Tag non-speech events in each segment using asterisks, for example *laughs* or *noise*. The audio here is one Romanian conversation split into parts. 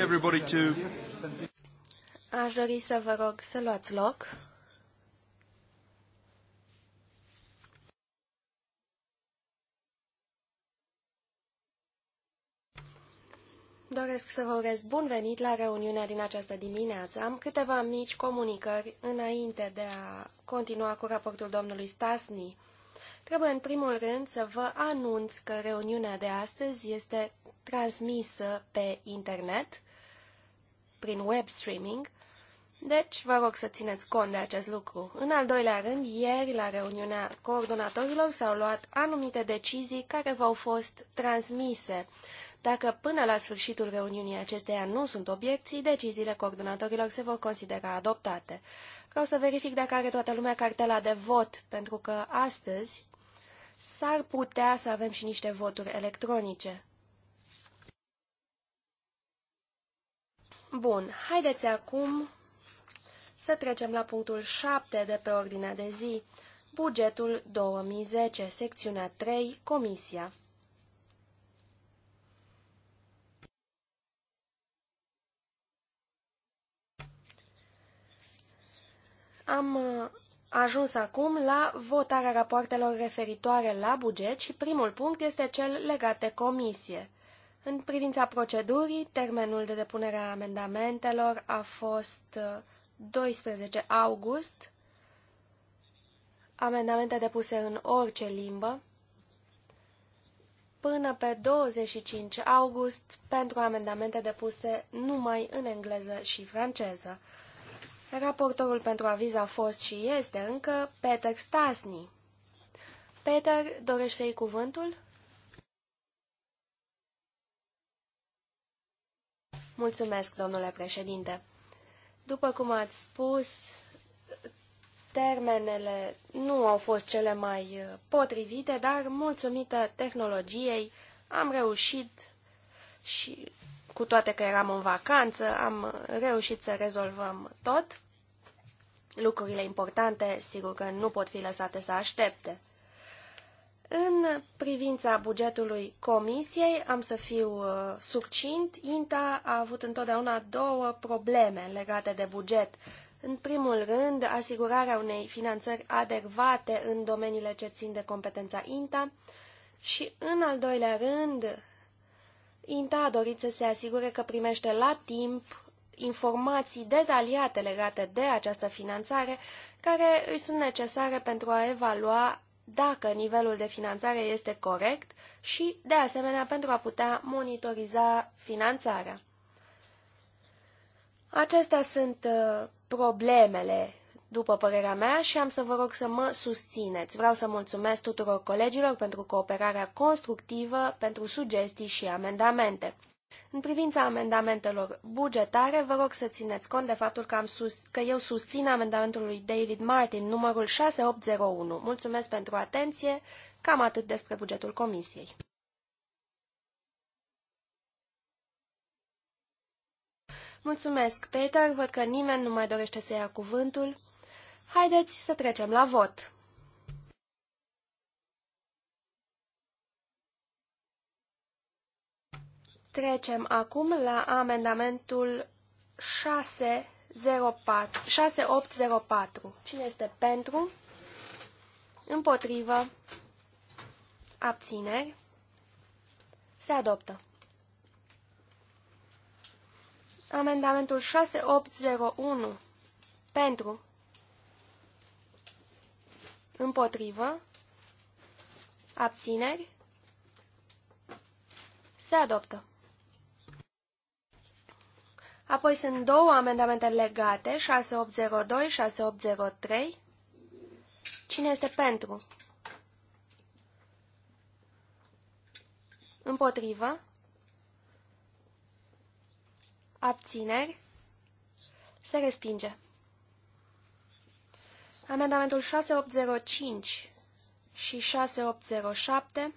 everybody to... Aș dori să vă rog să luați loc. Doresc să vă urez bun venit la reuniunea din această dimineață. Am câteva mici comunicări înainte de a continua cu raportul domnului Stasni. Trebuie în primul rând să vă anunț că reuniunea de astăzi este transmisă pe internet prin web streaming, deci vă rog să țineți cont de acest lucru. În al doilea rând, ieri la reuniunea coordonatorilor s-au luat anumite decizii care v-au fost transmise. Dacă până la sfârșitul reuniunii acesteia nu sunt obiecții, deciziile coordonatorilor se vor considera adoptate. Vreau să verific dacă are toată lumea cartela de vot, pentru că astăzi s-ar putea să avem și niște voturi electronice. Bun, haideți acum să trecem la punctul 7 de pe ordinea de zi, bugetul 2010, secțiunea 3, Comisia. Am uh, ajuns acum la votarea rapoartelor referitoare la buget și primul punct este cel legat de comisie. În privința procedurii, termenul de depunere a amendamentelor a fost 12 uh, august, amendamente depuse în orice limbă, până pe 25 august pentru amendamente depuse numai în engleză și franceză. Raportorul pentru aviz a fost și este încă Peter Stasny. Peter, dorește-i cuvântul? Mulțumesc, domnule președinte. După cum ați spus, termenele nu au fost cele mai uh, potrivite, dar mulțumită tehnologiei am reușit și cu toate că eram în vacanță, am reușit să rezolvăm tot. Lucrurile importante, sigur că nu pot fi lăsate să aștepte. În privința bugetului comisiei, am să fiu uh, succint, INTA a avut întotdeauna două probleme legate de buget. În primul rând, asigurarea unei finanțări adecvate în domeniile ce țin de competența INTA și, în al doilea rând, INTA a dorit să se asigure că primește la timp informații detaliate legate de această finanțare care îi sunt necesare pentru a evalua dacă nivelul de finanțare este corect și, de asemenea, pentru a putea monitoriza finanțarea. Acestea sunt uh, problemele, după părerea mea, și am să vă rog să mă susțineți. Vreau să mulțumesc tuturor colegilor pentru cooperarea constructivă, pentru sugestii și amendamente. În privința amendamentelor bugetare, vă rog să țineți cont de faptul că, am sus, că eu susțin amendamentul lui David Martin, numărul 6801. Mulțumesc pentru atenție. Cam atât despre bugetul comisiei. Mulțumesc, Peter. Văd că nimeni nu mai dorește să ia cuvântul. Haideți să trecem la vot. Trecem acum la amendamentul 604, 6804. Cine este pentru? Împotrivă? Abțineri? Se adoptă. Amendamentul 6801. Pentru. Împotrivă. Abțineri. Se adoptă. Apoi sunt două amendamente legate, 6802, și 6803. Cine este pentru? Împotrivă? Abțineri? Se respinge. Amendamentul 6805 și 6807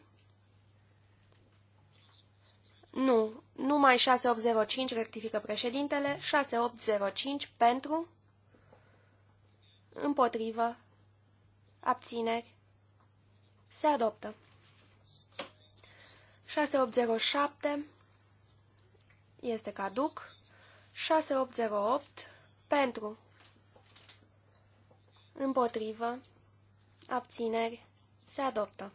nu, numai 6805, rectifică președintele, 6805 pentru, împotrivă, abțineri, se adoptă. 6807 este caduc. 6808 pentru, împotrivă, abțineri, se adoptă.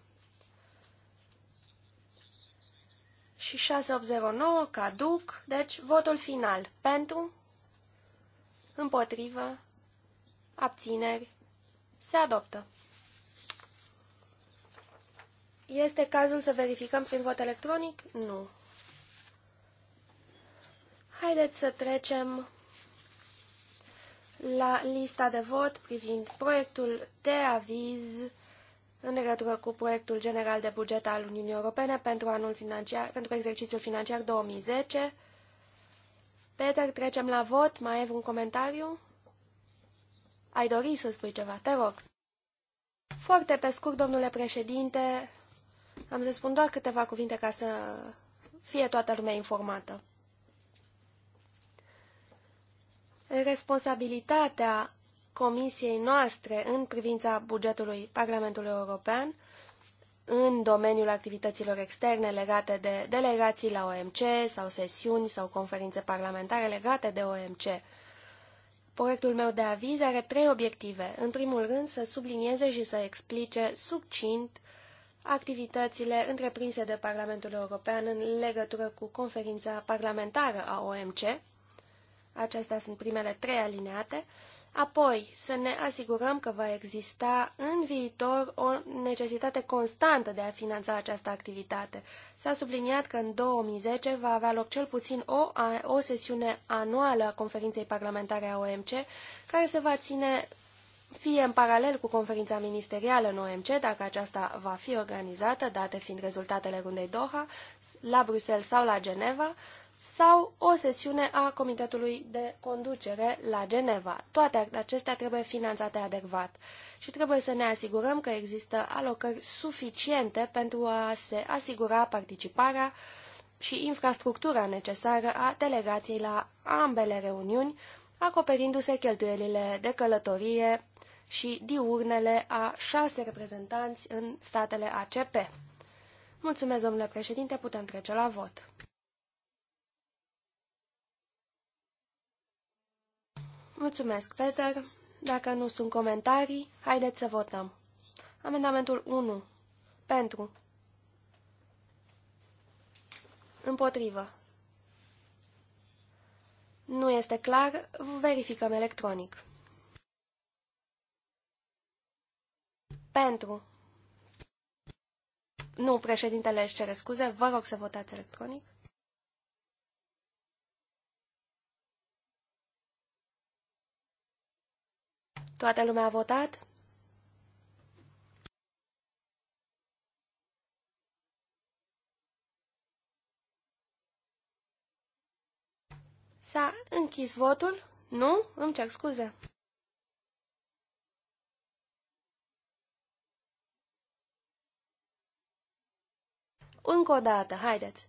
și 6809 caduc, deci votul final pentru, împotrivă, abțineri, se adoptă. Este cazul să verificăm prin vot electronic? Nu. Haideți să trecem la lista de vot privind proiectul de aviz în legătură cu proiectul general de buget al Uniunii Europene pentru, anul financiar, pentru exercițiul financiar 2010. Peter, trecem la vot. Mai e un comentariu? Ai dori să spui ceva? Te rog. Foarte pe scurt, domnule președinte, am să spun doar câteva cuvinte ca să fie toată lumea informată. Responsabilitatea comisiei noastre în privința bugetului Parlamentului European în domeniul activităților externe legate de delegații la OMC sau sesiuni sau conferințe parlamentare legate de OMC. Proiectul meu de aviz are trei obiective. În primul rând, să sublinieze și să explice succint activitățile întreprinse de Parlamentul European în legătură cu conferința parlamentară a OMC. Acestea sunt primele trei alineate. Apoi, să ne asigurăm că va exista în viitor o necesitate constantă de a finanța această activitate. S-a subliniat că în 2010 va avea loc cel puțin o, o sesiune anuală a conferinței parlamentare a OMC, care se va ține fie în paralel cu conferința ministerială în OMC, dacă aceasta va fi organizată, date fiind rezultatele rundei Doha, la Bruxelles sau la Geneva, sau o sesiune a Comitetului de Conducere la Geneva. Toate acestea trebuie finanțate adecvat și trebuie să ne asigurăm că există alocări suficiente pentru a se asigura participarea și infrastructura necesară a delegației la ambele reuniuni, acoperindu-se cheltuielile de călătorie și diurnele a șase reprezentanți în statele ACP. Mulțumesc, domnule președinte, putem trece la vot. Mulțumesc, Peter. Dacă nu sunt comentarii, haideți să votăm. Amendamentul 1. Pentru. Împotrivă. Nu este clar, verificăm electronic. Pentru. Nu, președintele își cere scuze, vă rog să votați electronic. Toată lumea a votat? S-a închis votul? Nu? Îmi cer scuze. Încă o dată, haideți.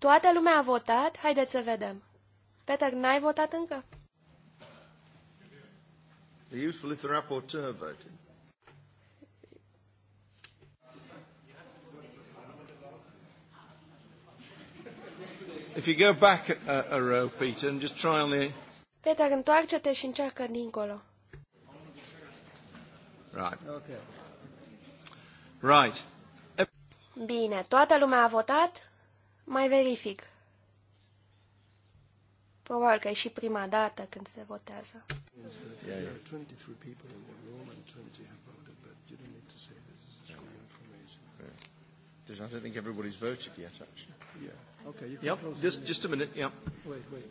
Toată lumea a votat? Haideți să vedem. Peter, n-ai votat încă? Be useful if the rapporteur voted. If you go back a, a row, Peter, and just try on the... Peter, întoarce-te și încearcă dincolo. Right. Okay. Right. Bine, toată lumea a votat? Mai verific. Probabil că e și prima dată când se votează. I don't think everybody's voted yet, actually. Yeah. Okay. You yep. Just, just a minute. Wait, wait.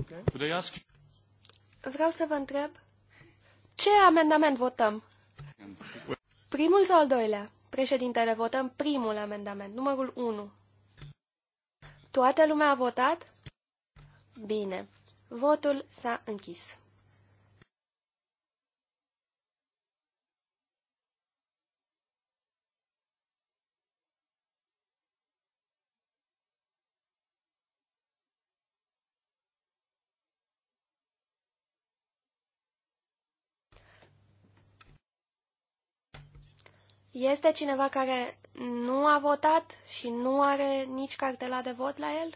Okay. Could I ask? Vreau să vă întreb ce amendament votăm? Primul sau al doilea? Președintele, votăm primul amendament, numărul 1. Toată lumea a votat? Bine. Votul s-a închis. Este cineva care nu a votat și nu are nici cartela de vot la el?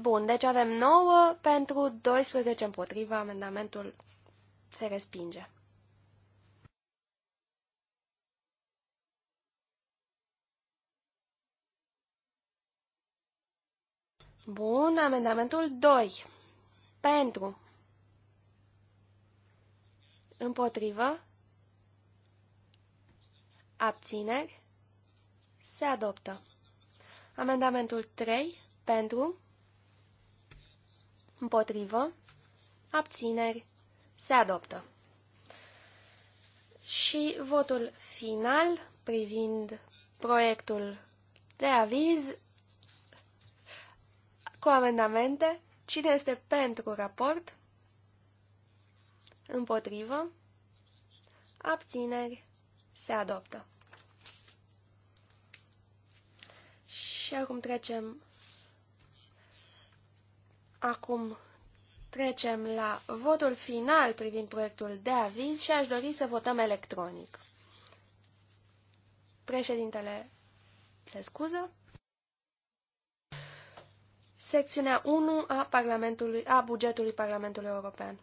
Bun, deci avem 9 pentru 12 împotriva, amendamentul se respinge. Bun, amendamentul 2. Pentru. Împotrivă. Abțineri. Se adoptă. Amendamentul 3. Pentru. Împotrivă. Abțineri. Se adoptă. Și votul final privind proiectul de aviz cu amendamente. Cine este pentru raport? Împotrivă? Abțineri? Se adoptă. Și acum trecem... Acum trecem la votul final privind proiectul de aviz și aș dori să votăm electronic. Președintele se scuză. Secțiunea 1 a, Parlamentului, a bugetului Parlamentului European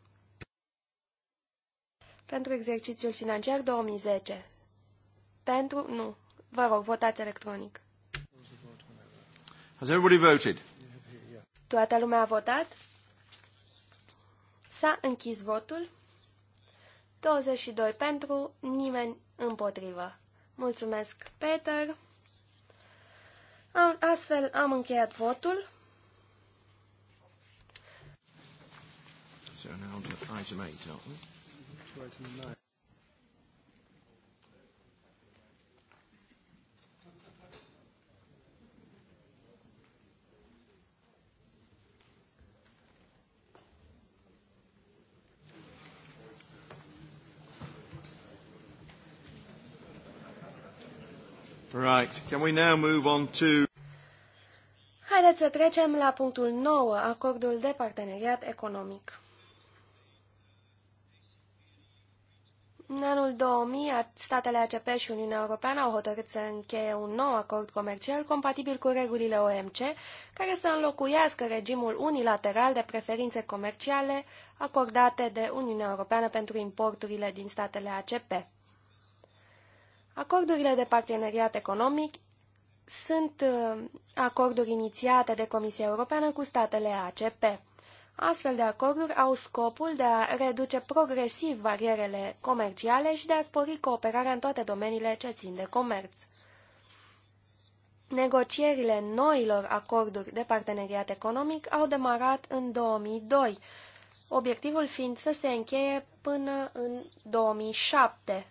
pentru exercițiul financiar 2010. Pentru? Nu. Vă rog, votați electronic. Has everybody voted? Toată lumea a votat? S-a închis votul. 22 pentru, nimeni împotrivă. Mulțumesc, Peter. astfel am încheiat votul. So now to item 8, aren't we? To item Right. Can we now move on to... Haideți să trecem la punctul 9, acordul de parteneriat economic. În anul 2000, statele ACP și Uniunea Europeană au hotărât să încheie un nou acord comercial compatibil cu regulile OMC, care să înlocuiască regimul unilateral de preferințe comerciale acordate de Uniunea Europeană pentru importurile din statele ACP. Acordurile de parteneriat economic sunt uh, acorduri inițiate de Comisia Europeană cu statele ACP. Astfel de acorduri au scopul de a reduce progresiv barierele comerciale și de a spori cooperarea în toate domeniile ce țin de comerț. Negocierile noilor acorduri de parteneriat economic au demarat în 2002, obiectivul fiind să se încheie până în 2007.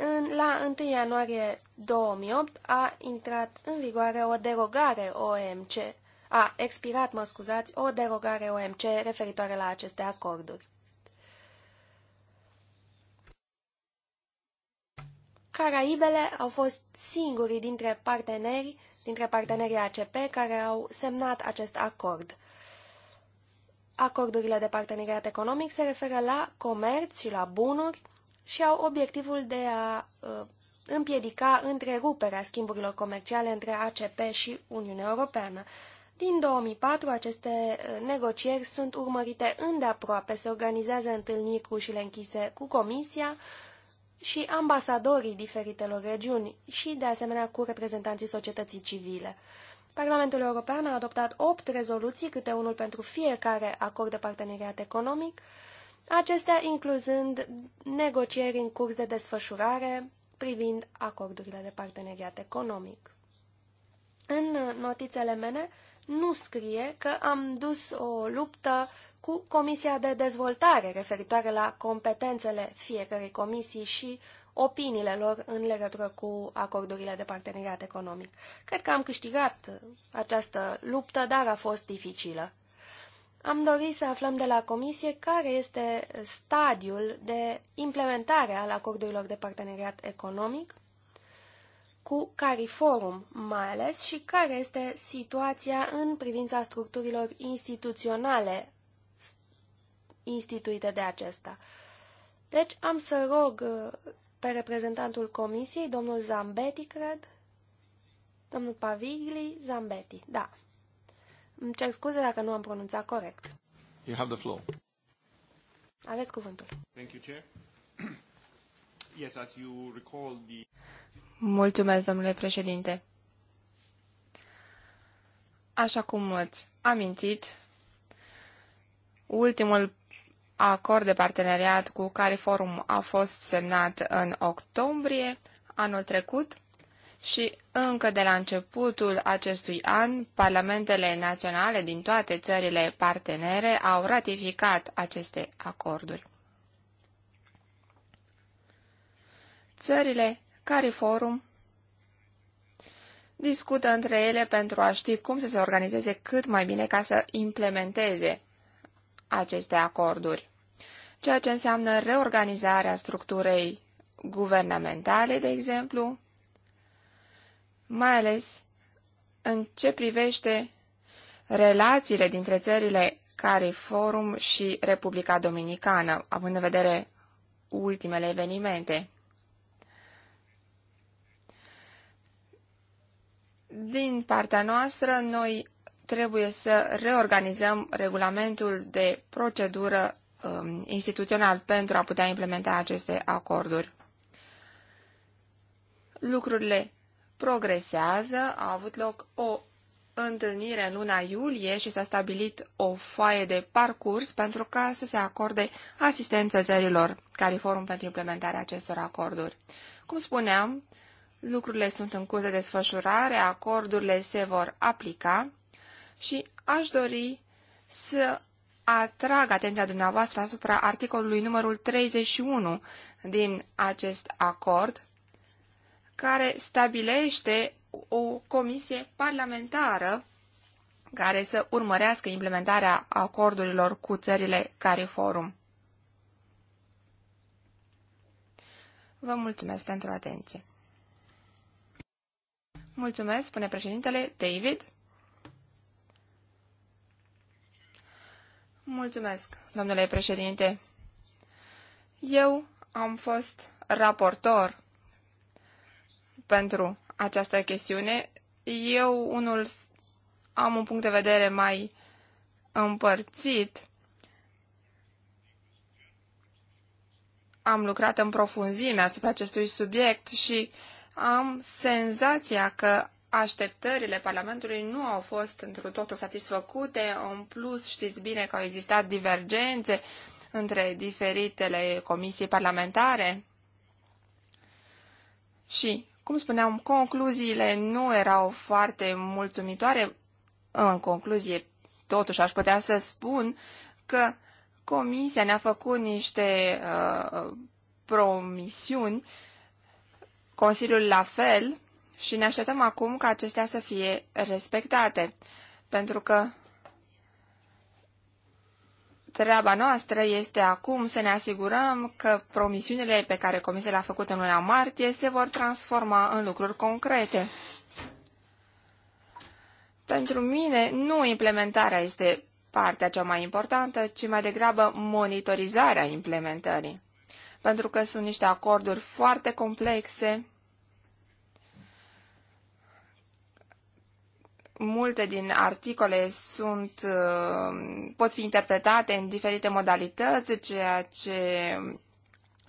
În, la 1 ianuarie 2008 a intrat în vigoare o derogare OMC, a expirat, mă scuzați, o derogare OMC referitoare la aceste acorduri. Caraibele au fost singurii dintre parteneri, dintre partenerii ACP, care au semnat acest acord. Acordurile de parteneriat economic se referă la comerț și la bunuri, și au obiectivul de a uh, împiedica întreruperea schimburilor comerciale între ACP și Uniunea Europeană. Din 2004, aceste uh, negocieri sunt urmărite îndeaproape, se organizează întâlniri cu ușile închise cu Comisia și ambasadorii diferitelor regiuni și, de asemenea, cu reprezentanții societății civile. Parlamentul European a adoptat opt rezoluții, câte unul pentru fiecare acord de parteneriat economic, acestea incluzând negocieri în curs de desfășurare privind acordurile de parteneriat economic. În notițele mele nu scrie că am dus o luptă cu Comisia de Dezvoltare referitoare la competențele fiecărei comisii și opiniile lor în legătură cu acordurile de parteneriat economic. Cred că am câștigat această luptă, dar a fost dificilă. Am dorit să aflăm de la Comisie care este stadiul de implementare al acordurilor de parteneriat economic cu Cariforum mai ales și care este situația în privința structurilor instituționale instituite de acesta. Deci am să rog uh, pe reprezentantul comisiei, domnul Zambeti, cred, domnul Pavigli Zambeti, da. Îmi cer scuze dacă nu am pronunțat corect. You have the floor. Aveți cuvântul. Thank you, Chair. *clears throat* yes, as you recall the... Mulțumesc, domnule președinte. Așa cum îți amintit, ultimul acord de parteneriat cu Cariforum a fost semnat în octombrie anul trecut și încă de la începutul acestui an, parlamentele naționale din toate țările partenere au ratificat aceste acorduri. Țările care forum discută între ele pentru a ști cum să se organizeze cât mai bine ca să implementeze aceste acorduri, ceea ce înseamnă reorganizarea structurei guvernamentale, de exemplu, mai ales în ce privește relațiile dintre țările Forum și Republica Dominicană, având în vedere ultimele evenimente. Din partea noastră, noi trebuie să reorganizăm regulamentul de procedură um, instituțional pentru a putea implementa aceste acorduri. Lucrurile progresează. A avut loc o întâlnire în luna iulie și s-a stabilit o foaie de parcurs pentru ca să se acorde asistență țărilor care forum pentru implementarea acestor acorduri. Cum spuneam, lucrurile sunt în curs de desfășurare, acordurile se vor aplica și aș dori să atrag atenția dumneavoastră asupra articolului numărul 31 din acest acord, care stabilește o comisie parlamentară care să urmărească implementarea acordurilor cu țările CARIFORUM. Vă mulțumesc pentru atenție. Mulțumesc, spune președintele David. Mulțumesc, domnule președinte. Eu am fost raportor pentru această chestiune. Eu unul am un punct de vedere mai împărțit. Am lucrat în profunzime asupra acestui subiect și am senzația că așteptările Parlamentului nu au fost într totul satisfăcute. În plus, știți bine că au existat divergențe între diferitele comisii parlamentare. Și cum spuneam, concluziile nu erau foarte mulțumitoare. În concluzie, totuși aș putea să spun că Comisia ne-a făcut niște uh, promisiuni, Consiliul la fel, și ne așteptăm acum ca acestea să fie respectate, pentru că Treaba noastră este acum să ne asigurăm că promisiunile pe care Comisia le-a făcut în luna martie se vor transforma în lucruri concrete. Pentru mine, nu implementarea este partea cea mai importantă, ci mai degrabă monitorizarea implementării. Pentru că sunt niște acorduri foarte complexe multe din articole sunt, uh, pot fi interpretate în diferite modalități, ceea ce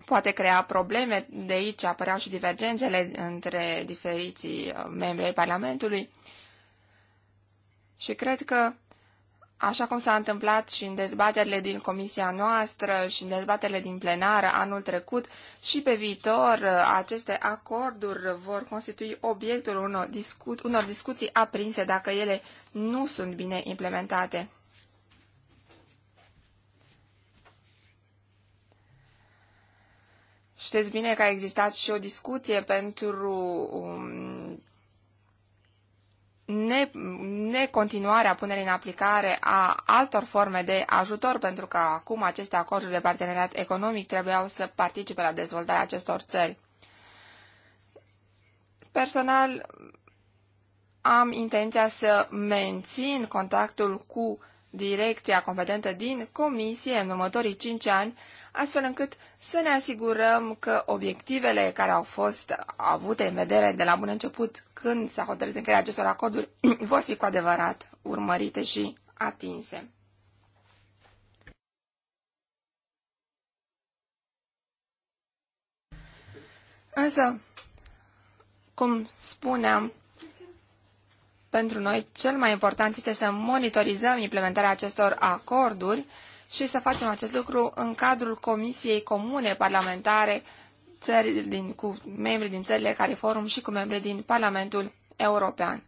poate crea probleme. De aici apăreau și divergențele între diferiții uh, membri ai Parlamentului. Și cred că Așa cum s-a întâmplat și în dezbaterile din comisia noastră și în dezbaterile din plenară anul trecut, și pe viitor aceste acorduri vor constitui obiectul unor, discu- unor discuții aprinse dacă ele nu sunt bine implementate. Știți bine că a existat și o discuție pentru um, necontinuarea punerii în aplicare a altor forme de ajutor, pentru că acum aceste acorduri de parteneriat economic trebuiau să participe la dezvoltarea acestor țări. Personal, am intenția să mențin contactul cu direcția competentă din comisie în următorii cinci ani, astfel încât să ne asigurăm că obiectivele care au fost avute în vedere de la bun început când s-a hotărât încheierea acestor acorduri *clears throat* vor fi cu adevărat urmărite și atinse. Însă, cum spuneam, pentru noi, cel mai important este să monitorizăm implementarea acestor acorduri și să facem acest lucru în cadrul Comisiei Comune Parlamentare țări din, cu membri din țările care forum și cu membri din Parlamentul European.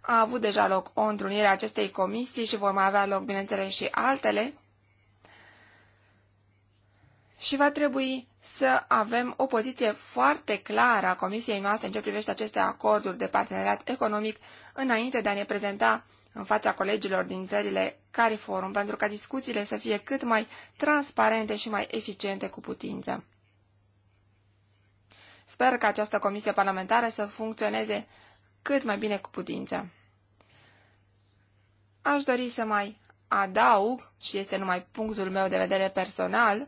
A avut deja loc o întrunire a acestei comisii și vor mai avea loc, bineînțeles, și altele. Și va trebui să avem o poziție foarte clară a Comisiei noastre în ce privește aceste acorduri de parteneriat economic înainte de a ne prezenta în fața colegilor din țările CARIFORUM pentru ca discuțiile să fie cât mai transparente și mai eficiente cu putință. Sper că această comisie parlamentară să funcționeze cât mai bine cu putință. Aș dori să mai adaug, și este numai punctul meu de vedere personal,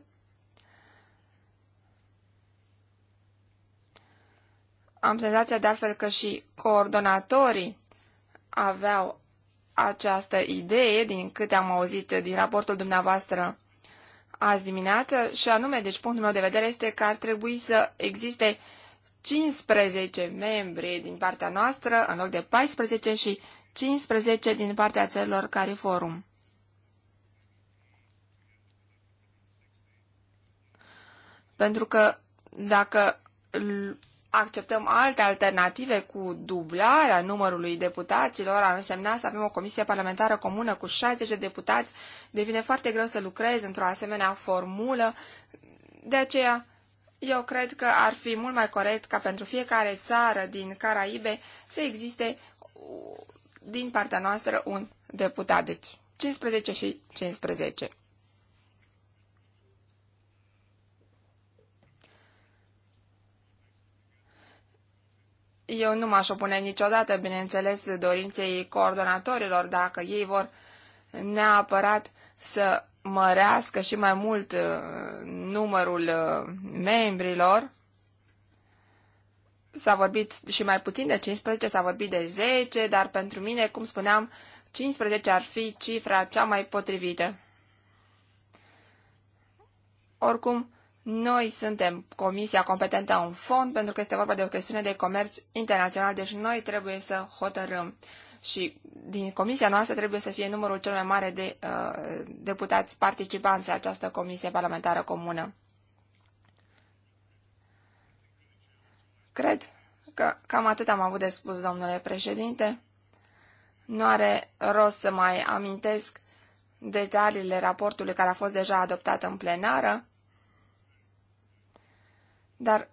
Am senzația de altfel că și coordonatorii aveau această idee, din câte am auzit din raportul dumneavoastră azi dimineață, și anume, deci punctul meu de vedere este că ar trebui să existe 15 membri din partea noastră, în loc de 14 și 15 din partea țărilor forum. Pentru că dacă acceptăm alte alternative cu dublarea numărului deputaților, ar însemna să avem o comisie parlamentară comună cu 60 de deputați, devine foarte greu să lucrezi într-o asemenea formulă. De aceea, eu cred că ar fi mult mai corect ca pentru fiecare țară din Caraibe să existe din partea noastră un deputat, deci 15 și 15. Eu nu m-aș opune niciodată, bineînțeles, dorinței coordonatorilor dacă ei vor neapărat să mărească și mai mult uh, numărul uh, membrilor. S-a vorbit și mai puțin de 15, s-a vorbit de 10, dar pentru mine, cum spuneam, 15 ar fi cifra cea mai potrivită. Oricum, noi suntem comisia competentă în fond pentru că este vorba de o chestiune de comerț internațional, deci noi trebuie să hotărâm. Și din comisia noastră trebuie să fie numărul cel mai mare de uh, deputați participanți la această comisie parlamentară comună. Cred că cam atât am avut de spus, domnule președinte. Nu are rost să mai amintesc detaliile raportului care a fost deja adoptat în plenară. Dar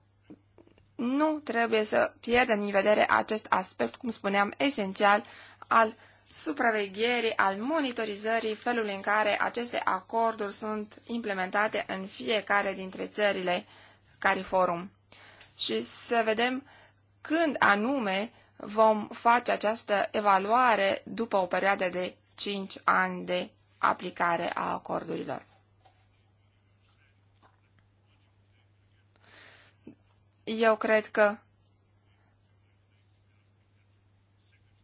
nu trebuie să pierdem în vedere acest aspect, cum spuneam, esențial al supravegherii, al monitorizării felului în care aceste acorduri sunt implementate în fiecare dintre țările CARIFORUM. Și să vedem când anume vom face această evaluare după o perioadă de 5 ani de aplicare a acordurilor. Eu cred că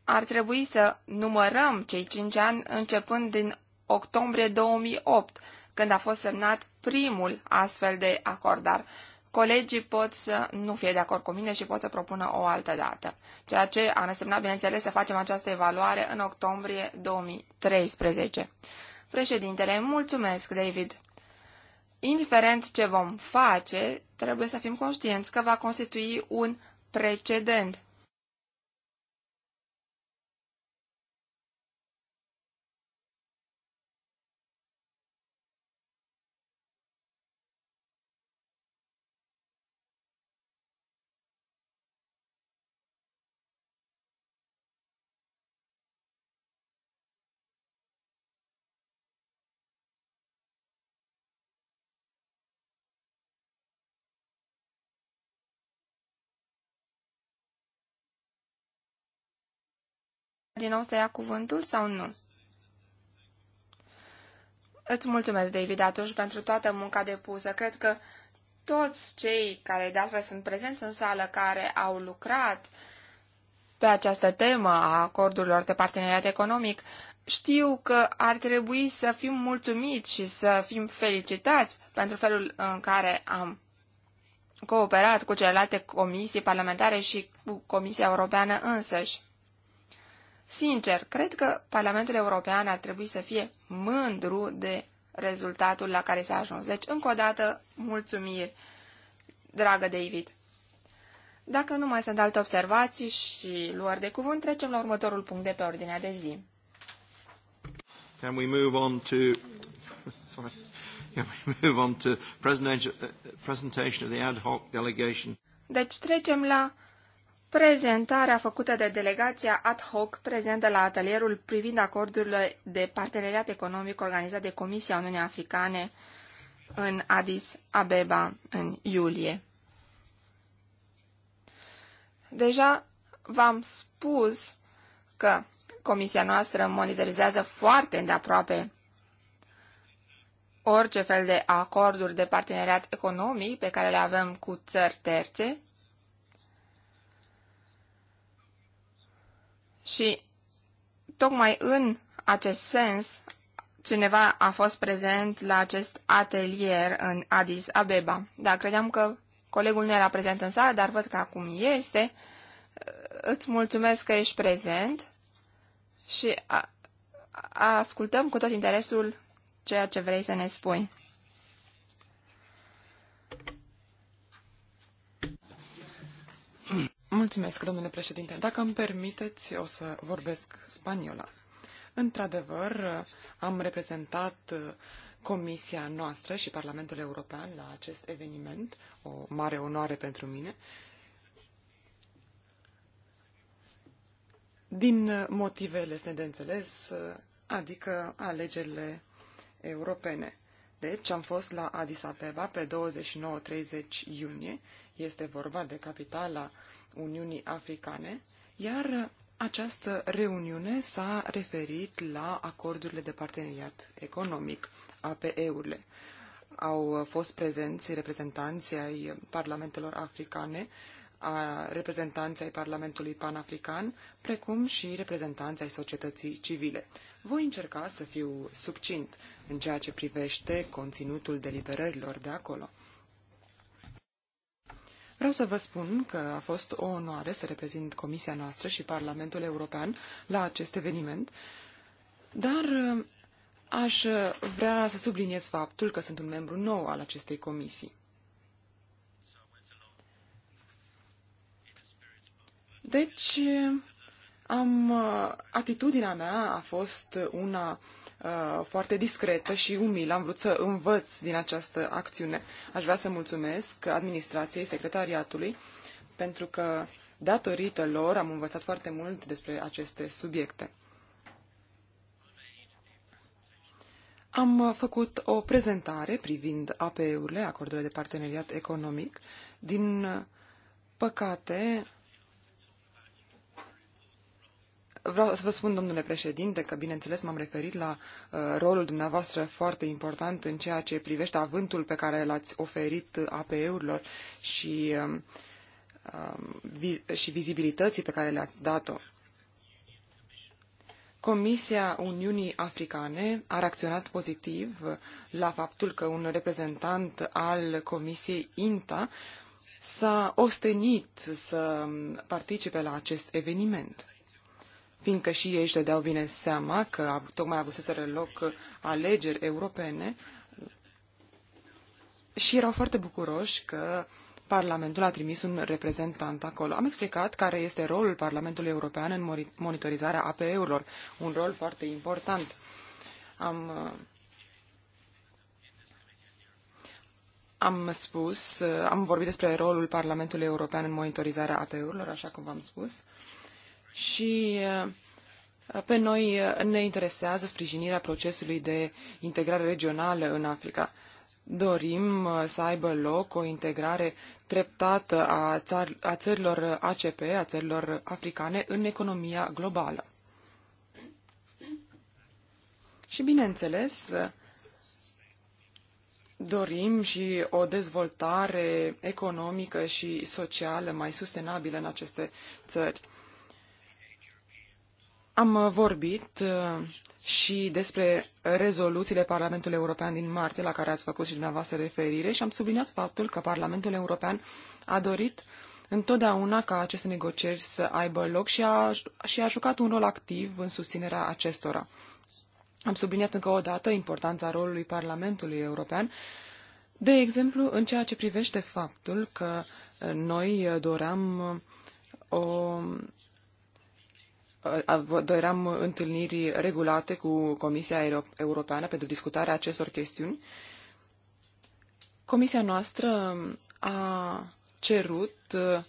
ar trebui să numărăm cei cinci ani începând din octombrie 2008, când a fost semnat primul astfel de acord, dar colegii pot să nu fie de acord cu mine și pot să propună o altă dată. Ceea ce a însemnat, bineînțeles, să facem această evaluare în octombrie 2013. Președintele, mulțumesc, David indiferent ce vom face, trebuie să fim conștienți că va constitui un precedent din nou să ia cuvântul sau nu? Îți mulțumesc, David, atunci pentru toată munca depusă. Cred că toți cei care de altfel sunt prezenți în sală, care au lucrat pe această temă a acordurilor de parteneriat economic, știu că ar trebui să fim mulțumiți și să fim felicitați pentru felul în care am cooperat cu celelalte comisii parlamentare și cu Comisia Europeană însăși. Sincer, cred că Parlamentul European ar trebui să fie mândru de rezultatul la care s-a ajuns. Deci, încă o dată, mulțumiri, dragă David. Dacă nu mai sunt alte observații și luări de cuvânt, trecem la următorul punct de pe ordinea de zi. Can we move on to... *laughs* Can we move on to presentation of the ad hoc delegation? Deci trecem la prezentarea făcută de delegația ad hoc prezentă la atelierul privind acordurile de parteneriat economic organizat de Comisia Uniunii Africane în Addis Abeba în iulie. Deja v-am spus că comisia noastră monitorizează foarte îndeaproape orice fel de acorduri de parteneriat economic pe care le avem cu țări terțe Și tocmai în acest sens, cineva a fost prezent la acest atelier în Addis Abeba. Da, credeam că colegul nu era prezent în sală, dar văd că acum este. Îți mulțumesc că ești prezent și a, ascultăm cu tot interesul ceea ce vrei să ne spui. Mulțumesc, domnule președinte. Dacă îmi permiteți, o să vorbesc spaniola. Într-adevăr, am reprezentat uh, comisia noastră și Parlamentul European la acest eveniment, o mare onoare pentru mine. Din uh, motivele este de înțeles, uh, adică alegerile europene. Deci am fost la Addis Abeba pe 29-30 iunie. Este vorba de capitala uh, Uniunii Africane, iar această reuniune s-a referit la acordurile de parteneriat economic, APE-urile. Au fost prezenți reprezentanții ai parlamentelor africane, a reprezentanții ai Parlamentului Panafrican, precum și reprezentanții ai societății civile. Voi încerca să fiu succint în ceea ce privește conținutul deliberărilor de acolo. Vreau să vă spun că a fost o onoare să reprezint Comisia noastră și Parlamentul European la acest eveniment, dar uh, aș uh, vrea să subliniez faptul că sunt un membru nou al acestei comisii. Deci, uh, am, atitudinea mea a fost una Uh, foarte discretă și umilă. Am vrut să învăț din această acțiune. Aș vrea să mulțumesc administrației, secretariatului, pentru că datorită lor am învățat foarte mult despre aceste subiecte. Am făcut o prezentare privind APE-urile, acordurile de parteneriat economic. Din păcate, Vreau să vă spun, domnule președinte, că, bineînțeles, m-am referit la uh, rolul dumneavoastră foarte important în ceea ce privește avântul pe care l-ați oferit APE-urilor și, uh, vi- și vizibilității pe care le-ați dat-o. Comisia Uniunii Africane a reacționat pozitiv la faptul că un reprezentant al Comisiei INTA s-a ostenit să um, participe la acest eveniment fiindcă și ei își dădeau bine seama că tocmai avuseseră loc alegeri europene și erau foarte bucuroși că Parlamentul a trimis un reprezentant acolo. Am explicat care este rolul Parlamentului European în monitorizarea APE-urilor, un rol foarte important. Am, am spus, am vorbit despre rolul Parlamentului European în monitorizarea APE-urilor, așa cum v-am spus. Uh, și uh, pe noi uh, ne interesează sprijinirea procesului de integrare regională în Africa. Dorim uh, să aibă loc o integrare treptată a, țar- a țărilor ACP, a țărilor africane, în economia globală. Și, bineînțeles, dorim și o dezvoltare economică și socială mai sustenabilă în aceste țări. Am uh, vorbit uh, și despre rezoluțiile Parlamentului European din martie, la care ați făcut și dumneavoastră referire, și am subliniat faptul că Parlamentul European a dorit întotdeauna ca aceste negocieri să aibă loc și a, și a jucat un rol activ în susținerea acestora. Am subliniat încă o dată importanța rolului Parlamentului European, de exemplu, în ceea ce privește faptul că uh, noi doream o doream întâlniri regulate cu Comisia Europeană pentru discutarea acestor chestiuni. Comisia noastră a cerut uh,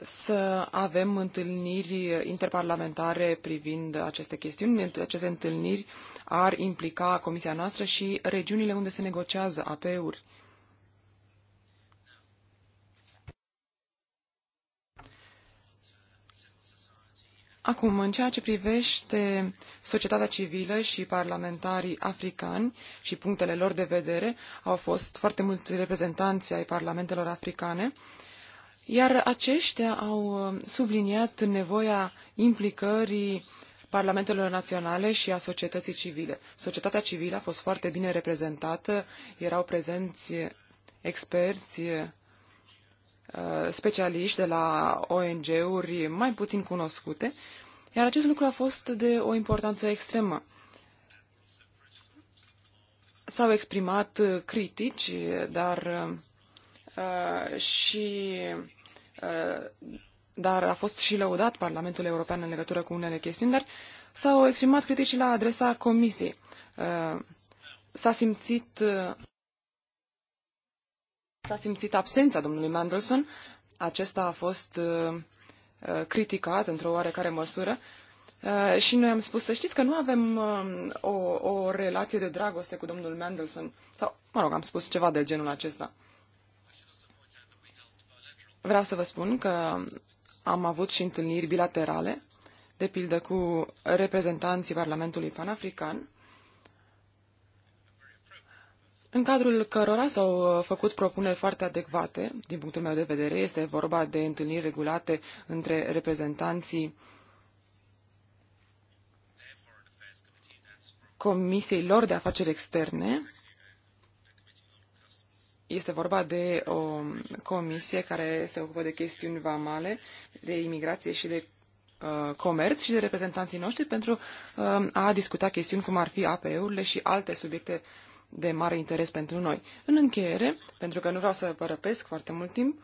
să avem întâlniri interparlamentare privind aceste chestiuni. Aceste întâlniri ar implica Comisia noastră și regiunile unde se negociază AP-uri. Acum, în ceea ce privește societatea civilă și parlamentarii africani și punctele lor de vedere, au fost foarte mulți reprezentanți ai parlamentelor africane, iar aceștia au uh, subliniat nevoia implicării parlamentelor naționale și a societății civile. Societatea civilă a fost foarte bine reprezentată, erau prezenți experți, Uh, specialiști de la ONG-uri mai puțin cunoscute, iar acest lucru a fost de o importanță extremă. S-au exprimat critici, dar uh, și uh, dar a fost și lăudat Parlamentul European în legătură cu unele chestiuni, dar s-au exprimat critici la adresa Comisiei. s-a simțit S-a simțit absența domnului Mandelson. Acesta a fost uh, uh, criticat într-o oarecare măsură. Uh, și noi am spus să știți că nu avem uh, o, o relație de dragoste cu domnul Mandelson. Sau, mă rog, am spus ceva de genul acesta. Vreau să vă spun că am avut și întâlniri bilaterale, de pildă cu reprezentanții Parlamentului Panafrican, în cadrul cărora s-au uh, făcut propuneri foarte adecvate, din punctul meu de vedere, este vorba de întâlniri regulate între reprezentanții Comisiei lor de afaceri externe. Este vorba de o comisie care se ocupă de chestiuni vamale, de imigrație și de uh, comerț și de reprezentanții noștri pentru uh, a discuta chestiuni cum ar fi APE-urile și alte subiecte uh, de mare interes pentru noi. În încheiere, pentru că nu vreau să vă răpesc foarte mult timp,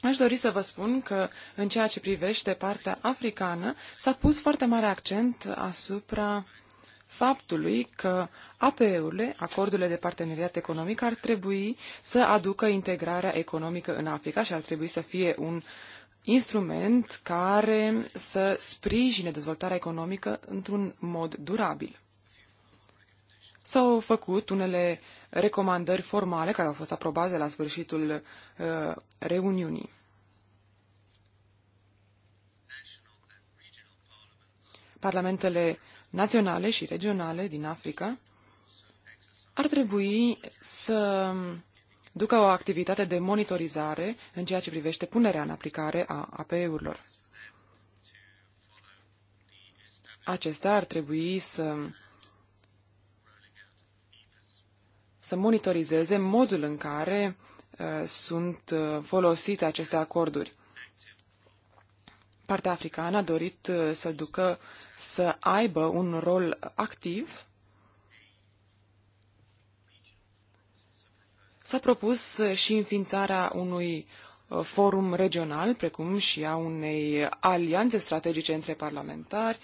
Aș dori să vă spun că, în ceea ce privește partea africană, s-a pus foarte mare accent asupra faptului că APE-urile, acordurile de parteneriat economic, ar trebui să aducă integrarea economică în Africa și ar trebui să fie un instrument care să sprijine dezvoltarea economică într-un mod durabil. S-au făcut unele recomandări formale care au fost aprobate la sfârșitul uh, reuniunii. Parlamentele naționale și regionale din Africa ar trebui să ducă o activitate de monitorizare în ceea ce privește punerea în aplicare a APE-urilor. Acestea ar trebui să să monitorizeze modul în care uh, sunt uh, folosite aceste acorduri. Partea africană a dorit uh, să ducă să aibă un rol activ. S-a propus și înființarea unui forum regional, precum și a unei alianțe strategice între parlamentari,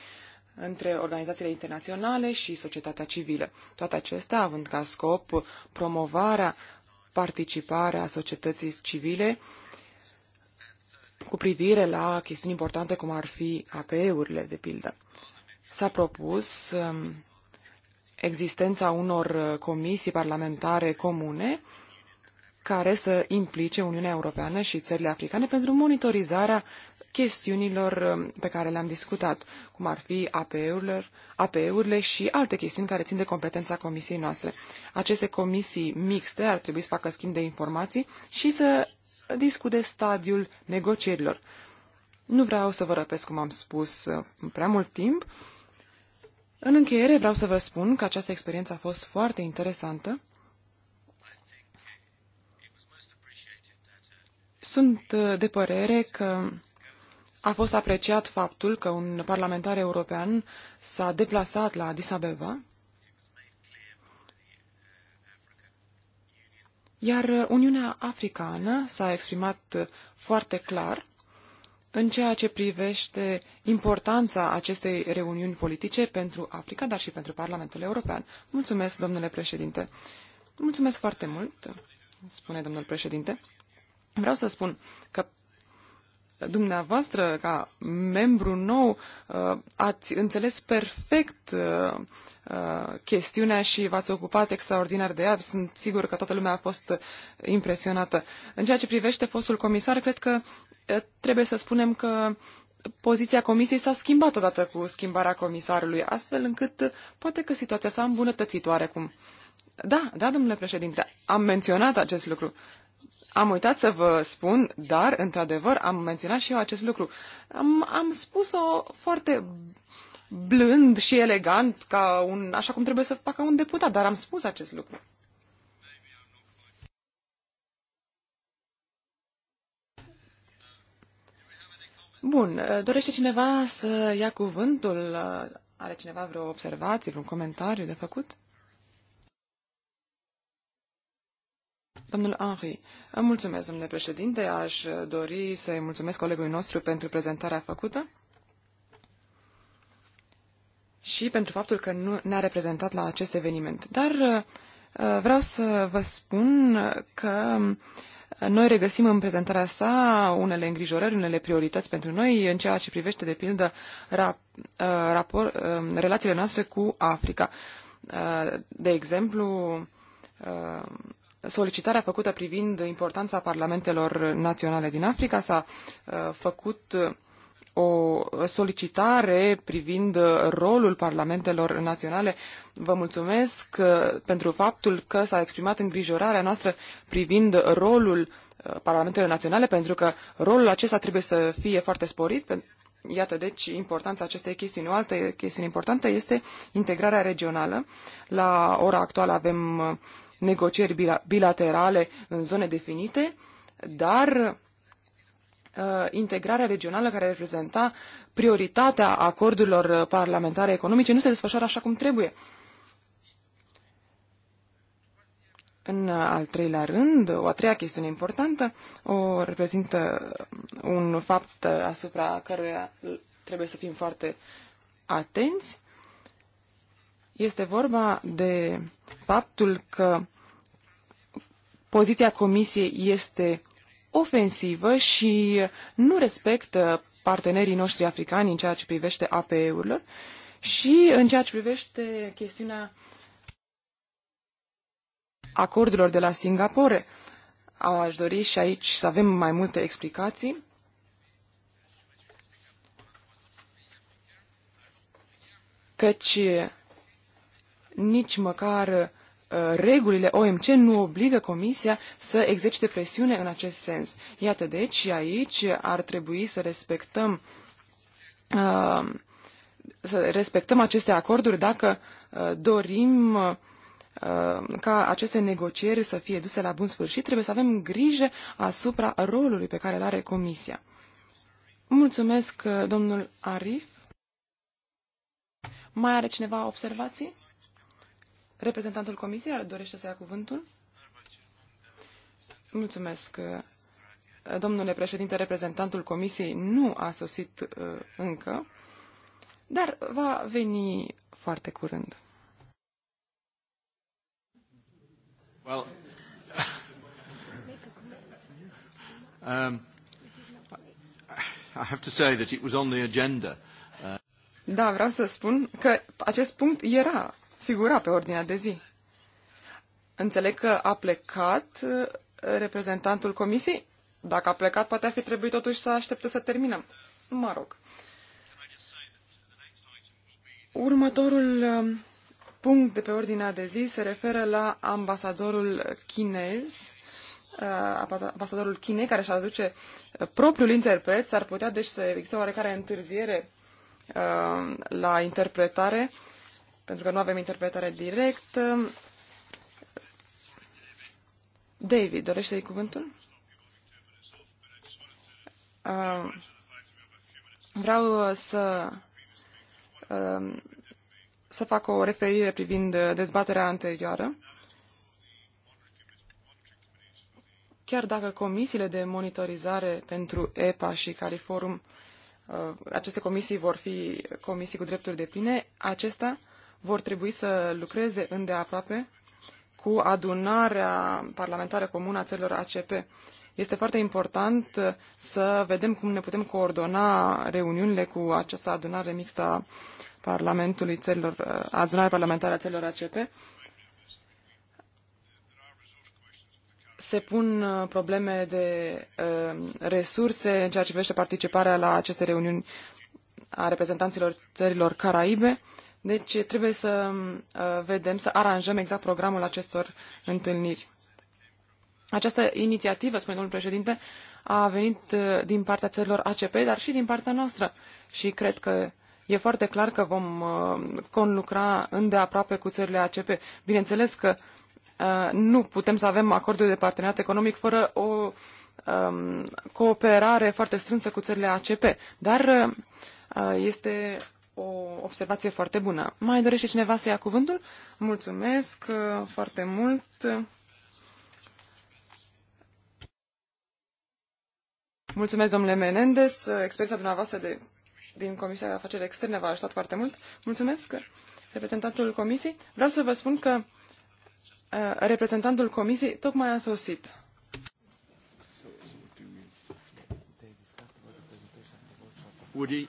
între organizațiile internaționale și societatea civilă. Toate acestea având ca scop promovarea, participarea societății civile cu privire la chestiuni importante cum ar fi APE-urile, de pildă. S-a propus um, existența unor comisii parlamentare comune care să implice Uniunea Europeană și țările africane pentru monitorizarea chestiunilor um, pe care le-am discutat, cum ar fi APE-urile și alte chestiuni care țin de competența comisiei noastre. Aceste comisii mixte ar trebui să facă schimb de informații și să discute stadiul negocierilor. Nu vreau să vă răpesc, cum am spus, uh, prea mult timp. În încheiere vreau să vă spun că această experiență a fost foarte interesantă. Sunt uh, de părere că a fost apreciat faptul că un parlamentar european s-a deplasat la Addis Abeba, iar Uniunea Africană s-a exprimat foarte clar în ceea ce privește importanța acestei reuniuni politice pentru Africa, dar și pentru Parlamentul European. Mulțumesc, domnule președinte. Mulțumesc foarte mult, spune domnul președinte. Vreau să spun că dumneavoastră, ca membru nou, uh, ați înțeles perfect uh, uh, chestiunea și v-ați ocupat extraordinar de ea. Sunt sigur că toată lumea a fost impresionată. În ceea ce privește fostul comisar, cred că trebuie să spunem că poziția comisiei s-a schimbat odată cu schimbarea comisarului, astfel încât poate că situația s-a îmbunătățit oarecum. Da, da, domnule președinte, am menționat acest lucru. Am uitat să vă spun, dar, într-adevăr, am menționat și eu acest lucru. Am, am spus-o foarte blând și elegant, ca un, așa cum trebuie să facă un deputat, dar am spus acest lucru. Bun, dorește cineva să ia cuvântul? Are cineva vreo observație, vreun comentariu de făcut? Domnul Henri, mulțumesc, domnule președinte. Aș dori să-i mulțumesc colegului nostru pentru prezentarea făcută și pentru faptul că nu ne-a reprezentat la acest eveniment. Dar uh, vreau să vă spun că noi regăsim în prezentarea sa unele îngrijorări, unele priorități pentru noi în ceea ce privește, de pildă, rap, uh, rapor, uh, relațiile noastre cu Africa. De exemplu, solicitarea făcută privind importanța parlamentelor naționale din Africa s-a uh, făcut uh, o solicitare privind uh, rolul parlamentelor naționale. Vă mulțumesc pentru faptul că s-a exprimat îngrijorarea noastră privind rolul parlamentelor naționale, pentru că rolul acesta trebuie să fie foarte sporit. Iată, deci, importanța acestei chestiuni. O altă chestiune importantă este integrarea regională. La ora actuală avem negocieri bilaterale în zone definite, dar uh, integrarea regională care reprezenta prioritatea acordurilor uh, parlamentare economice nu se desfășoară așa cum trebuie. În al treilea rând, o a treia chestiune importantă o reprezintă uh, un fapt asupra căruia trebuie să fim foarte atenți este vorba de faptul că poziția Comisiei este ofensivă și nu respectă partenerii noștri africani în ceea ce privește APE-urilor și în ceea ce privește chestiunea acordurilor de la Singapore. Aș dori și aici să avem mai multe explicații. Căci nici măcar uh, regulile OMC nu obligă Comisia să exercite presiune în acest sens. Iată deci și aici ar trebui să respectăm uh, să respectăm aceste acorduri dacă uh, dorim ca aceste negocieri să fie duse la bun sfârșit, trebuie să avem grijă asupra rolului pe care îl are Comisia. Mulțumesc, domnul Arif. Mai are cineva observații? Reprezentantul Comisiei dorește să ia cuvântul? Mulțumesc. Domnule președinte, reprezentantul Comisiei nu a sosit uh, încă, dar va veni foarte curând. Well, *laughs* um, I have to say that it was on the agenda. Da, vreau să spun că acest punct era figura pe ordinea de zi. Înțeleg că a plecat uh, reprezentantul comisiei. Dacă a plecat, poate a fi trebuit totuși să aștepte să terminăm. Mă rog. Următorul um, punct de pe ordinea de zi se referă la ambasadorul chinez, uh, ambasadorul Chinei care își aduce uh, propriul interpret, s-ar putea deci să există oarecare întârziere la interpretare pentru că nu avem interpretare directă. David, dorește să-i cuvântul? Uh, vreau să uh, să fac o referire privind uh, dezbaterea anterioară. Chiar dacă comisiile de monitorizare pentru EPA și CARIFORUM, uh, aceste comisii vor fi comisii cu drepturi de pline, acestea vor trebui să lucreze îndeaproape cu adunarea parlamentară comună a țărilor ACP. Este foarte important uh, să vedem cum ne putem coordona reuniunile cu această adunare mixtă a Parlamentului țărilor, uh, adunare parlamentară a țărilor ACP. se pun uh, probleme de resurse în ceea ce privește participarea la aceste reuniuni a reprezentanților țărilor Caraibe deci trebuie să uh, vedem, să aranjăm exact programul acestor întâlniri. Această inițiativă, spune domnul președinte, a venit uh, din partea țărilor ACP, dar și din partea noastră. Și cred că e foarte clar că vom uh, conlucra îndeaproape cu țările ACP. Bineînțeles că nu putem să avem acordul de parteneriat economic fără o um, cooperare foarte strânsă cu țările ACP, dar este o observație foarte bună. Mai dorește cineva să ia cuvântul? Mulțumesc uh, foarte mult. Mulțumesc, domnule Menendez. Experiența dumneavoastră de, din Comisia de Afaceri Externe v-a ajutat foarte mult. Mulțumesc, reprezentantul Comisiei. Vreau să vă spun că uh, reprezentantul Comisiei tocmai a sosit. Would he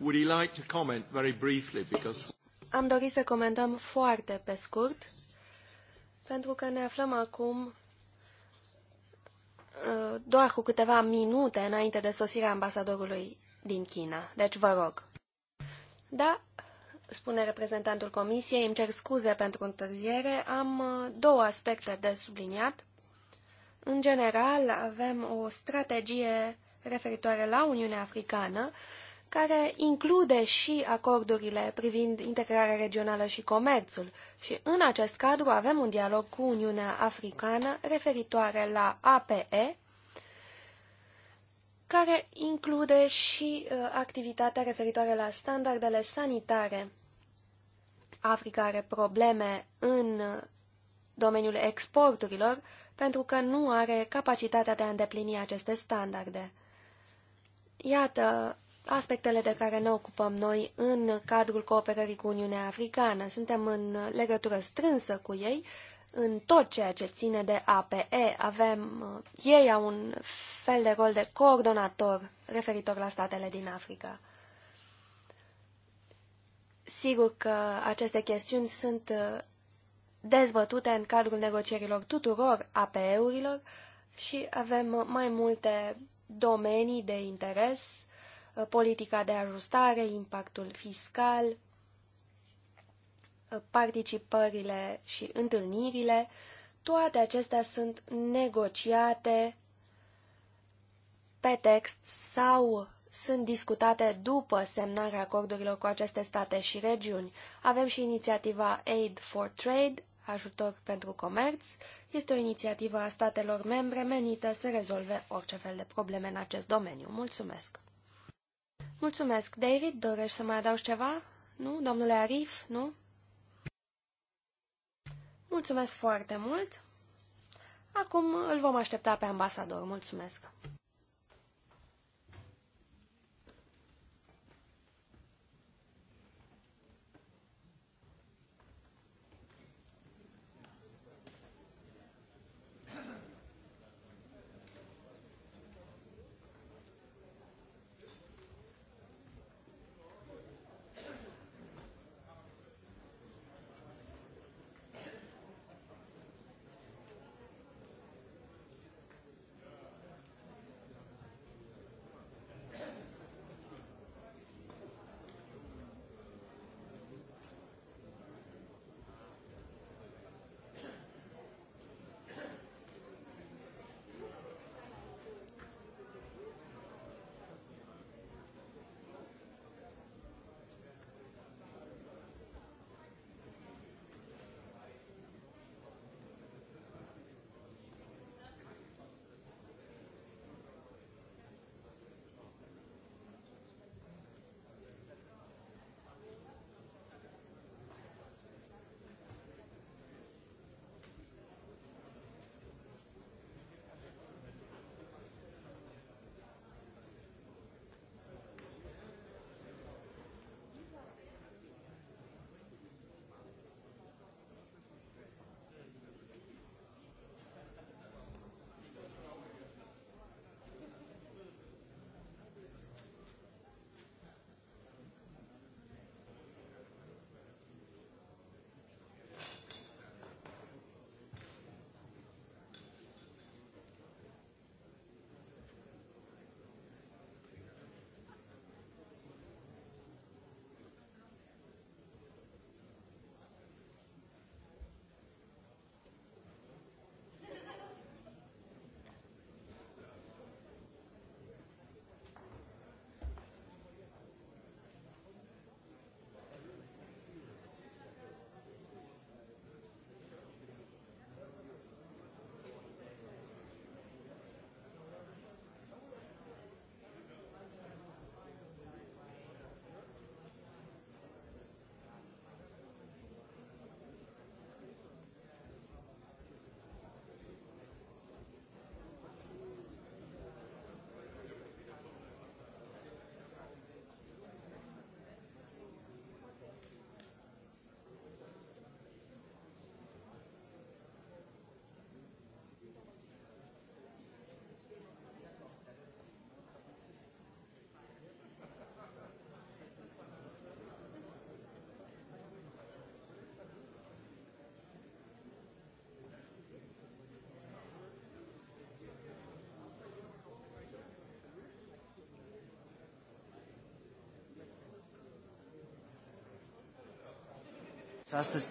Would he like to comment very briefly because... Am dorit să comentăm foarte pe scurt, pentru că ne aflăm acum uh, doar cu câteva minute înainte de sosirea ambasadorului din China. Deci vă rog. Da, spune reprezentantul comisiei, îmi cer scuze pentru întârziere, am uh, două aspecte de subliniat. În general, avem o strategie referitoare la Uniunea Africană care include și acordurile privind integrarea regională și comerțul. Și în acest cadru avem un dialog cu Uniunea Africană referitoare la APE, care include și uh, activitatea referitoare la standardele sanitare. Africa are probleme în uh, domeniul exporturilor pentru că nu are capacitatea de a îndeplini aceste standarde. Iată aspectele de care ne ocupăm noi în cadrul cooperării cu Uniunea Africană. Suntem în legătură strânsă cu ei în tot ceea ce ține de APE. Avem, uh, ei au un fel de rol de coordonator referitor la statele din Africa. Sigur că aceste chestiuni sunt uh, dezbătute în cadrul negocierilor tuturor APE-urilor și avem mai multe domenii de interes politica de ajustare, impactul fiscal, participările și întâlnirile, toate acestea sunt negociate pe text sau sunt discutate după semnarea acordurilor cu aceste state și regiuni. Avem și inițiativa Aid for Trade, ajutor pentru comerț. Este o inițiativă a statelor membre menită să rezolve orice fel de probleme în acest domeniu. Mulțumesc! Mulțumesc. David, dorești să mai adaugi ceva? Nu? Domnule Arif? Nu? Mulțumesc foarte mult. Acum îl vom aștepta pe ambasador. Mulțumesc. astăzi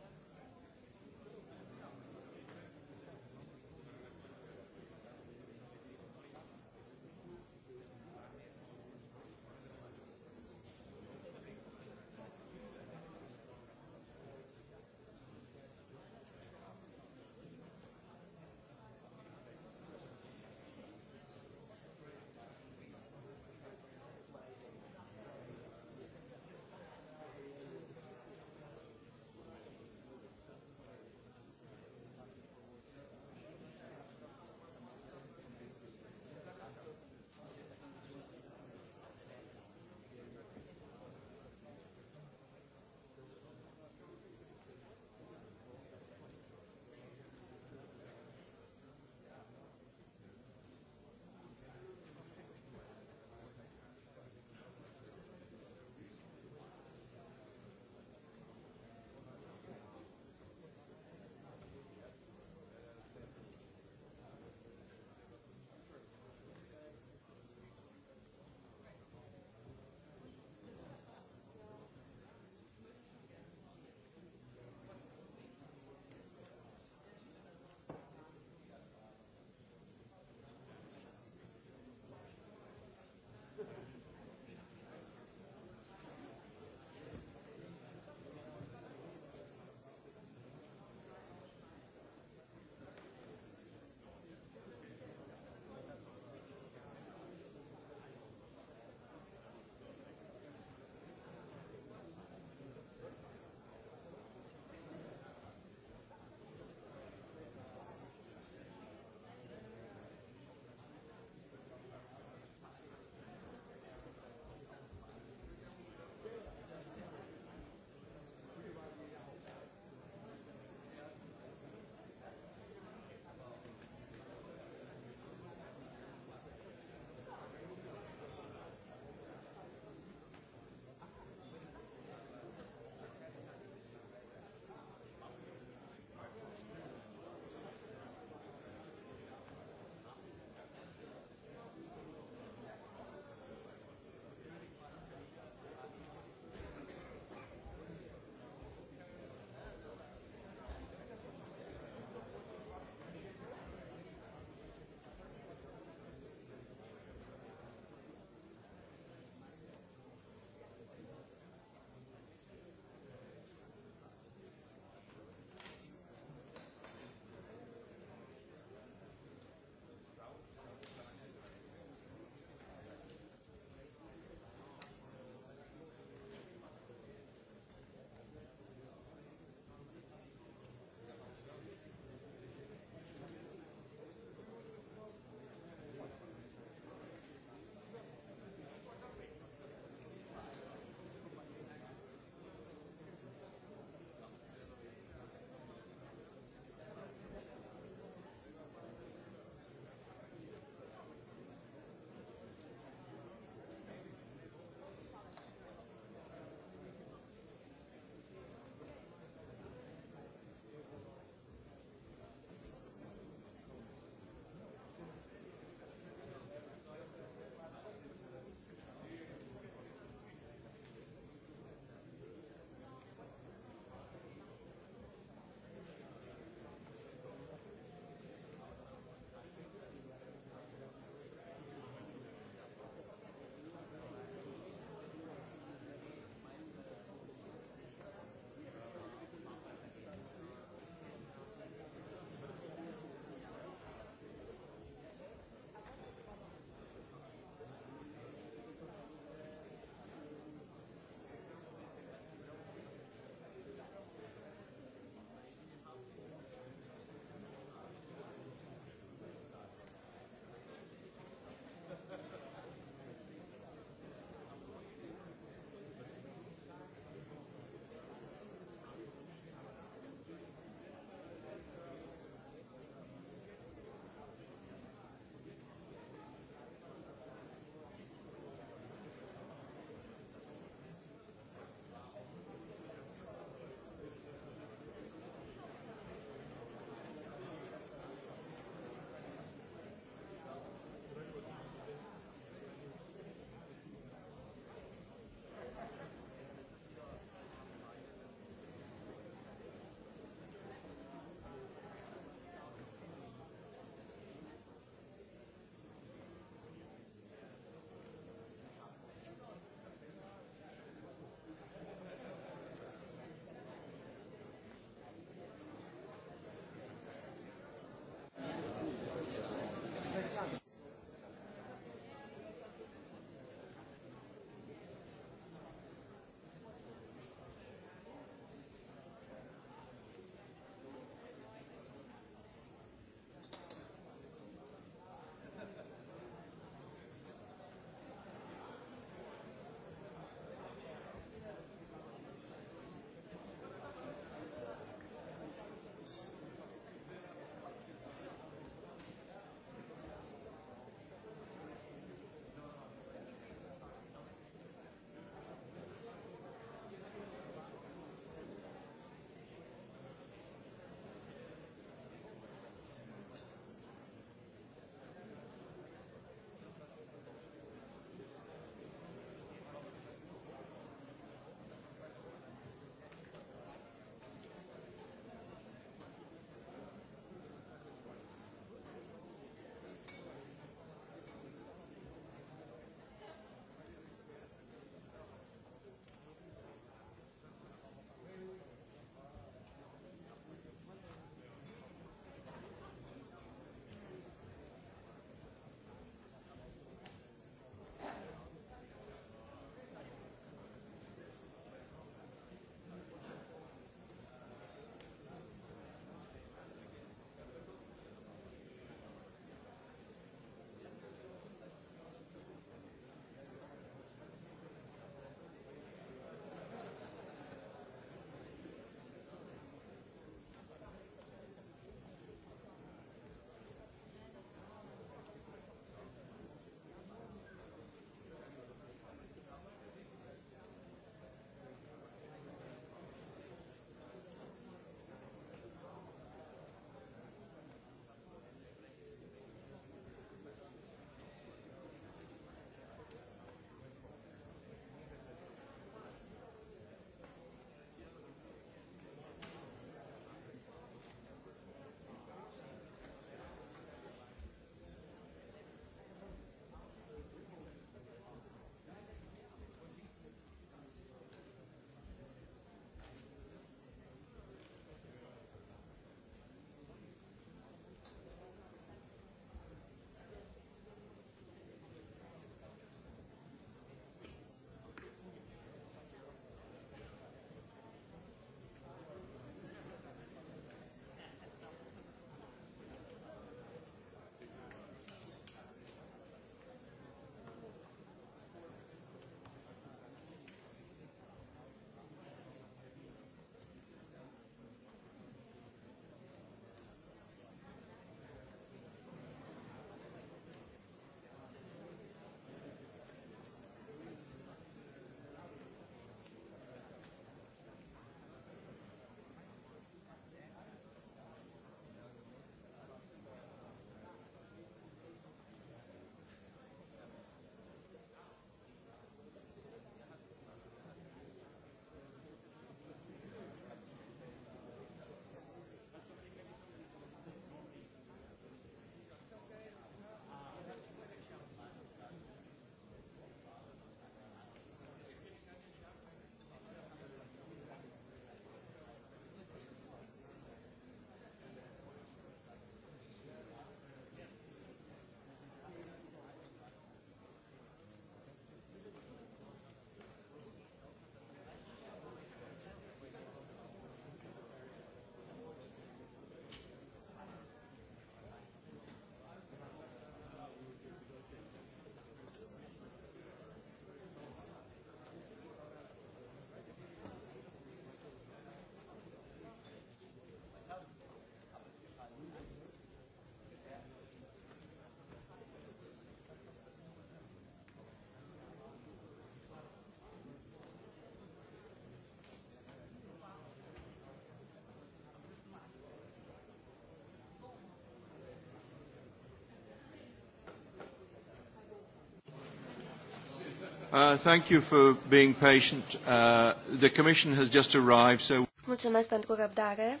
Uh, thank you for being patient. Uh, the commission has just arrived, so... Mulțumesc pentru răbdare.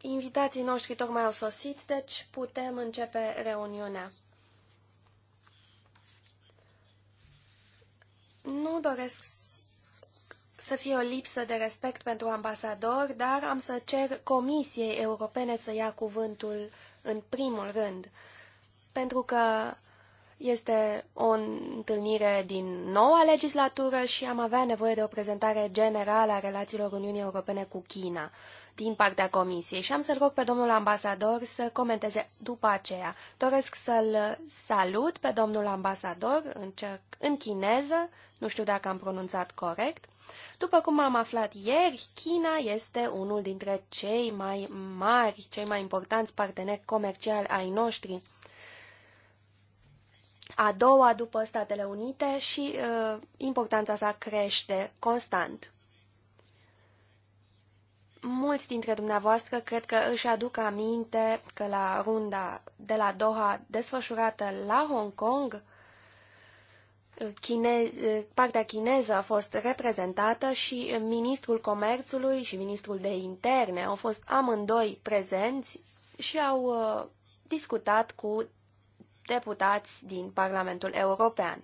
Invitații noștri tocmai au sosit, deci putem începe reuniunea. Nu doresc să fie o lipsă de respect pentru ambasador, dar am să cer Comisiei Europene să ia cuvântul în primul rând, pentru că este o întâlnire din noua legislatură și am avea nevoie de o prezentare generală a relațiilor Uniunii Europene cu China din partea Comisiei și am să-l rog pe domnul ambasador să comenteze după aceea. Doresc să-l salut pe domnul ambasador încerc, în chineză, nu știu dacă am pronunțat corect. După cum am aflat ieri, China este unul dintre cei mai mari, cei mai importanți parteneri comerciali ai noștri a doua după Statele Unite și uh, importanța sa crește constant. Mulți dintre dumneavoastră cred că își aduc aminte că la runda de la Doha desfășurată la Hong Kong, chine, partea chineză a fost reprezentată și ministrul comerțului și ministrul de interne au fost amândoi prezenți și au uh, discutat cu deputați din Parlamentul European.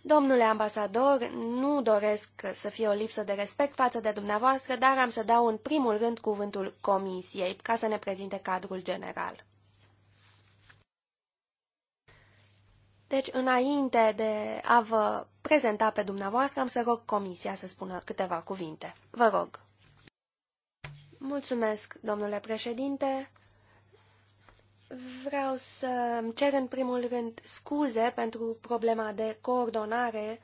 Domnule ambasador, nu doresc să fie o lipsă de respect față de dumneavoastră, dar am să dau în primul rând cuvântul Comisiei ca să ne prezinte cadrul general. Deci, înainte de a vă prezenta pe dumneavoastră, am să rog Comisia să spună câteva cuvinte. Vă rog. Mulțumesc, domnule președinte. Vreau să cer în primul rând scuze pentru problema de coordonare,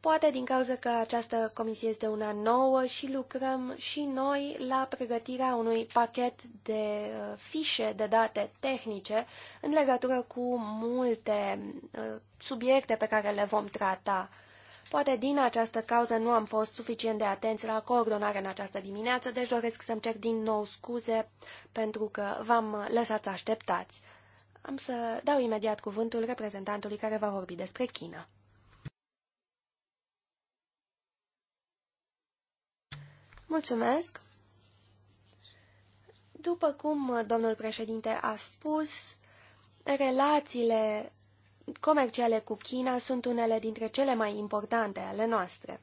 poate din cauza că această comisie este una nouă și lucrăm și noi la pregătirea unui pachet de uh, fișe de date tehnice în legătură cu multe uh, subiecte pe care le vom trata Poate din această cauză nu am fost suficient de atenți la coordonare în această dimineață, deci doresc să-mi cer din nou scuze pentru că v-am lăsat să așteptați. Am să dau imediat cuvântul reprezentantului care va vorbi despre China. Mulțumesc! După cum domnul președinte a spus, relațiile comerciale cu China sunt unele dintre cele mai importante ale noastre.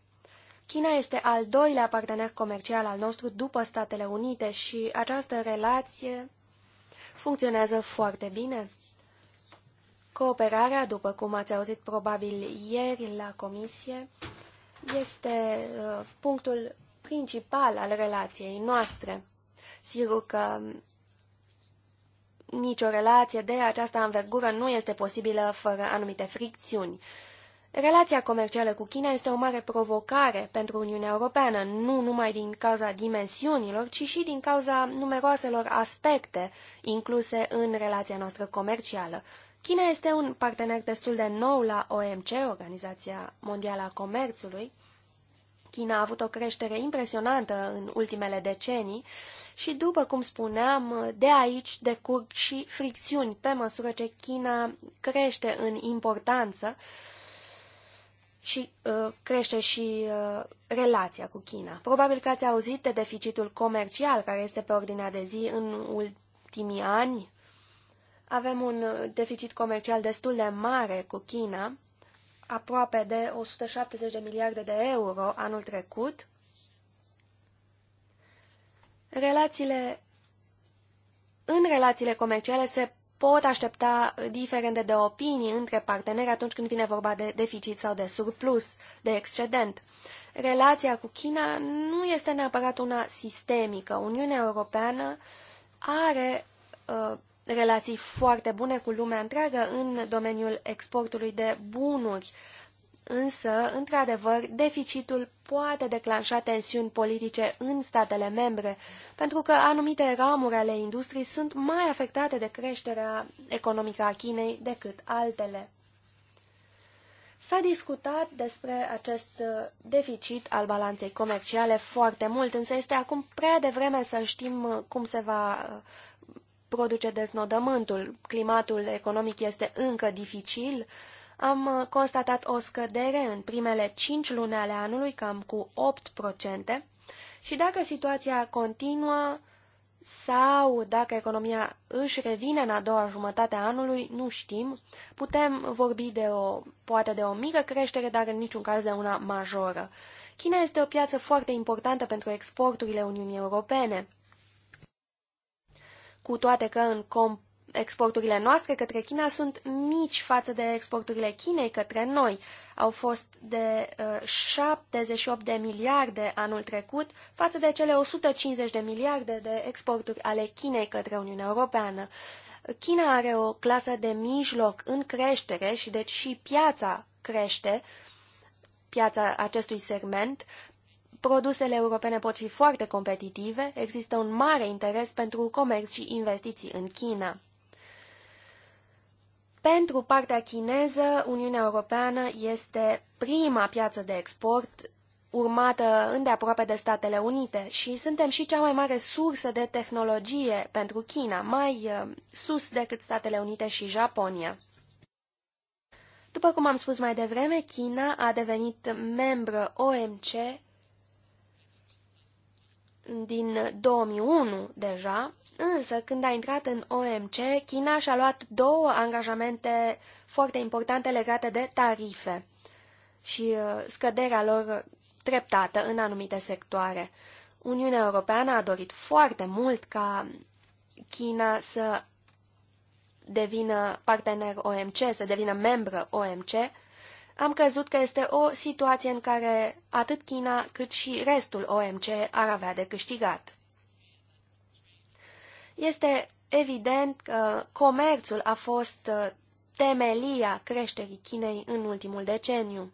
China este al doilea partener comercial al nostru după Statele Unite și această relație funcționează foarte bine. Cooperarea, după cum ați auzit probabil ieri la comisie, este uh, punctul principal al relației noastre. Sigur că Nicio relație de această anvergură nu este posibilă fără anumite fricțiuni. Relația comercială cu China este o mare provocare pentru Uniunea Europeană, nu numai din cauza dimensiunilor, ci și din cauza numeroaselor aspecte incluse în relația noastră comercială. China este un partener destul de nou la OMC, Organizația Mondială a Comerțului. China a avut o creștere impresionantă în ultimele decenii și, după cum spuneam, de aici decurg și fricțiuni pe măsură ce China crește în importanță și uh, crește și uh, relația cu China. Probabil că ați auzit de deficitul comercial care este pe ordinea de zi în ultimii ani. Avem un uh, deficit comercial destul de mare cu China, aproape de 170 de miliarde de euro anul trecut relațiile, în relațiile comerciale se pot aștepta diferende de opinii între parteneri atunci când vine vorba de deficit sau de surplus, de excedent. Relația cu China nu este neapărat una sistemică. Uniunea Europeană are uh, relații foarte bune cu lumea întreagă în domeniul exportului de bunuri, Însă, într-adevăr, deficitul poate declanșa tensiuni politice în statele membre, pentru că anumite ramuri ale industriei sunt mai afectate de creșterea economică a Chinei decât altele. S-a discutat despre acest uh, deficit al balanței comerciale foarte mult, însă este acum prea devreme să știm uh, cum se va uh, produce deznodământul. Climatul economic este încă dificil, am uh, constatat o scădere în primele 5 luni ale anului, cam cu 8%, și dacă situația continuă sau dacă economia își revine în a doua jumătate a anului, nu știm. Putem vorbi de o, poate de o mică creștere, dar în niciun caz de una majoră. China este o piață foarte importantă pentru exporturile Uniunii Europene. Cu toate că în comp exporturile noastre către China sunt mici față de exporturile Chinei către noi. Au fost de uh, 78 de miliarde anul trecut față de cele 150 de miliarde de exporturi ale Chinei către Uniunea Europeană. China are o clasă de mijloc în creștere și deci și piața crește, piața acestui segment, Produsele europene pot fi foarte competitive, există un mare interes pentru comerț și investiții în China. Pentru partea chineză, Uniunea Europeană este prima piață de export urmată îndeaproape de Statele Unite și suntem și cea mai mare sursă de tehnologie pentru China, mai uh, sus decât Statele Unite și Japonia. După cum am spus mai devreme, China a devenit membră OMC din 2001 deja Însă, când a intrat în OMC, China și-a luat două angajamente foarte importante legate de tarife și uh, scăderea lor treptată în anumite sectoare. Uniunea Europeană a dorit foarte mult ca China să devină partener OMC, să devină membră OMC, am crezut că este o situație în care atât China cât și restul OMC ar avea de câștigat. Este evident că comerțul a fost uh, temelia creșterii Chinei în ultimul deceniu.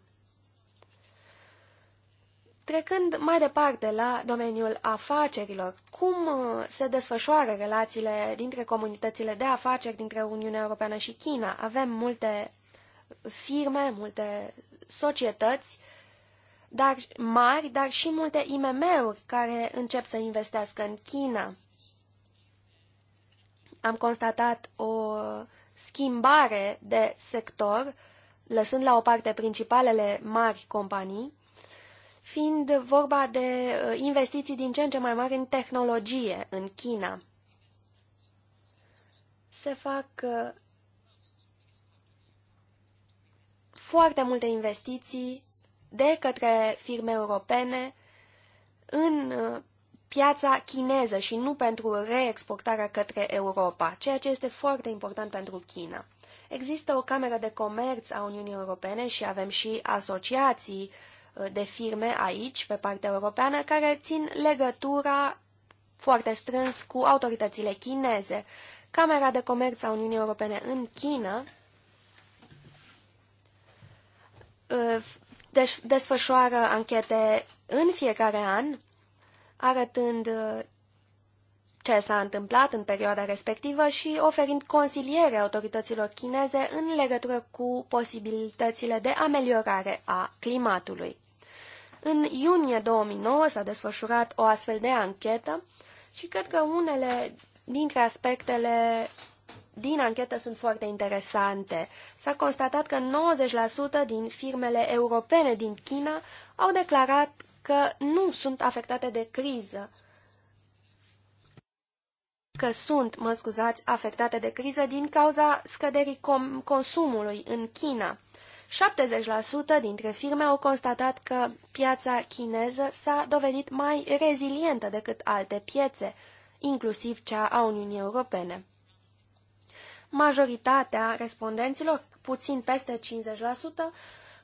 Trecând mai departe la domeniul afacerilor, cum uh, se desfășoară relațiile dintre comunitățile de afaceri dintre Uniunea Europeană și China? Avem multe firme, multe societăți dar mari, dar și multe IMM-uri care încep să investească în China. Am constatat o schimbare de sector, lăsând la o parte principalele mari companii, fiind vorba de uh, investiții din ce în ce mai mari în tehnologie în China. Se fac uh, foarte multe investiții de către firme europene în uh, piața chineză și nu pentru reexportarea către Europa, ceea ce este foarte important pentru China. Există o cameră de comerț a Uniunii Europene și avem și asociații uh, de firme aici, pe partea europeană, care țin legătura foarte strâns cu autoritățile chineze. Camera de Comerț a Uniunii Europene în China uh, deci desfășoară anchete în fiecare an arătând uh, ce s-a întâmplat în perioada respectivă și oferind consiliere autorităților chineze în legătură cu posibilitățile de ameliorare a climatului. În iunie 2009 s-a desfășurat o astfel de anchetă și cred că unele dintre aspectele din anchetă sunt foarte interesante. S-a constatat că 90% din firmele europene din China au declarat că nu sunt afectate de criză, că sunt, mă scuzați, afectate de criză din cauza scăderii consumului în China. 70% dintre firme au constatat că piața chineză s-a dovedit mai rezilientă decât alte piețe, inclusiv cea a Uniunii Europene. Majoritatea respondenților, puțin peste 50%,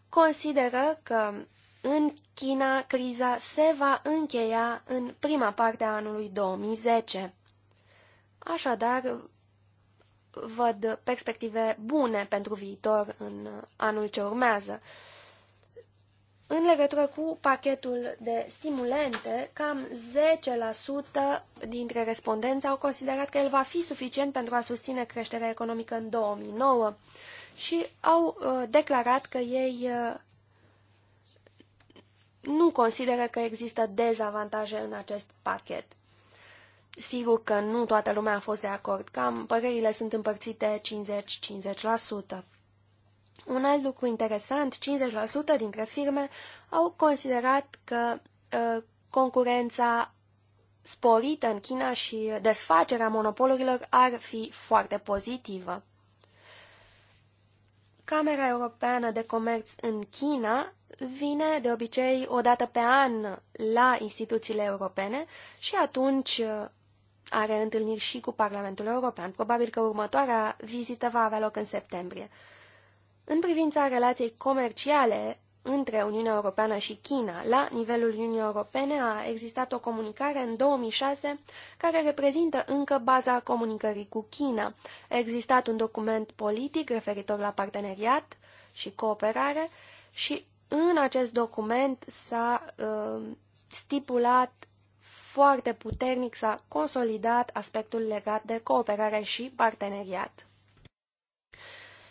consideră că în China, criza se va încheia în prima parte a anului 2010. Așadar, văd perspective bune pentru viitor în anul ce urmează. În legătură cu pachetul de stimulente, cam 10% dintre respondenți au considerat că el va fi suficient pentru a susține creșterea economică în 2009 și au uh, declarat că ei uh, nu consideră că există dezavantaje în acest pachet. Sigur că nu toată lumea a fost de acord, cam părerile sunt împărțite 50-50%. Un alt lucru interesant, 50% dintre firme au considerat că uh, concurența sporită în China și desfacerea monopolurilor ar fi foarte pozitivă. Camera Europeană de Comerț în China vine de obicei o dată pe an la instituțiile europene și atunci uh, are întâlniri și cu Parlamentul European. Probabil că următoarea vizită va avea loc în septembrie. În privința relației comerciale între Uniunea Europeană și China. La nivelul Uniunii Europene a existat o comunicare în 2006 care reprezintă încă baza comunicării cu China. A existat un document politic referitor la parteneriat și cooperare și în acest document s-a uh, stipulat foarte puternic, s-a consolidat aspectul legat de cooperare și parteneriat.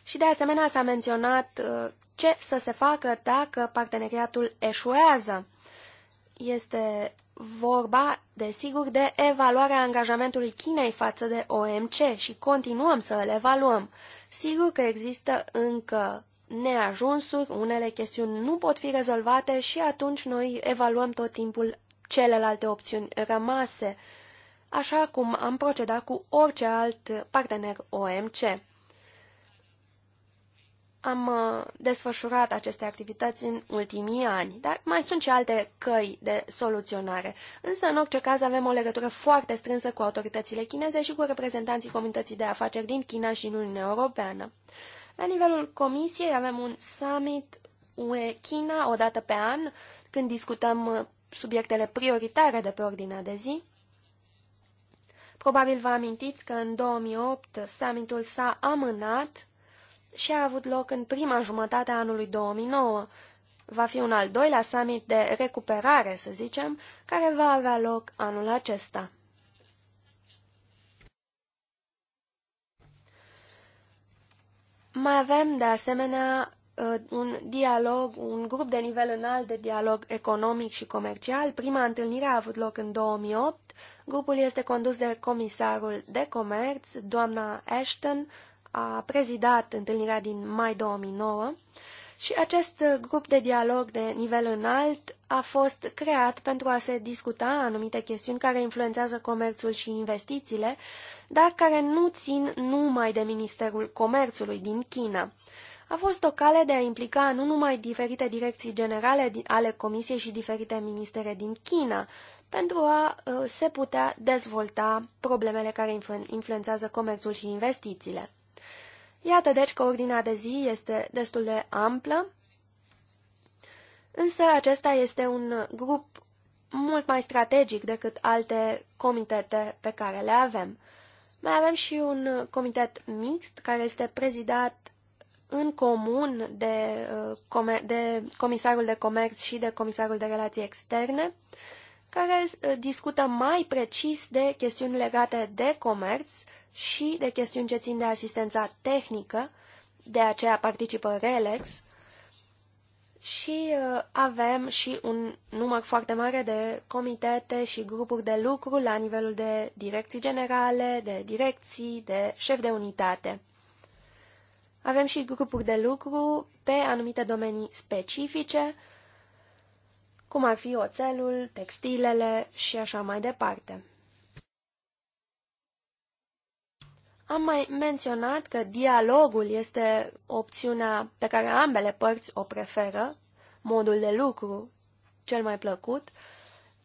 Și de asemenea s-a menționat uh, ce să se facă dacă parteneriatul eșuează. Este vorba, desigur, de evaluarea angajamentului Chinei față de OMC și continuăm să îl evaluăm. Sigur că există încă neajunsuri, unele chestiuni nu pot fi rezolvate și atunci noi evaluăm tot timpul celelalte opțiuni rămase, așa cum am procedat cu orice alt partener OMC. Am uh, desfășurat aceste activități în ultimii ani, dar mai sunt și alte căi de soluționare. Însă, în orice caz, avem o legătură foarte strânsă cu autoritățile chineze și cu reprezentanții comunității de afaceri din China și în Uniunea Europeană. La nivelul Comisiei avem un summit UE-China o dată pe an, când discutăm uh, subiectele prioritare de pe ordinea de zi. Probabil vă amintiți că în 2008 summitul s-a amânat și a avut loc în prima jumătate a anului 2009. Va fi un al doilea summit de recuperare, să zicem, care va avea loc anul acesta. Mai avem, de asemenea, uh, un dialog, un grup de nivel înalt de dialog economic și comercial. Prima întâlnire a avut loc în 2008. Grupul este condus de comisarul de comerț, doamna Ashton, a prezidat întâlnirea din mai 2009 și acest grup de dialog de nivel înalt a fost creat pentru a se discuta anumite chestiuni care influențează comerțul și investițiile, dar care nu țin numai de Ministerul Comerțului din China. A fost o cale de a implica nu numai diferite direcții generale ale Comisiei și diferite ministere din China, pentru a uh, se putea dezvolta problemele care influențează comerțul și investițiile. Iată deci că ordinea de zi este destul de amplă, însă acesta este un grup mult mai strategic decât alte comitete pe care le avem. Mai avem și un comitet mixt care este prezidat în comun de, uh, de Comisarul de Comerț și de Comisarul de Relații Externe, care uh, discută mai precis de chestiuni legate de comerț și de chestiuni ce țin de asistența tehnică, de aceea participă RELEX, și uh, avem și un număr foarte mare de comitete și grupuri de lucru la nivelul de direcții generale, de direcții, de șef de unitate. Avem și grupuri de lucru pe anumite domenii specifice, cum ar fi oțelul, textilele și așa mai departe. Am mai menționat că dialogul este opțiunea pe care ambele părți o preferă, modul de lucru cel mai plăcut.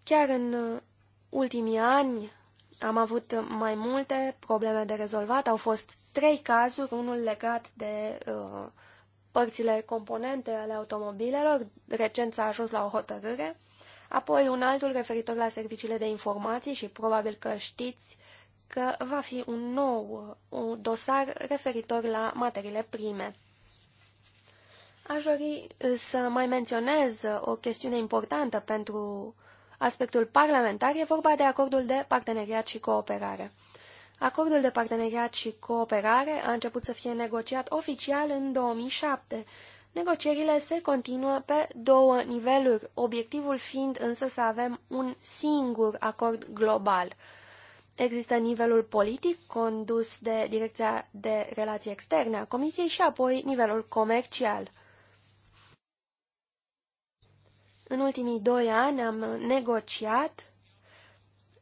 Chiar în ultimii ani am avut mai multe probleme de rezolvat. Au fost trei cazuri, unul legat de uh, părțile componente ale automobilelor, recent s-a ajuns la o hotărâre, apoi un altul referitor la serviciile de informații și probabil că știți uh, că va fi un nou uh, un dosar referitor la materiile prime. Aș dori uh, să mai menționez uh, o chestiune importantă pentru aspectul parlamentar, e vorba de acordul de parteneriat și cooperare. Acordul de parteneriat și cooperare a început să fie negociat oficial în 2007. Negocierile se continuă pe două niveluri, obiectivul fiind însă să avem un singur acord global – Există nivelul politic condus de Direcția de Relații Externe a Comisiei și apoi nivelul comercial. În ultimii doi ani am negociat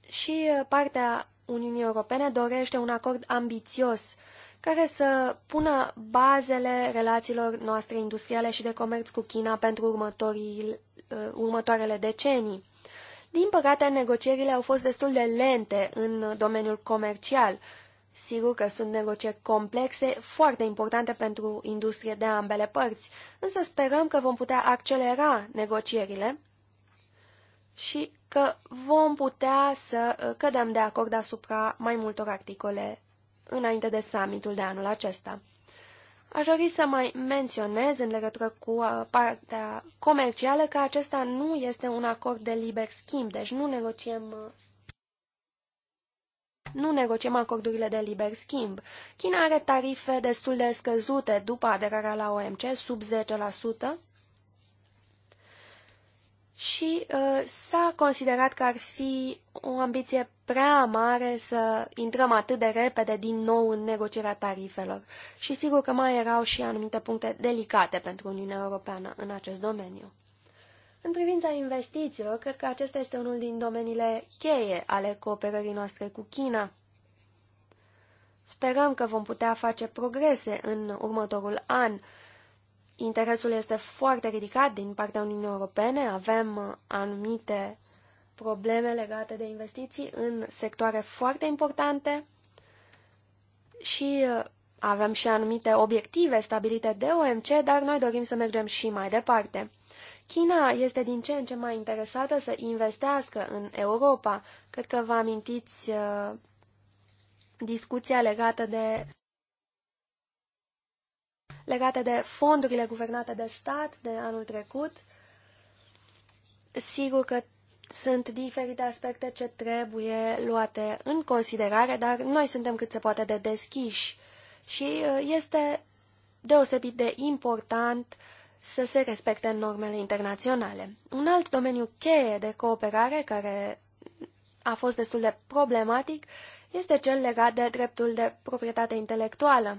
și partea Uniunii Europene dorește un acord ambițios care să pună bazele relațiilor noastre industriale și de comerț cu China pentru uh, următoarele decenii. Din păcate, negocierile au fost destul de lente în domeniul comercial. Sigur că sunt negocieri complexe, foarte importante pentru industrie de ambele părți, însă sperăm că vom putea accelera negocierile și că vom putea să uh, cădem de acord asupra mai multor articole înainte de summitul de anul acesta. Aș dori să mai menționez în legătură cu uh, partea comercială că acesta nu este un acord de liber schimb, deci nu negociem uh, nu negociem acordurile de liber schimb. China are tarife destul de scăzute după aderarea la OMC, sub 10%, și uh, s-a considerat că ar fi o ambiție prea mare să intrăm atât de repede din nou în negocierea tarifelor. Și sigur că mai erau și anumite puncte delicate pentru Uniunea Europeană în acest domeniu. În privința investițiilor, cred că acesta este unul din domeniile cheie ale cooperării noastre cu China. Sperăm că vom putea face progrese în următorul an, Interesul este foarte ridicat din partea Uniunii Europene. Avem uh, anumite probleme legate de investiții în sectoare foarte importante și uh, avem și anumite obiective stabilite de OMC, dar noi dorim să mergem și mai departe. China este din ce în ce mai interesată să investească în Europa. Cred că vă amintiți uh, discuția legată de legate de fondurile guvernate de stat de anul trecut. Sigur că sunt diferite aspecte ce trebuie luate în considerare, dar noi suntem cât se poate de deschiși și uh, este deosebit de important să se respecte normele internaționale. Un alt domeniu cheie de cooperare care a fost destul de problematic este cel legat de dreptul de proprietate intelectuală.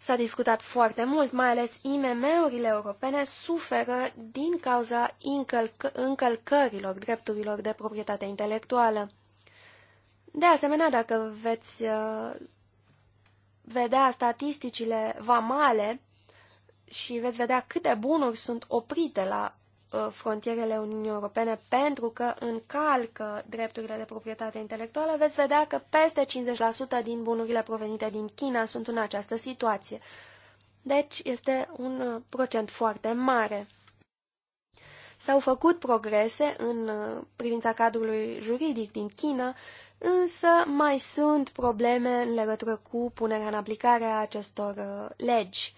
S-a discutat foarte mult, mai ales IMM-urile europene suferă din cauza încălc încălcărilor drepturilor de proprietate intelectuală. De asemenea, dacă veți uh, vedea statisticile vamale și veți vedea câte bunuri sunt oprite la Uh, frontierele Uniunii Europene pentru că încalcă drepturile de proprietate intelectuală, veți vedea că peste 50% din bunurile provenite din China sunt în această situație. Deci este un uh, procent foarte mare. S-au făcut progrese în uh, privința cadrului juridic din China, însă mai sunt probleme în legătură cu punerea în aplicare a acestor legi.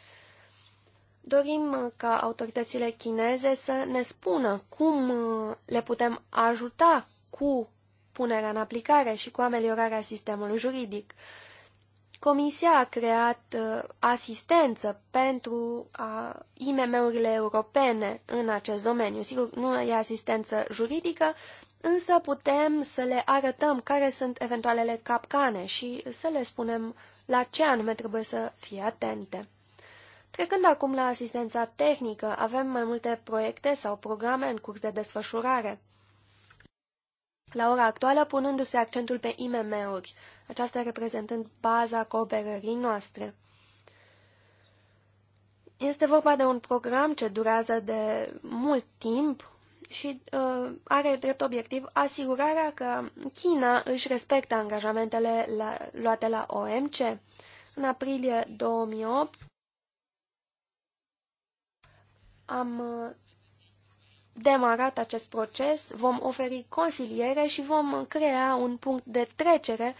Dorim uh, ca autoritățile chineze să ne spună cum uh, le putem ajuta cu punerea în aplicare și cu ameliorarea sistemului juridic. Comisia a creat uh, asistență pentru IMM-urile europene în acest domeniu. Sigur, nu e asistență juridică, însă putem să le arătăm care sunt eventualele capcane și să le spunem la ce anume trebuie să fie atente. Trecând acum la asistența tehnică, avem mai multe proiecte sau programe în curs de desfășurare. La ora actuală, punându-se accentul pe IMM-uri, aceasta reprezentând baza cooperării noastre. Este vorba de un program ce durează de mult timp și uh, are drept obiectiv asigurarea că China își respectă angajamentele la, luate la OMC. În aprilie 2008, am uh, demarat acest proces, vom oferi consiliere și vom crea un punct de trecere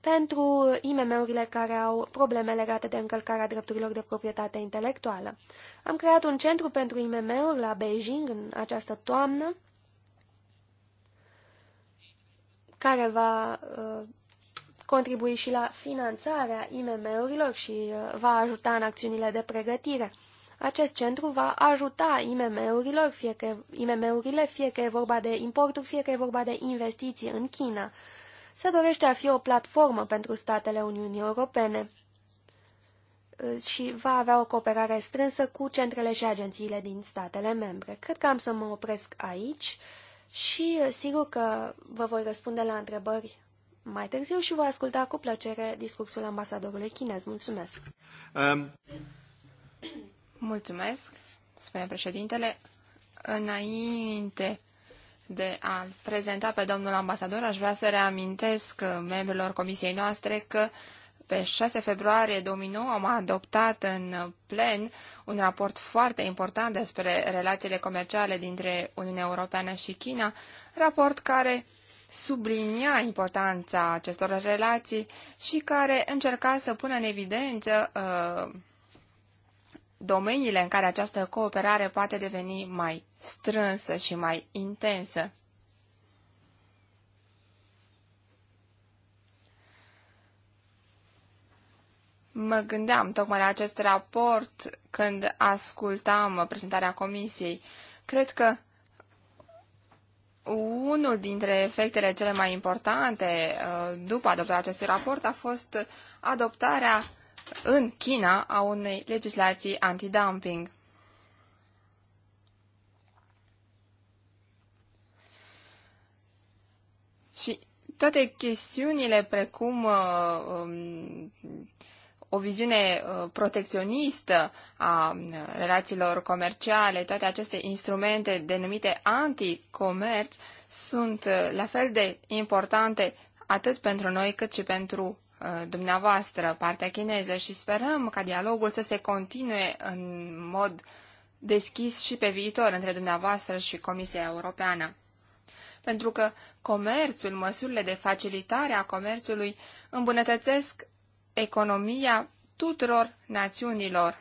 pentru IMM-urile care au probleme legate de încălcarea drepturilor de proprietate intelectuală. Am creat un centru pentru IMM-uri la Beijing în această toamnă, care va uh, contribui și la finanțarea IMM-urilor și uh, va ajuta în acțiunile de pregătire. Acest centru va ajuta IMM-urilor, fie că, IMM-urile, fie că e vorba de importuri, fie că e vorba de investiții în China. Se dorește a fi o platformă pentru statele Uniunii Europene uh, și va avea o cooperare strânsă cu centrele și agențiile din statele membre. Cred că am să mă opresc aici și uh, sigur că vă voi răspunde la întrebări mai târziu și voi asculta cu plăcere discursul ambasadorului chinez. Mulțumesc! Um. Mulțumesc, spune președintele. Înainte de a prezenta pe domnul ambasador, aș vrea să reamintesc membrilor comisiei noastre că pe 6 februarie 2009 am adoptat în plen un raport foarte important despre relațiile comerciale dintre Uniunea Europeană și China, raport care sublinia importanța acestor relații și care încerca să pună în evidență uh, domeniile în care această cooperare poate deveni mai strânsă și mai intensă. Mă gândeam tocmai la acest raport când ascultam prezentarea comisiei. Cred că unul dintre efectele cele mai importante uh, după adoptarea acestui raport a fost adoptarea în China a unei legislații antidumping. Și toate chestiunile precum uh, um, o viziune uh, protecționistă a uh, relațiilor comerciale, toate aceste instrumente denumite anticomerț sunt uh, la fel de importante atât pentru noi cât și pentru Uh, dumneavoastră, partea chineză, și sperăm ca dialogul să se continue în mod deschis și pe viitor între dumneavoastră și Comisia Europeană. Pentru că comerțul, măsurile de facilitare a comerțului îmbunătățesc economia tuturor națiunilor.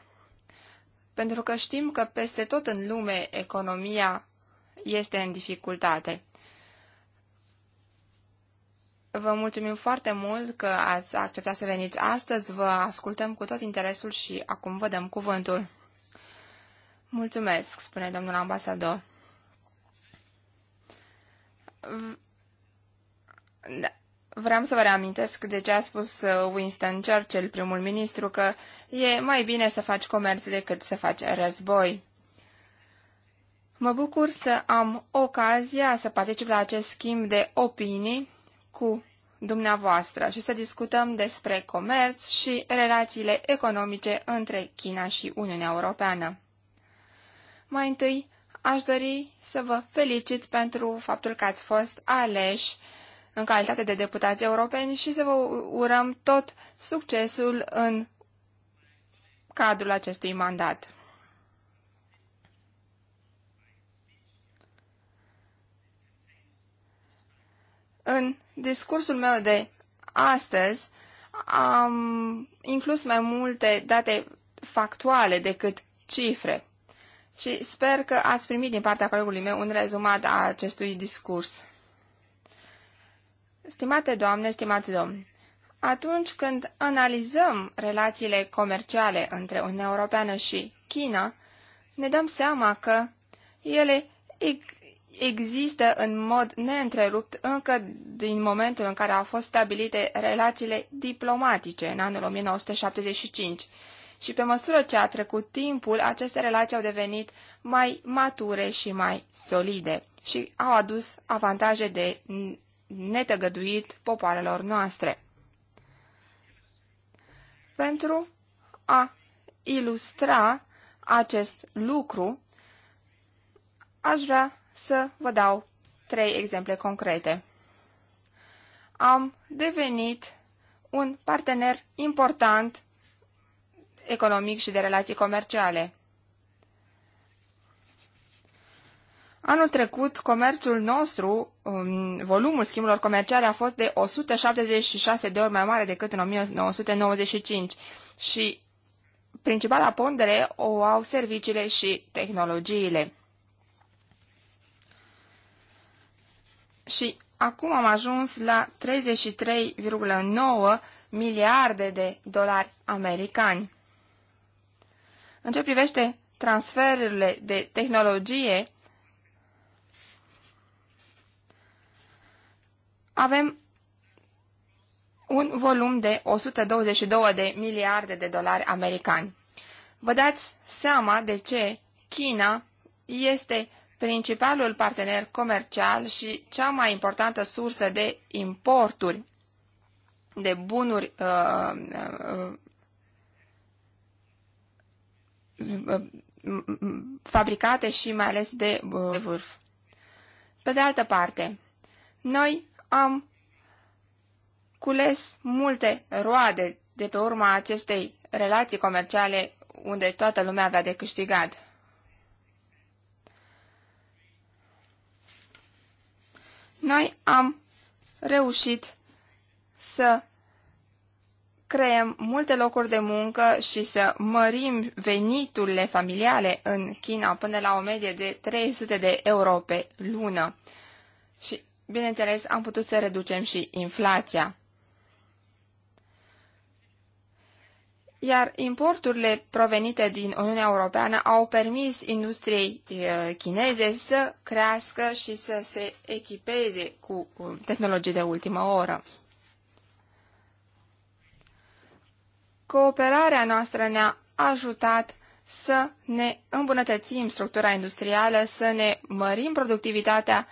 Pentru că știm că peste tot în lume economia este în dificultate. Vă mulțumim foarte mult că ați acceptat să veniți astăzi. Vă ascultăm cu tot interesul și acum vă dăm cuvântul. Mulțumesc, spune domnul ambasador. Vreau să vă reamintesc de ce a spus Winston Churchill, primul ministru, că e mai bine să faci comerț decât să faci război. Mă bucur să am ocazia să particip la acest schimb de opinii cu dumneavoastră și să discutăm despre comerț și relațiile economice între China și Uniunea Europeană. Mai întâi, aș dori să vă felicit pentru faptul că ați fost aleși în calitate de deputați europeni și să vă urăm tot succesul în cadrul acestui mandat. În discursul meu de astăzi am inclus mai multe date factuale decât cifre și sper că ați primit din partea colegului meu un rezumat a acestui discurs. Stimate doamne, stimați domni, atunci când analizăm relațiile comerciale între Uniunea Europeană și China, ne dăm seama că ele există în mod neîntrerupt încă din momentul în care au fost stabilite relațiile diplomatice în anul 1975. Și pe măsură ce a trecut timpul, aceste relații au devenit mai mature și mai solide și au adus avantaje de netăgăduit popoarelor noastre. Pentru a ilustra acest lucru, aș vrea să vă dau trei exemple concrete. Am devenit un partener important economic și de relații comerciale. Anul trecut, comerțul nostru, um, volumul schimburilor comerciale a fost de 176 de ori mai mare decât în 1995 și principala pondere o au serviciile și tehnologiile. și acum am ajuns la 33,9 miliarde de dolari americani. În ce privește transferurile de tehnologie, avem un volum de 122 de miliarde de dolari americani. Vă dați seama de ce China este principalul partener comercial și cea mai importantă sursă de importuri de bunuri uh, uh, uh, uh fabricate și mai ales de uh, vârf. Pe de altă parte, noi am cules multe roade de pe urma acestei relații comerciale unde toată lumea avea de câștigat. Noi am reușit să creăm multe locuri de muncă și să mărim veniturile familiale în China până la o medie de 300 de euro pe lună. Și, bineînțeles, am putut să reducem și inflația. iar importurile provenite din Uniunea Europeană au permis industriei chineze să crească și să se echipeze cu um, tehnologii de ultimă oră. Cooperarea noastră ne-a ajutat să ne îmbunătățim structura industrială, să ne mărim productivitatea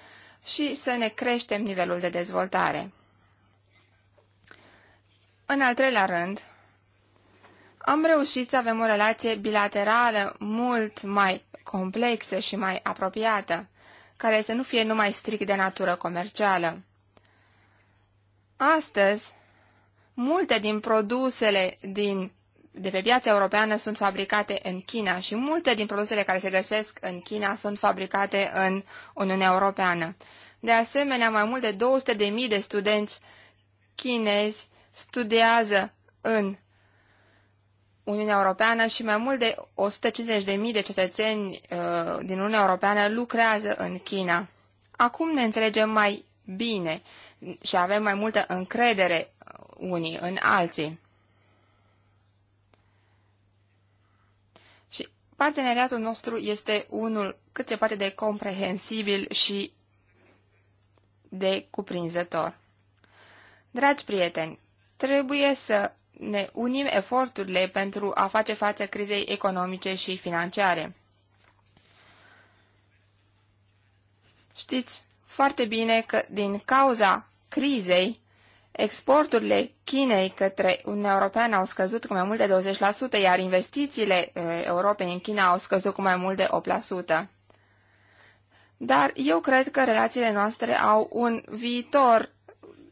și să ne creștem nivelul de dezvoltare. În al treilea rând, am reușit să avem o relație bilaterală mult mai complexă și mai apropiată, care să nu fie numai strict de natură comercială. Astăzi, multe din produsele din, de pe piața europeană sunt fabricate în China și multe din produsele care se găsesc în China sunt fabricate în Uniunea Europeană. De asemenea, mai mult de 200.000 de studenți chinezi studiază în Uniunea Europeană și mai mult de 150.000 de cetățeni uh, din Uniunea Europeană lucrează în China. Acum ne înțelegem mai bine și avem mai multă încredere unii în alții. Și parteneriatul nostru este unul cât se poate de comprehensibil și de cuprinzător. Dragi prieteni, trebuie să ne unim eforturile pentru a face față crizei economice și financiare. Știți foarte bine că din cauza crizei, exporturile Chinei către Uniunea Europeană au scăzut cu mai mult de 20%, iar investițiile uh, Europei în China au scăzut cu mai mult de 8%. Dar eu cred că relațiile noastre au un viitor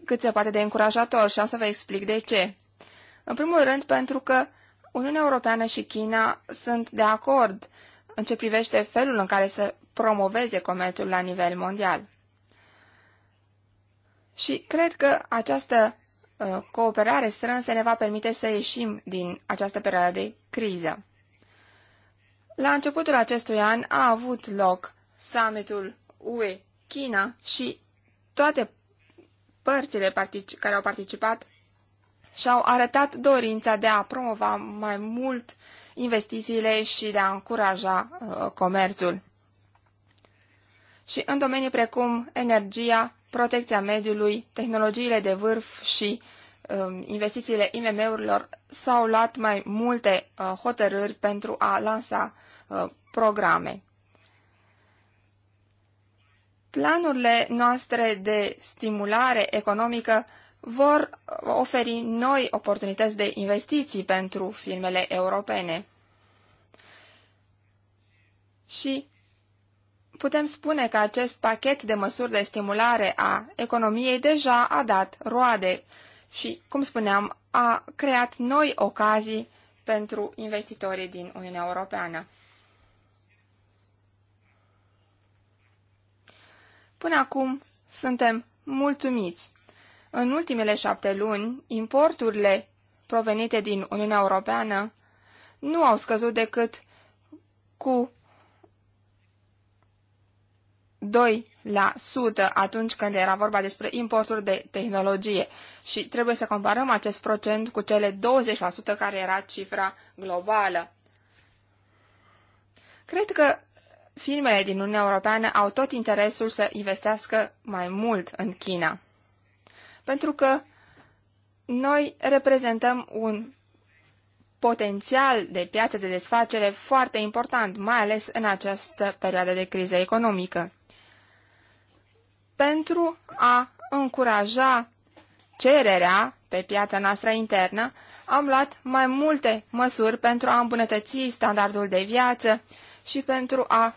cât se poate de încurajator și am să vă explic de ce. În primul rând pentru că Uniunea Europeană și China sunt de acord în ce privește felul în care să promoveze comerțul la nivel mondial. Și cred că această uh, cooperare strânsă ne va permite să ieșim din această perioadă de criză. La începutul acestui an a avut loc summitul UE-China și toate părțile care au participat și-au arătat dorința de a promova mai mult investițiile și de a încuraja uh, comerțul. Și în domenii precum energia, protecția mediului, tehnologiile de vârf și um, investițiile IMM-urilor s-au luat mai multe uh, hotărâri pentru a lansa uh, programe. Planurile noastre de stimulare economică vor oferi noi oportunități de investiții pentru firmele europene. Și putem spune că acest pachet de măsuri de stimulare a economiei deja a dat roade și, cum spuneam, a creat noi ocazii pentru investitorii din Uniunea Europeană. Până acum suntem mulțumiți în ultimele șapte luni, importurile provenite din Uniunea Europeană nu au scăzut decât cu 2% atunci când era vorba despre importuri de tehnologie și trebuie să comparăm acest procent cu cele 20% care era cifra globală. Cred că firmele din Uniunea Europeană au tot interesul să investească mai mult în China pentru că noi reprezentăm un potențial de piață de desfacere foarte important, mai ales în această perioadă de criză economică. Pentru a încuraja cererea pe piața noastră internă, am luat mai multe măsuri pentru a îmbunătăți standardul de viață și pentru a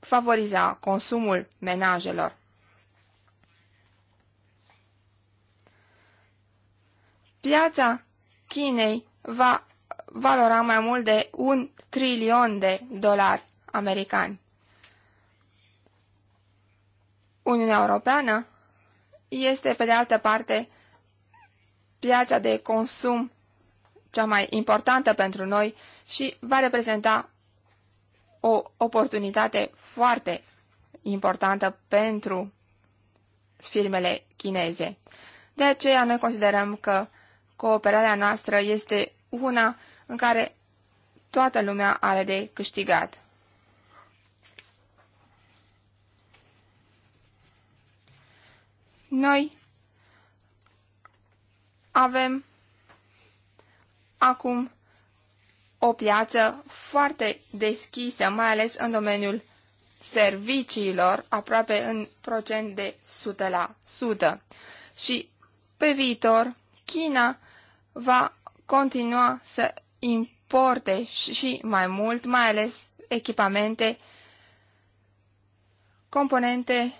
favoriza consumul menajelor. Piața Chinei va valora mai mult de un trilion de dolari americani. Uniunea Europeană este, pe de altă parte, piața de consum cea mai importantă pentru noi și va reprezenta o oportunitate foarte importantă pentru firmele chineze. De aceea noi considerăm că cooperarea noastră este una în care toată lumea are de câștigat. Noi avem acum o piață foarte deschisă, mai ales în domeniul serviciilor, aproape în procent de 100%. Și pe viitor, China va continua să importe și mai mult, mai ales echipamente, componente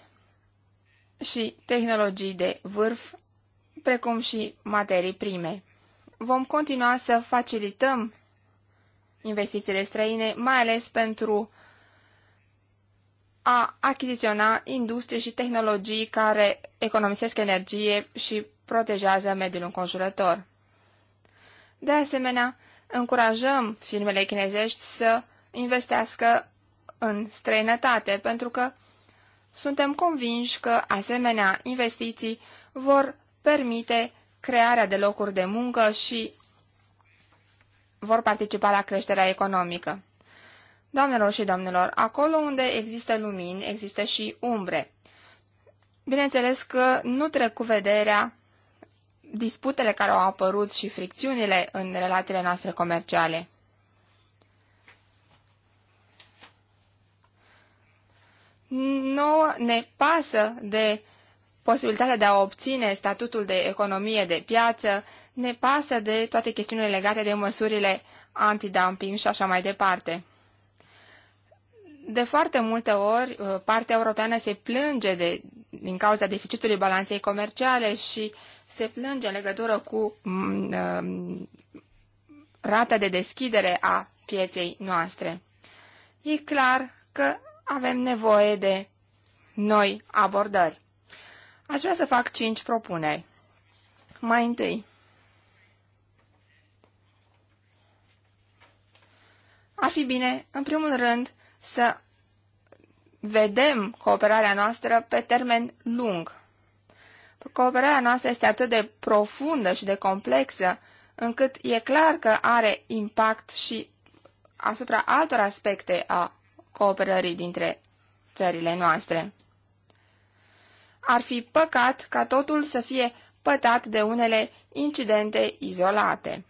și tehnologii de vârf, precum și materii prime. Vom continua să facilităm investițiile străine, mai ales pentru a achiziționa industrie și tehnologii care economisesc energie și protejează mediul înconjurător. De asemenea, încurajăm firmele chinezești să investească în străinătate, pentru că suntem convinși că asemenea investiții vor permite crearea de locuri de muncă și vor participa la creșterea economică. Doamnelor și domnilor, acolo unde există lumini, există și umbre. Bineînțeles că nu trec cu vederea disputele care au apărut și fricțiunile în relațiile noastre comerciale. Nu ne pasă de posibilitatea de a obține statutul de economie de piață, ne pasă de toate chestiunile legate de măsurile antidumping și așa mai departe. De foarte multe ori, uh, partea europeană se plânge de din cauza deficitului balanței comerciale și se plânge în legătură cu mm, mm, rata de deschidere a pieței noastre. E clar că avem nevoie de noi abordări. Aș vrea să fac cinci propuneri. Mai întâi, ar fi bine, în primul rând, să vedem cooperarea noastră pe termen lung. Cooperarea noastră este atât de profundă și de complexă, încât e clar că are impact și asupra altor aspecte a cooperării dintre țările noastre. Ar fi păcat ca totul să fie pătat de unele incidente izolate.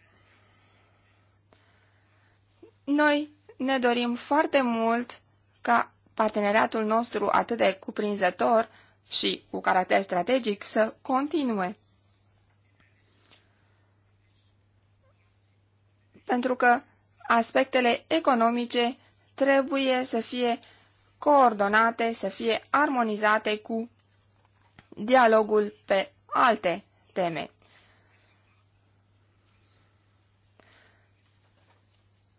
Noi ne dorim foarte mult ca parteneriatul nostru atât de cuprinzător și cu caracter strategic să continue. Pentru că aspectele economice trebuie să fie coordonate, să fie armonizate cu dialogul pe alte teme.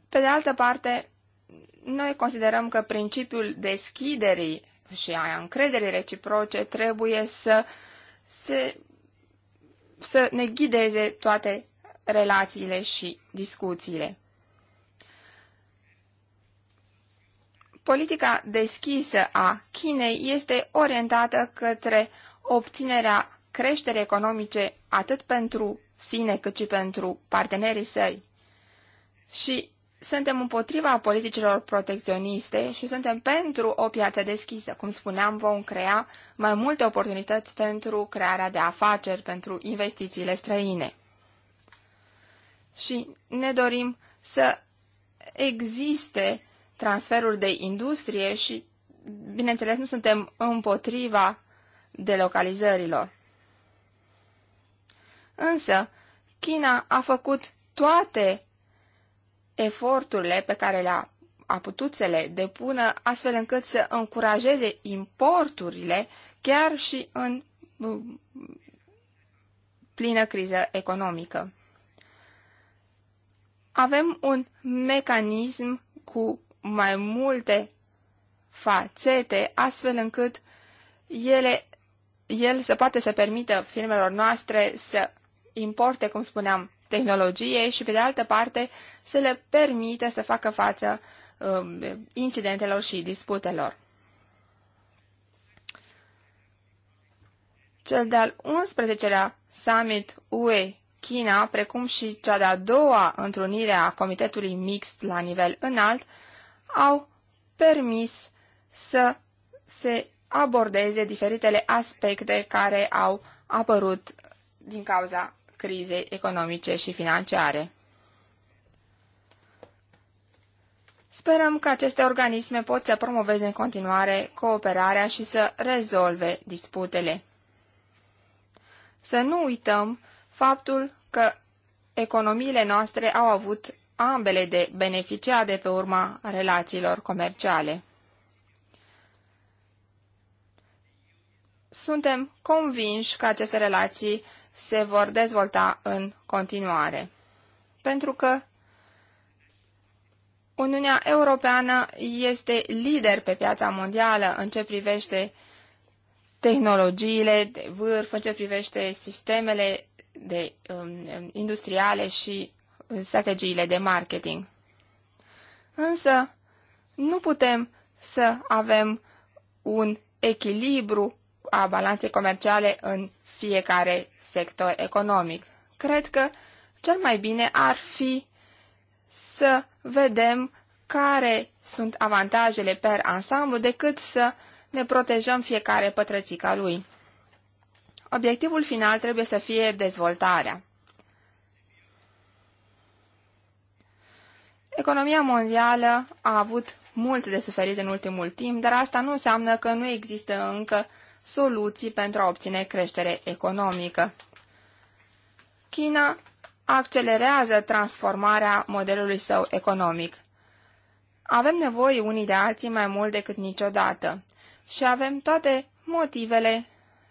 Pe de altă parte, noi considerăm că principiul deschiderii și a încrederii reciproce trebuie să, să, să ne ghideze toate relațiile și discuțiile. Politica deschisă a Chinei este orientată către obținerea creșterii economice atât pentru sine cât și pentru partenerii săi. Și suntem împotriva politicilor protecționiste și suntem pentru o piață deschisă. Cum spuneam, vom crea mai multe oportunități pentru crearea de afaceri, pentru investițiile străine. Și ne dorim să existe transferul de industrie și, bineînțeles, nu suntem împotriva delocalizărilor. Însă, China a făcut toate eforturile pe care le-a a putut să le depună astfel încât să încurajeze importurile chiar și în mm, plină criză economică. Avem un mecanism cu mai multe fațete, astfel încât ele, el să poate să permită firmelor noastre să importe, cum spuneam, tehnologiei și, pe de altă parte, să le permite să facă față uh, incidentelor și disputelor. Cel de-al 11-lea summit UE China, precum și cea de-a doua întrunire a Comitetului Mixt la nivel înalt, au permis să se abordeze diferitele aspecte care au apărut din cauza crizei economice și financiare. Sperăm că aceste organisme pot să promoveze în continuare cooperarea și să rezolve disputele. Să nu uităm faptul că economiile noastre au avut ambele de beneficiat de pe urma relațiilor comerciale. Suntem convinși că aceste relații se vor dezvolta în continuare. Pentru că Uniunea Europeană este lider pe piața mondială în ce privește tehnologiile de vârf, în ce privește sistemele de, um, industriale și um, strategiile de marketing. Însă, nu putem să avem un echilibru a balanței comerciale în fiecare sector economic. Cred că cel mai bine ar fi să vedem care sunt avantajele per ansamblu decât să ne protejăm fiecare pătrățica lui. Obiectivul final trebuie să fie dezvoltarea. Economia mondială a avut mult de suferit în ultimul timp, dar asta nu înseamnă că nu există încă soluții pentru a obține creștere economică. China accelerează transformarea modelului său economic. Avem nevoie unii de alții mai mult decât niciodată și avem toate motivele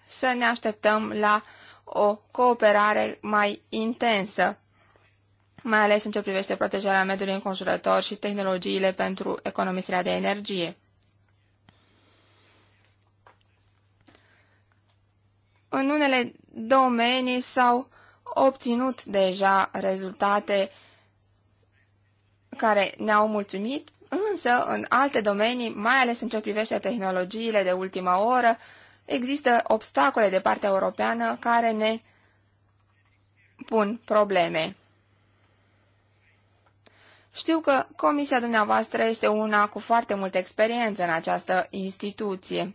să ne așteptăm la o cooperare mai intensă, mai ales în ce privește protejarea mediului înconjurător și tehnologiile pentru economisirea de energie. În unele domenii s-au obținut deja rezultate care ne-au mulțumit, însă în alte domenii, mai ales în ce privește tehnologiile de ultimă oră, există obstacole de partea europeană care ne pun probleme. Știu că comisia dumneavoastră este una cu foarte multă experiență în această instituție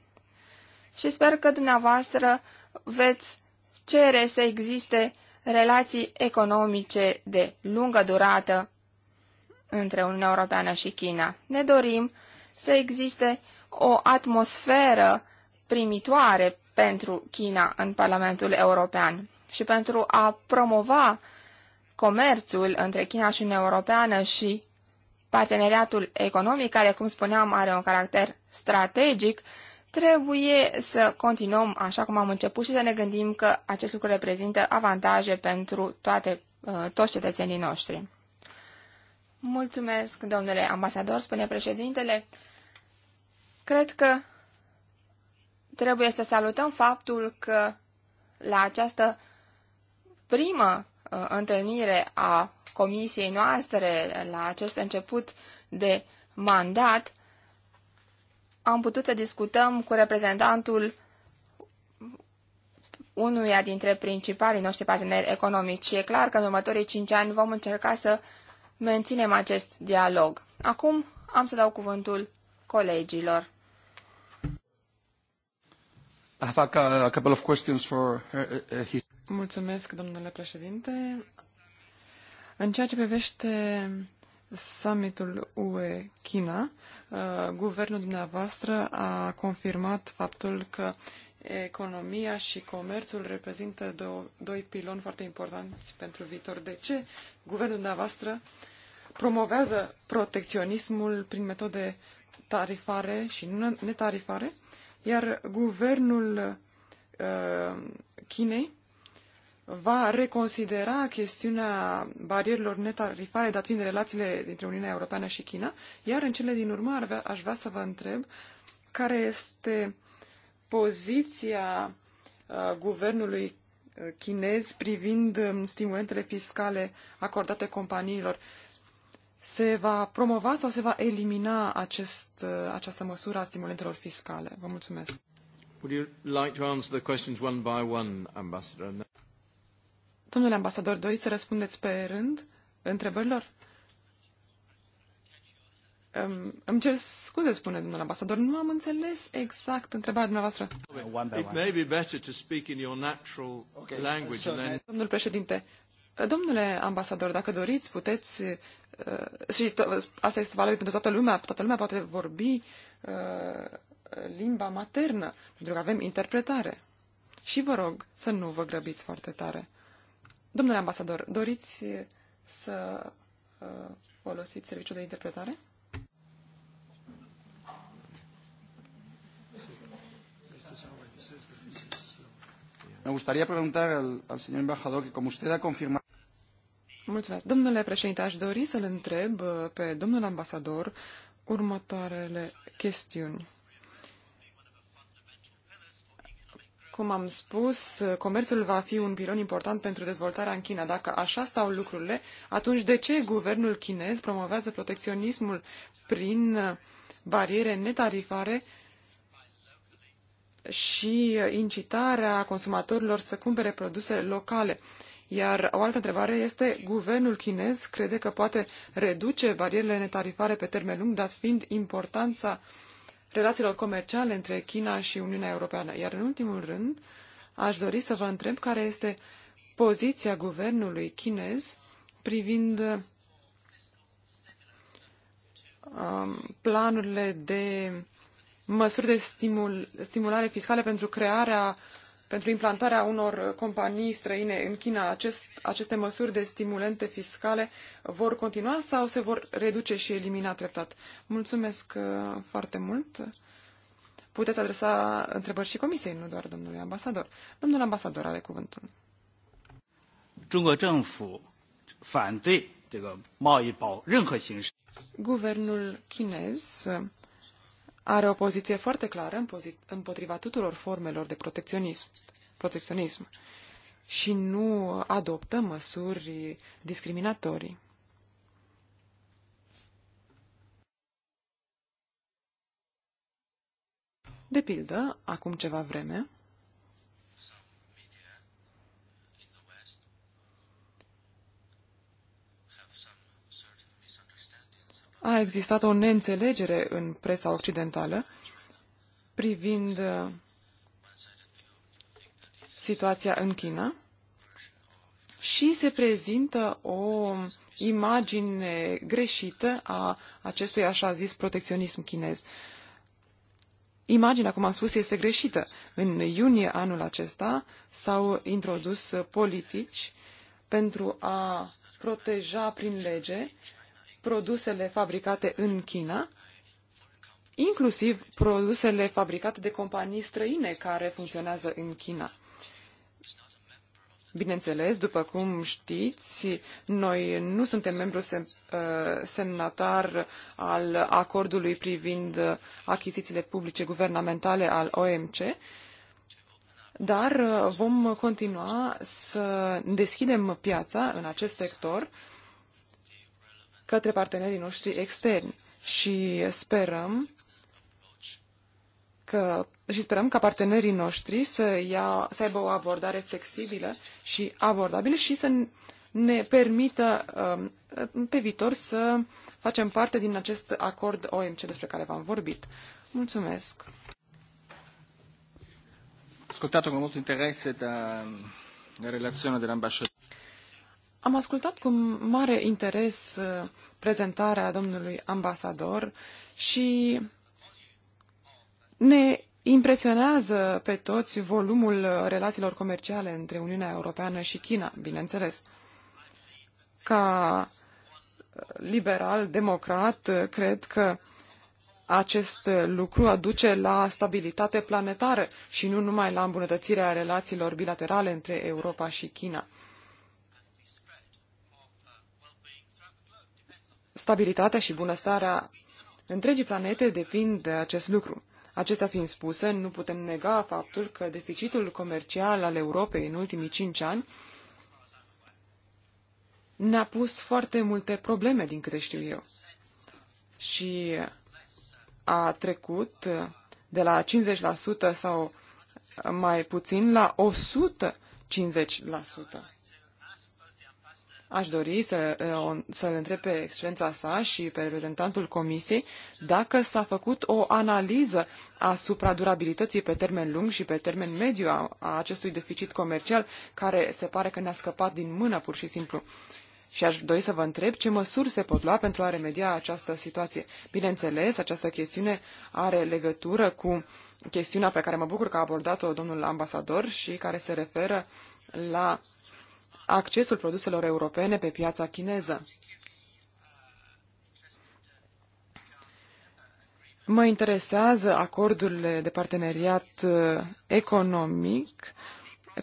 și sper că dumneavoastră veți cere să existe relații economice de lungă durată între Uniunea Europeană și China. Ne dorim să existe o atmosferă primitoare pentru China în Parlamentul European și pentru a promova comerțul între China și Uniunea Europeană și parteneriatul economic, care, cum spuneam, are un caracter strategic, Trebuie să continuăm așa cum am început și să ne gândim că acest lucru reprezintă avantaje pentru toate, uh, toți cetățenii noștri. Mulțumesc, domnule ambasador, spune președintele. Cred că trebuie să salutăm faptul că la această primă uh, întâlnire a comisiei noastre, la acest început de mandat, am putut să discutăm cu reprezentantul unuia dintre principalii noștri parteneri economici și e clar că în următorii cinci ani vom încerca să menținem acest dialog. Acum am să dau cuvântul colegilor. Mulțumesc, domnule președinte. În ceea ce privește summitul UE-China, uh, guvernul dumneavoastră a confirmat faptul că economia și comerțul reprezintă doi piloni foarte importanți pentru viitor. De ce guvernul dumneavoastră promovează protecționismul prin metode tarifare și netarifare, iar guvernul uh, Chinei va reconsidera chestiunea barierilor netarifare, dat fiind relațiile dintre Uniunea Europeană și China. Iar în cele din urmă ar vrea, aș vrea să vă întreb care este poziția uh, guvernului uh, chinez privind um, stimulentele fiscale acordate companiilor. Se va promova sau se va elimina acest, uh, această măsură a stimulentelor fiscale? Vă mulțumesc. Would you like to answer the questions one by one, Ambassador? Domnule ambasador, doriți să răspundeți pe rând întrebărilor? îmi cer scuze, spune domnul ambasador, nu am înțeles exact întrebarea dumneavoastră. It may be better to speak in your natural okay. language then... Domnul președinte, domnule ambasador, dacă doriți, puteți, uh, și asta este valabil pentru toată lumea, toată lumea poate vorbi uh, limba maternă, pentru că avem interpretare. Și vă rog să nu vă grăbiți foarte tare. Domnule ambasador, doriți să uh, folosiți serviciul de interpretare? Me gustaría preguntar al, al señor embajador que como usted ha confirmado Mulțumesc. Domnule președinte, aș dori să-l întreb uh, pe domnul ambasador următoarele chestiuni. Cum am spus, comerțul va fi un pilon important pentru dezvoltarea în China. Dacă așa stau lucrurile, atunci de ce guvernul chinez promovează protecționismul prin bariere netarifare și incitarea consumatorilor să cumpere produse locale? Iar o altă întrebare este, guvernul chinez crede că poate reduce barierele netarifare pe termen lung, dat fiind importanța uh, relațiilor comerciale între China și Uniunea Europeană. Iar în ultimul rând, aș dori să vă întreb care este poziția guvernului chinez privind um, planurile de măsuri de stimul, stimulare fiscale pentru crearea pentru implantarea unor companii străine în China, acest, aceste măsuri de stimulente fiscale vor continua sau se vor reduce și elimina treptat? Mulțumesc uh, foarte mult. Puteți adresa întrebări și comisiei, nu doar domnului ambasador. Domnul ambasador are cuvântul. Guvernul chinez are o poziție foarte clară împotriva tuturor formelor de protecționism, protecționism și nu adoptă măsuri discriminatorii. De pildă, acum ceva vreme, a existat o neînțelegere în presa occidentală privind uh, situația în China și se prezintă o imagine greșită a acestui așa zis protecționism chinez. Imaginea, cum am spus, este greșită. În iunie anul acesta s-au introdus politici pentru a proteja prin lege produsele fabricate în China, inclusiv produsele fabricate de companii străine care funcționează în China. Bineînțeles, după cum știți, noi nu suntem membru sem uh, semnatar al acordului privind achizițiile publice guvernamentale al OMC, dar uh, vom continua să deschidem piața în acest sector către partenerii noștri externi și sperăm că, și sperăm ca partenerii noștri să, ia, să aibă o abordare flexibilă și abordabilă și să ne permită um, pe viitor să facem parte din acest acord OMC despre care v-am vorbit. Mulțumesc! Ascoltato cu mult interes de da, relațiunea de dell'ambasciatore. Am ascultat cu mare interes uh, prezentarea domnului ambasador și ne impresionează pe toți volumul uh, relațiilor comerciale între Uniunea Europeană și China, bineînțeles. Ca uh, liberal, democrat, cred că acest lucru aduce la stabilitate planetară și nu numai la îmbunătățirea relațiilor bilaterale între Europa și China. Stabilitatea și bunăstarea întregii planete depind de acest lucru. Acestea fiind spuse, nu putem nega faptul că deficitul comercial al Europei în ultimii cinci ani ne-a pus foarte multe probleme, din câte știu eu. Și a trecut de la 50% sau mai puțin la 150%. Aș dori să, eh, să-l întreb pe excelența sa și pe reprezentantul comisiei dacă s-a făcut o analiză asupra durabilității pe termen lung și pe termen mediu a, a acestui deficit comercial care se pare că ne-a scăpat din mână pur și simplu. Și aș dori să vă întreb ce măsuri se pot lua pentru a remedia această situație. Bineînțeles, această chestiune are legătură cu chestiunea pe care mă bucur că a abordat-o domnul ambasador și care se referă la accesul produselor europene pe piața chineză. Mă interesează acordurile de parteneriat uh, economic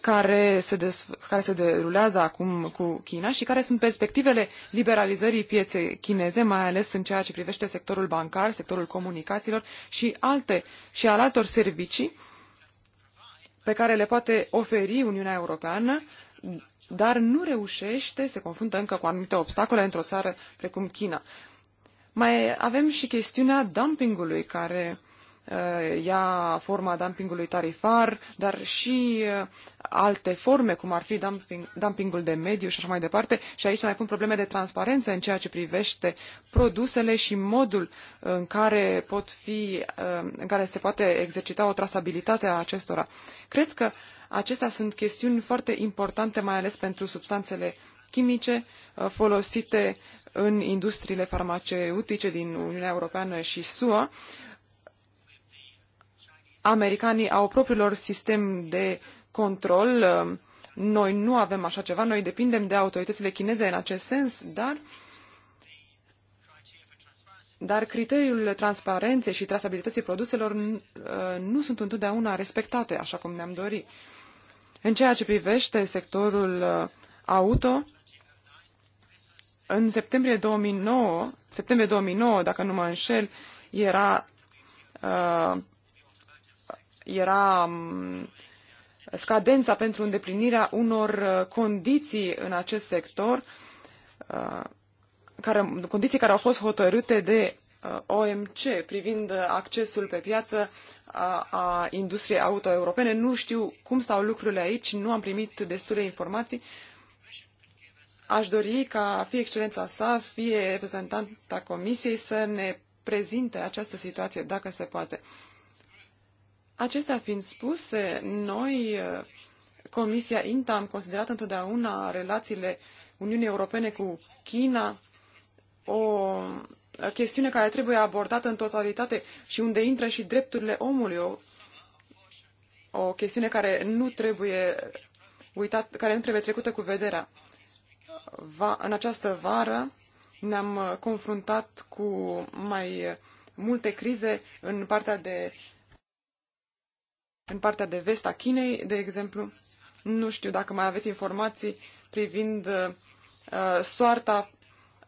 care se, des, care se derulează acum cu China și care sunt perspectivele liberalizării pieței chineze, mai ales în ceea ce privește sectorul bancar, sectorul comunicațiilor și alte și al altor servicii pe care le poate oferi Uniunea Europeană dar nu reușește, se confruntă încă cu anumite obstacole într-o țară precum China. Mai avem și chestiunea dumpingului, care uh, ia forma dumpingului tarifar, dar și uh, alte forme, cum ar fi dumping, dumpingul de mediu și așa mai departe. Și aici se mai pun probleme de transparență în ceea ce privește produsele și modul în care pot fi, uh, în care se poate exercita o trasabilitate a acestora. Cred că Acestea sunt chestiuni foarte importante, mai ales pentru substanțele chimice uh, folosite în industriile farmaceutice din Uniunea Europeană și SUA. Americanii au propriul lor sistem de control. Uh, noi nu avem așa ceva, noi depindem de autoritățile chineze în acest sens, dar dar criteriul transparenței și trasabilității produselor uh, nu sunt întotdeauna respectate așa cum ne-am dorit. În ceea ce privește sectorul uh, auto, în septembrie 2009, septembrie 2009, dacă nu mă înșel, era, uh, era um, scadența pentru îndeplinirea unor uh, condiții în acest sector, uh, care, condiții care au fost hotărâte de Uh, OMC privind accesul pe piață uh, a, industriei auto europene. Nu știu cum stau lucrurile aici, nu am primit destule informații. Aș dori ca fie excelența sa, fie reprezentanta comisiei să ne prezinte această situație, dacă se poate. Acestea fiind spuse, noi, uh, Comisia INTA, am considerat întotdeauna relațiile Uniunii Europene cu China o chestiune care trebuie abordată în totalitate și unde intră și drepturile omului. O, o chestiune care nu trebuie uitat, care nu trebuie trecută cu vederea. Va, în această vară ne-am confruntat cu mai multe crize în partea de în partea de vest a Chinei, de exemplu. Nu știu dacă mai aveți informații privind uh, soarta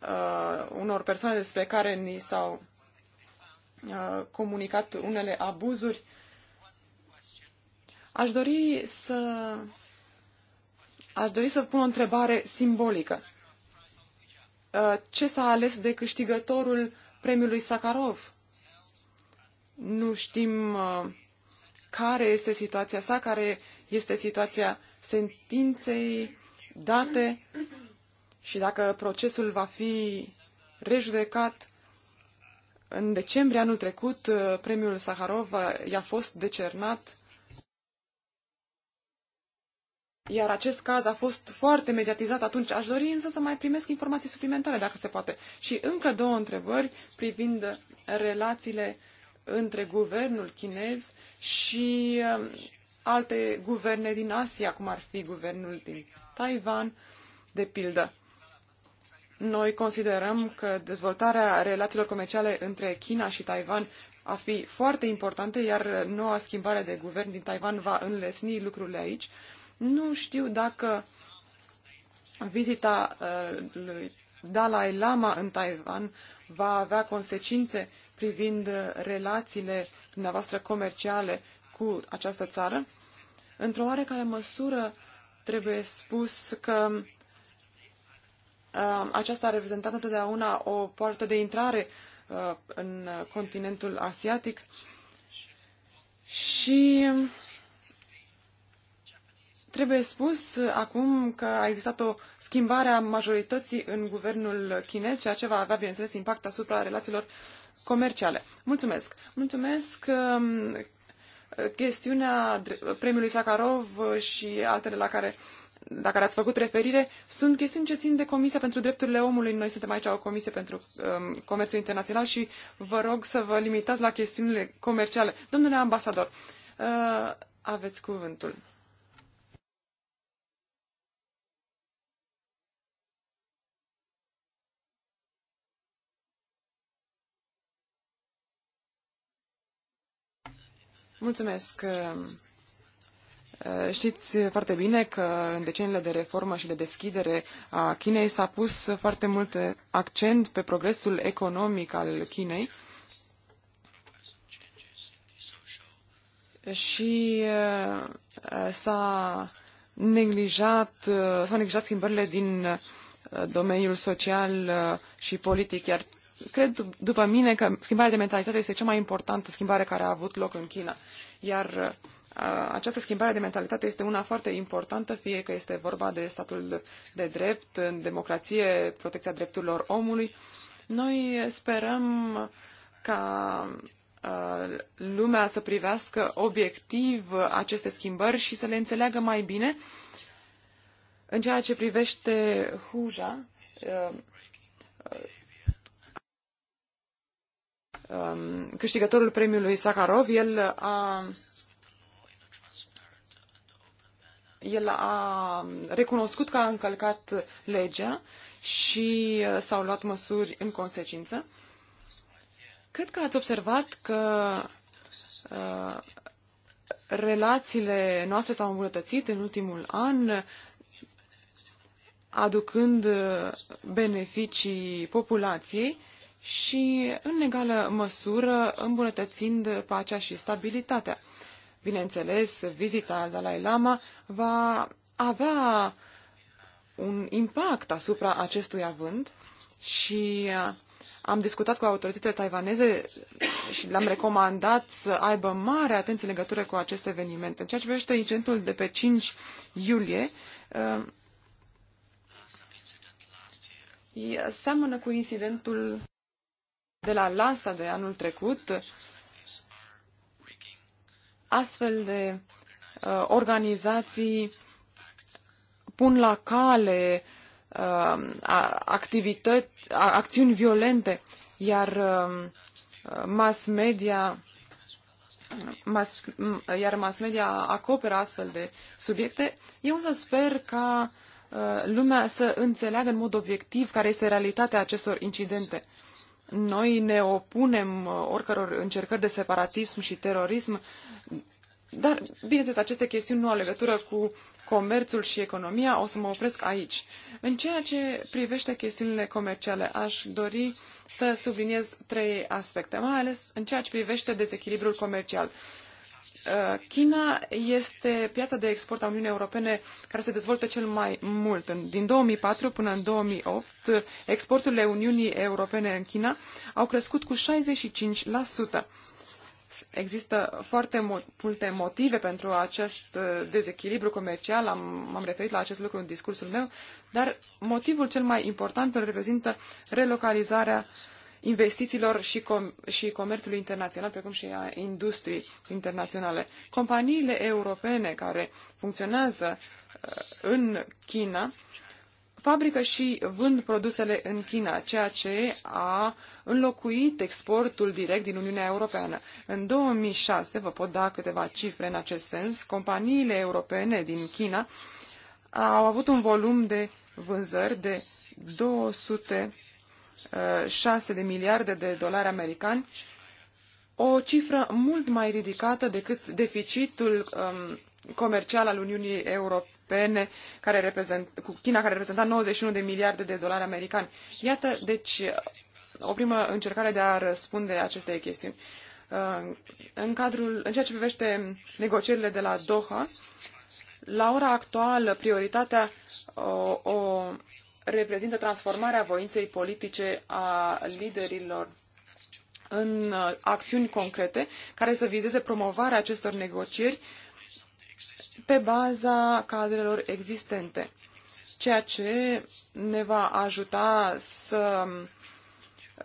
uh, unor persoane despre care ni s-au uh, comunicat unele abuzuri, aș dori să aș dori să pun o întrebare simbolică. Uh, ce s-a ales de câștigătorul premiului Sakharov? Nu știm uh, care este situația sa, care este situația sentinței date și dacă procesul va fi rejudecat în decembrie anul trecut, uh, premiul Saharov uh, i-a fost decernat, iar acest caz a fost foarte mediatizat atunci. Aș dori însă să mai primesc informații suplimentare, dacă se poate. Și încă două întrebări privind relațiile între guvernul chinez și um, alte guverne din Asia, cum ar fi guvernul din Taiwan, de pildă. Noi considerăm că dezvoltarea relațiilor comerciale între China și Taiwan a fi foarte importantă, iar noua schimbare de guvern din Taiwan va înlesni lucrurile aici. Nu știu dacă vizita uh, lui Dalai Lama în Taiwan va avea consecințe privind relațiile dumneavoastră comerciale cu această țară. Într-o oarecare măsură trebuie spus că aceasta a reprezentat întotdeauna o poartă de intrare uh, în continentul asiatic și trebuie spus acum că a existat o schimbare a majorității în guvernul chinez, ceea ce va avea, bineînțeles, impact asupra relațiilor comerciale. Mulțumesc! Mulțumesc um, chestiunea premiului Sakharov și altele la care la care ați făcut referire sunt chestiuni ce țin de Comisia pentru Drepturile Omului. Noi suntem aici o comisie pentru um, comerțul internațional și vă rog să vă limitați la chestiunile comerciale. Domnule ambasador, uh, aveți cuvântul. Mulțumesc. Uh, Eh, știți foarte bine că în deceniile de reformă și de deschidere a Chinei s-a pus foarte mult eh, accent pe progresul economic al Chinei și eh, s-a neglijat, s-au neglijat schimbările din domeniul social și politic, iar cred după mine că schimbarea de mentalitate este cea mai importantă schimbare care a avut loc în China. Iar această schimbare de mentalitate este una foarte importantă, fie că este vorba de statul de drept, în democrație, protecția drepturilor omului. Noi sperăm ca lumea să privească obiectiv aceste schimbări și să le înțeleagă mai bine. În ceea ce privește huja, câștigătorul premiului Sakharov, el a el a recunoscut că a încălcat legea și s-au luat măsuri în consecință. Cred că ați observat că uh, relațiile noastre s-au îmbunătățit în ultimul an, aducând uh, beneficii populației și, în egală măsură, îmbunătățind pacea și stabilitatea. Bineînțeles, vizita al Dalai Lama va avea un impact asupra acestui avânt și uh, am discutat cu autoritățile taiwaneze și le-am recomandat să aibă mare atenție legătură cu acest eveniment. În ceea ce privește incidentul de pe 5 iulie, uh, seamănă cu incidentul de la Lhasa de anul trecut, astfel de uh, organizații pun la cale uh, activități, acțiuni violente, iar uh, mass media iar mass media acoperă astfel de subiecte. Eu însă sper ca uh, lumea să înțeleagă în mod obiectiv care este realitatea acestor incidente. Uh, noi ne opunem uh, oricăror încercări de separatism și terorism, dar, bineînțeles, aceste chestiuni nu au legătură cu comerțul și economia, o să mă opresc aici. În ceea ce privește chestiunile comerciale, aș dori să subliniez trei aspecte, mai ales în ceea ce privește dezechilibrul comercial. Uh, China este piața de export a Uniunii Europene care se dezvoltă cel mai mult. Din 2004 până în 2008, exporturile Uniunii Europene în China au crescut cu 65%. Există foarte multe motive pentru acest uh, dezechilibru comercial, am, m-am referit la acest lucru în discursul meu, dar motivul cel mai important îl reprezintă relocalizarea uh, investițiilor și, com- și comerțului internațional, precum și a industriei internaționale. Companiile europene care funcționează uh, în China fabrică și vând produsele în China, ceea ce a înlocuit exportul direct din Uniunea Europeană. În 2006, vă pot da câteva cifre în acest sens, companiile europene din China au avut un volum de vânzări de 200 Uh, șase de miliarde de dolari americani, o cifră mult mai ridicată decât deficitul um, comercial al Uniunii Europene care reprezent, cu China, care reprezenta 91 de miliarde de dolari americani. Iată, deci, o primă încercare de a răspunde acestei chestiuni. Uh, în, cadrul, în ceea ce privește negocierile de la Doha, la ora actuală, prioritatea o, o reprezintă transformarea voinței politice a liderilor în uh, acțiuni concrete care să vizeze promovarea acestor negocieri pe baza cadrelor existente, ceea ce ne va ajuta să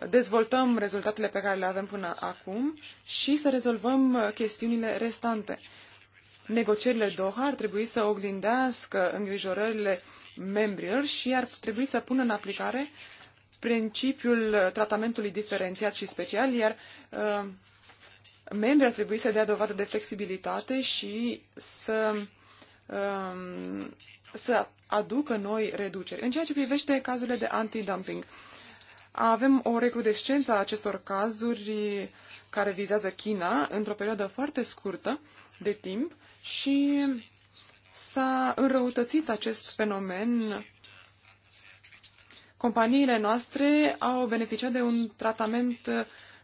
dezvoltăm rezultatele pe care le avem până acum și să rezolvăm chestiunile restante. Negocierile Doha ar trebui să oglindească îngrijorările membrilor și ar trebui să pună în aplicare principiul tratamentului diferențiat și special, iar uh, membrii ar trebui să dea dovadă de flexibilitate și să, um, să aducă noi reduceri. În ceea ce privește cazurile de antidumping, avem o recrudescență a acestor cazuri care vizează China într-o perioadă foarte scurtă de timp și s-a înrăutățit acest fenomen. Companiile noastre au beneficiat de un tratament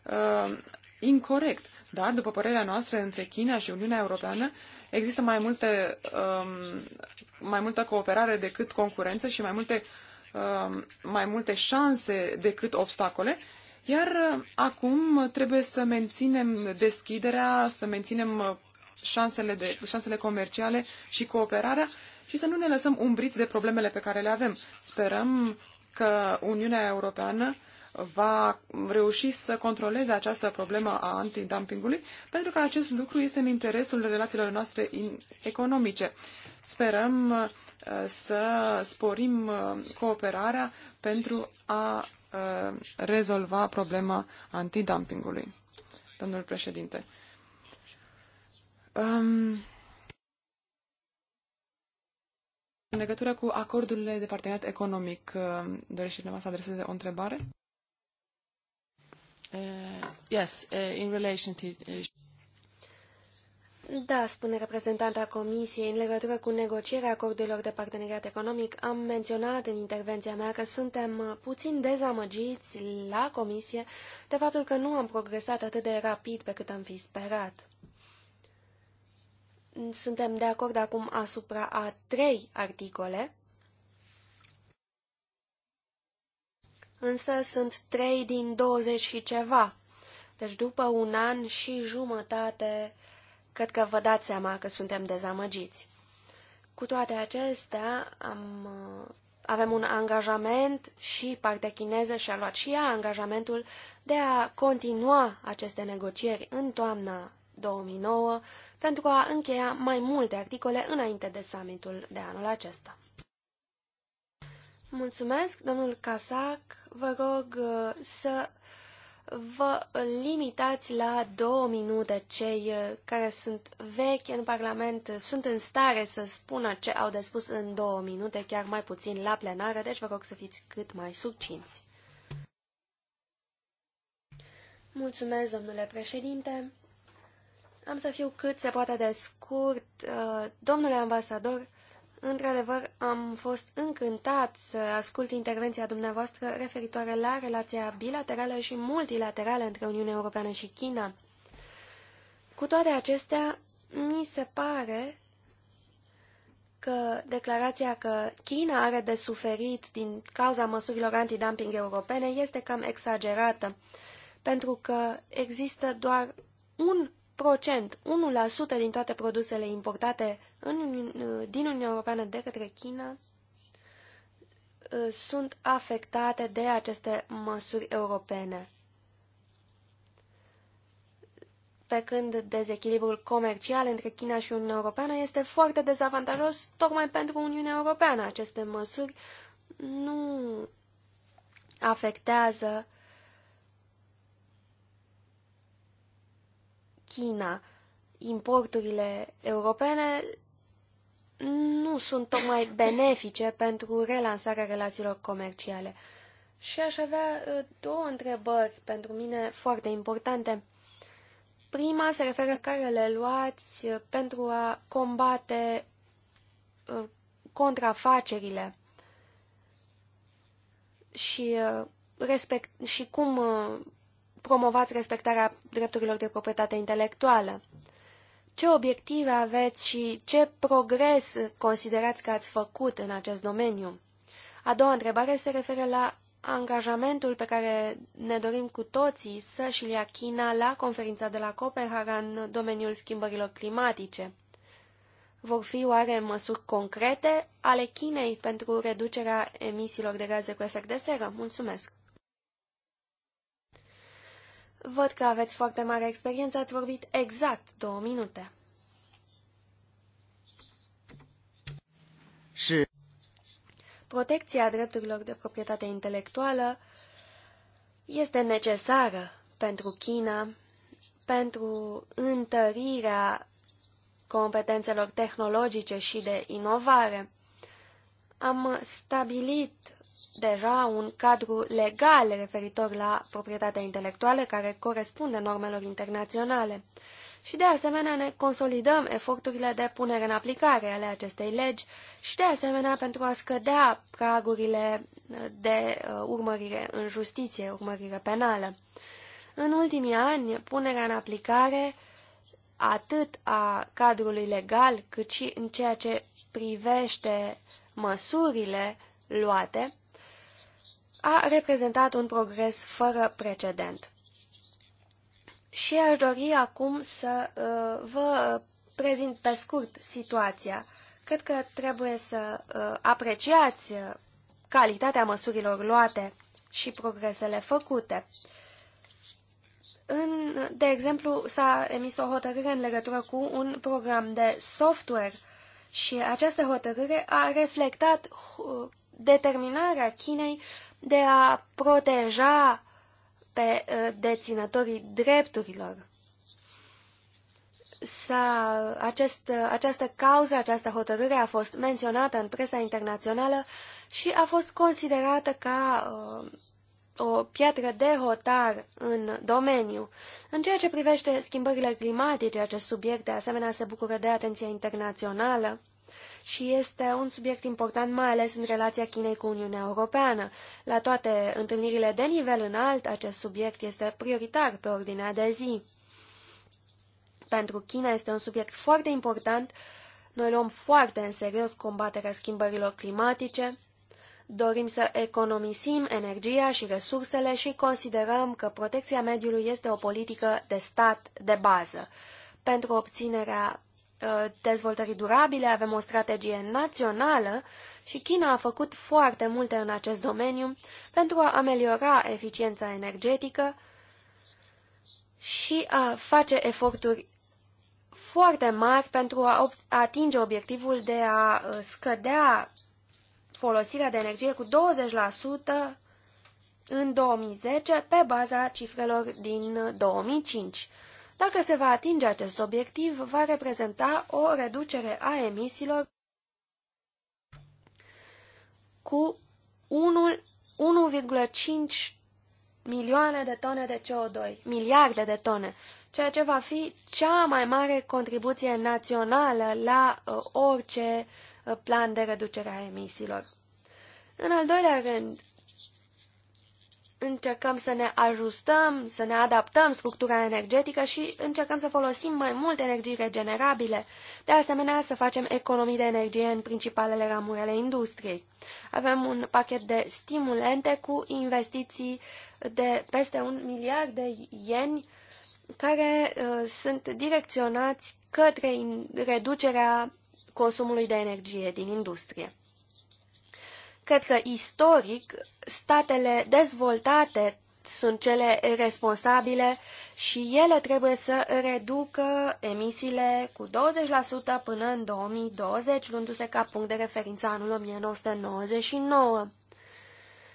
uh, incorrect, dar, după părerea noastră, între China și Uniunea Europeană există mai, multe, um, mai multă cooperare decât concurență și mai multe, um, mai multe șanse decât obstacole. Iar uh, acum trebuie să menținem deschiderea, să menținem șansele, de, șansele comerciale și cooperarea și să nu ne lăsăm umbriți de problemele pe care le avem. Sperăm că Uniunea Europeană va reuși să controleze această problemă a antidumpingului, pentru că acest lucru este în interesul relațiilor noastre economice. Sperăm uh, să sporim uh, cooperarea pentru a uh, rezolva problema antidumpingului. Domnul președinte, Um, în legătură cu acordurile de parteneriat economic, uh, dorește cineva să adreseze o întrebare? Uh, yes, uh, in relation to... Uh, da, spune reprezentanta Comisiei, în legătură cu negocierea acordurilor de parteneriat economic, am menționat în intervenția mea că suntem puțin dezamăgiți la Comisie de faptul că nu am progresat atât de rapid pe cât am fi sperat. Suntem de acord acum asupra a trei articole, însă sunt trei din 20 și ceva. Deci după un an și jumătate, cred că vă dați seama că suntem dezamăgiți. Cu toate acestea, am, avem un angajament și partea chineză și-a luat și ea angajamentul de a continua aceste negocieri în toamna 2009 pentru a încheia mai multe articole înainte de summitul de anul acesta. Mulțumesc, domnul Casac. Vă rog uh, să vă limitați la două minute. Cei uh, care sunt vechi în Parlament uh, sunt în stare să spună ce au de spus în două minute, chiar mai puțin la plenară, deci vă rog să fiți cât mai succinți. Mulțumesc, domnule președinte. Am să fiu cât se poate de scurt. Uh, domnule ambasador, într-adevăr, am fost încântat să ascult intervenția dumneavoastră referitoare la relația bilaterală și multilaterală între Uniunea Europeană și China. Cu toate acestea, mi se pare că declarația că China are de suferit din cauza măsurilor antidumping europene este cam exagerată, pentru că există doar un procent, 1% din toate produsele importate în, uh, din Uniunea Europeană de către China uh, sunt afectate de aceste măsuri europene. Pe când dezechilibrul comercial între China și Uniunea Europeană este foarte dezavantajos tocmai pentru Uniunea Europeană. Aceste măsuri nu afectează China. Importurile europene nu sunt tocmai benefice pentru relansarea relațiilor comerciale. Și aș avea uh, două întrebări pentru mine foarte importante. Prima se referă la care le luați uh, pentru a combate uh, contrafacerile și, respect, și cum promovați respectarea drepturilor de proprietate intelectuală. Ce obiective aveți și ce progres considerați că ați făcut în acest domeniu? A doua întrebare se referă la angajamentul pe care ne dorim cu toții să și-l ia China la conferința de la Copenhaga în domeniul schimbărilor climatice. Vor fi oare măsuri concrete ale Chinei pentru reducerea emisiilor de gaze cu efect de seră? Mulțumesc! Văd că aveți foarte mare experiență, ați vorbit exact două minute. Și... Protecția drepturilor de proprietate intelectuală este necesară pentru China, pentru întărirea competențelor tehnologice și de inovare. Am stabilit deja un cadru legal referitor la proprietatea intelectuală care corespunde normelor internaționale și de asemenea ne consolidăm eforturile de punere în aplicare ale acestei legi și de asemenea pentru a scădea pragurile de uh, urmărire în justiție, urmărire penală. În ultimii ani, punerea în aplicare atât a cadrului legal cât și în ceea ce privește măsurile luate a reprezentat un progres fără precedent. Și aș dori acum să uh, vă uh, prezint pe scurt situația. Cred că trebuie să uh, apreciați uh, calitatea măsurilor luate și progresele făcute. În, de exemplu, s-a emis o hotărâre în legătură cu un program de software și această hotărâre a reflectat uh, determinarea Chinei de a proteja pe uh, deținătorii drepturilor. S-a, acest, uh, această cauză, această hotărâre a fost menționată în presa internațională și a fost considerată ca uh, o piatră de hotar în domeniu. În ceea ce privește schimbările climatice, acest subiect de asemenea se bucură de atenția internațională și este un subiect important mai ales în relația Chinei cu Uniunea Europeană. La toate întâlnirile de nivel înalt, acest subiect este prioritar pe ordinea de zi. Pentru China este un subiect foarte important. Noi luăm foarte în serios combaterea schimbărilor climatice, dorim să economisim energia și resursele și considerăm că protecția mediului este o politică de stat de bază pentru obținerea Uh, dezvoltării durabile, avem o strategie națională și China a făcut foarte multe în acest domeniu pentru a ameliora eficiența energetică și a face eforturi foarte mari pentru a atinge obiectivul de a uh, scădea folosirea de energie cu 20% în 2010 pe baza cifrelor din 2005. Uh, dacă se va atinge acest obiectiv, va reprezenta o reducere a emisiilor cu 1,5 milioane de tone de CO2, miliarde de tone, ceea ce va fi cea mai mare contribuție națională la uh, orice uh, plan de reducere a emisiilor. În al doilea rând, încercăm să ne ajustăm, să ne adaptăm structura energetică și încercăm să folosim mai mult energii regenerabile. De asemenea, să facem economii de energie în principalele ramuri ale industriei. Avem un pachet de stimulente cu investiții de peste un miliard de ieni care uh, sunt direcționați către reducerea consumului de energie din industrie. Cred că istoric statele dezvoltate sunt cele responsabile și ele trebuie să reducă emisiile cu 20% până în 2020, luându-se ca punct de referință anul 1999.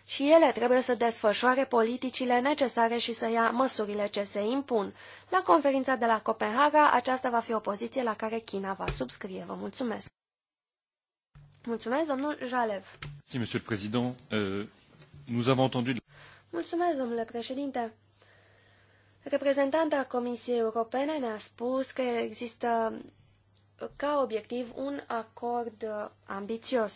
Și ele trebuie să desfășoare politicile necesare și să ia măsurile ce se impun. La conferința de la Copenhaga, aceasta va fi o poziție la care China va subscrie. Vă mulțumesc! Mulțumesc, domnul Jalev. Si, monsieur le président, euh, nous avons entendu... Mulțumesc, domnule președinte. Reprezentanta Comisiei Europene ne-a spus că există ca obiectiv un acord uh, ambițios.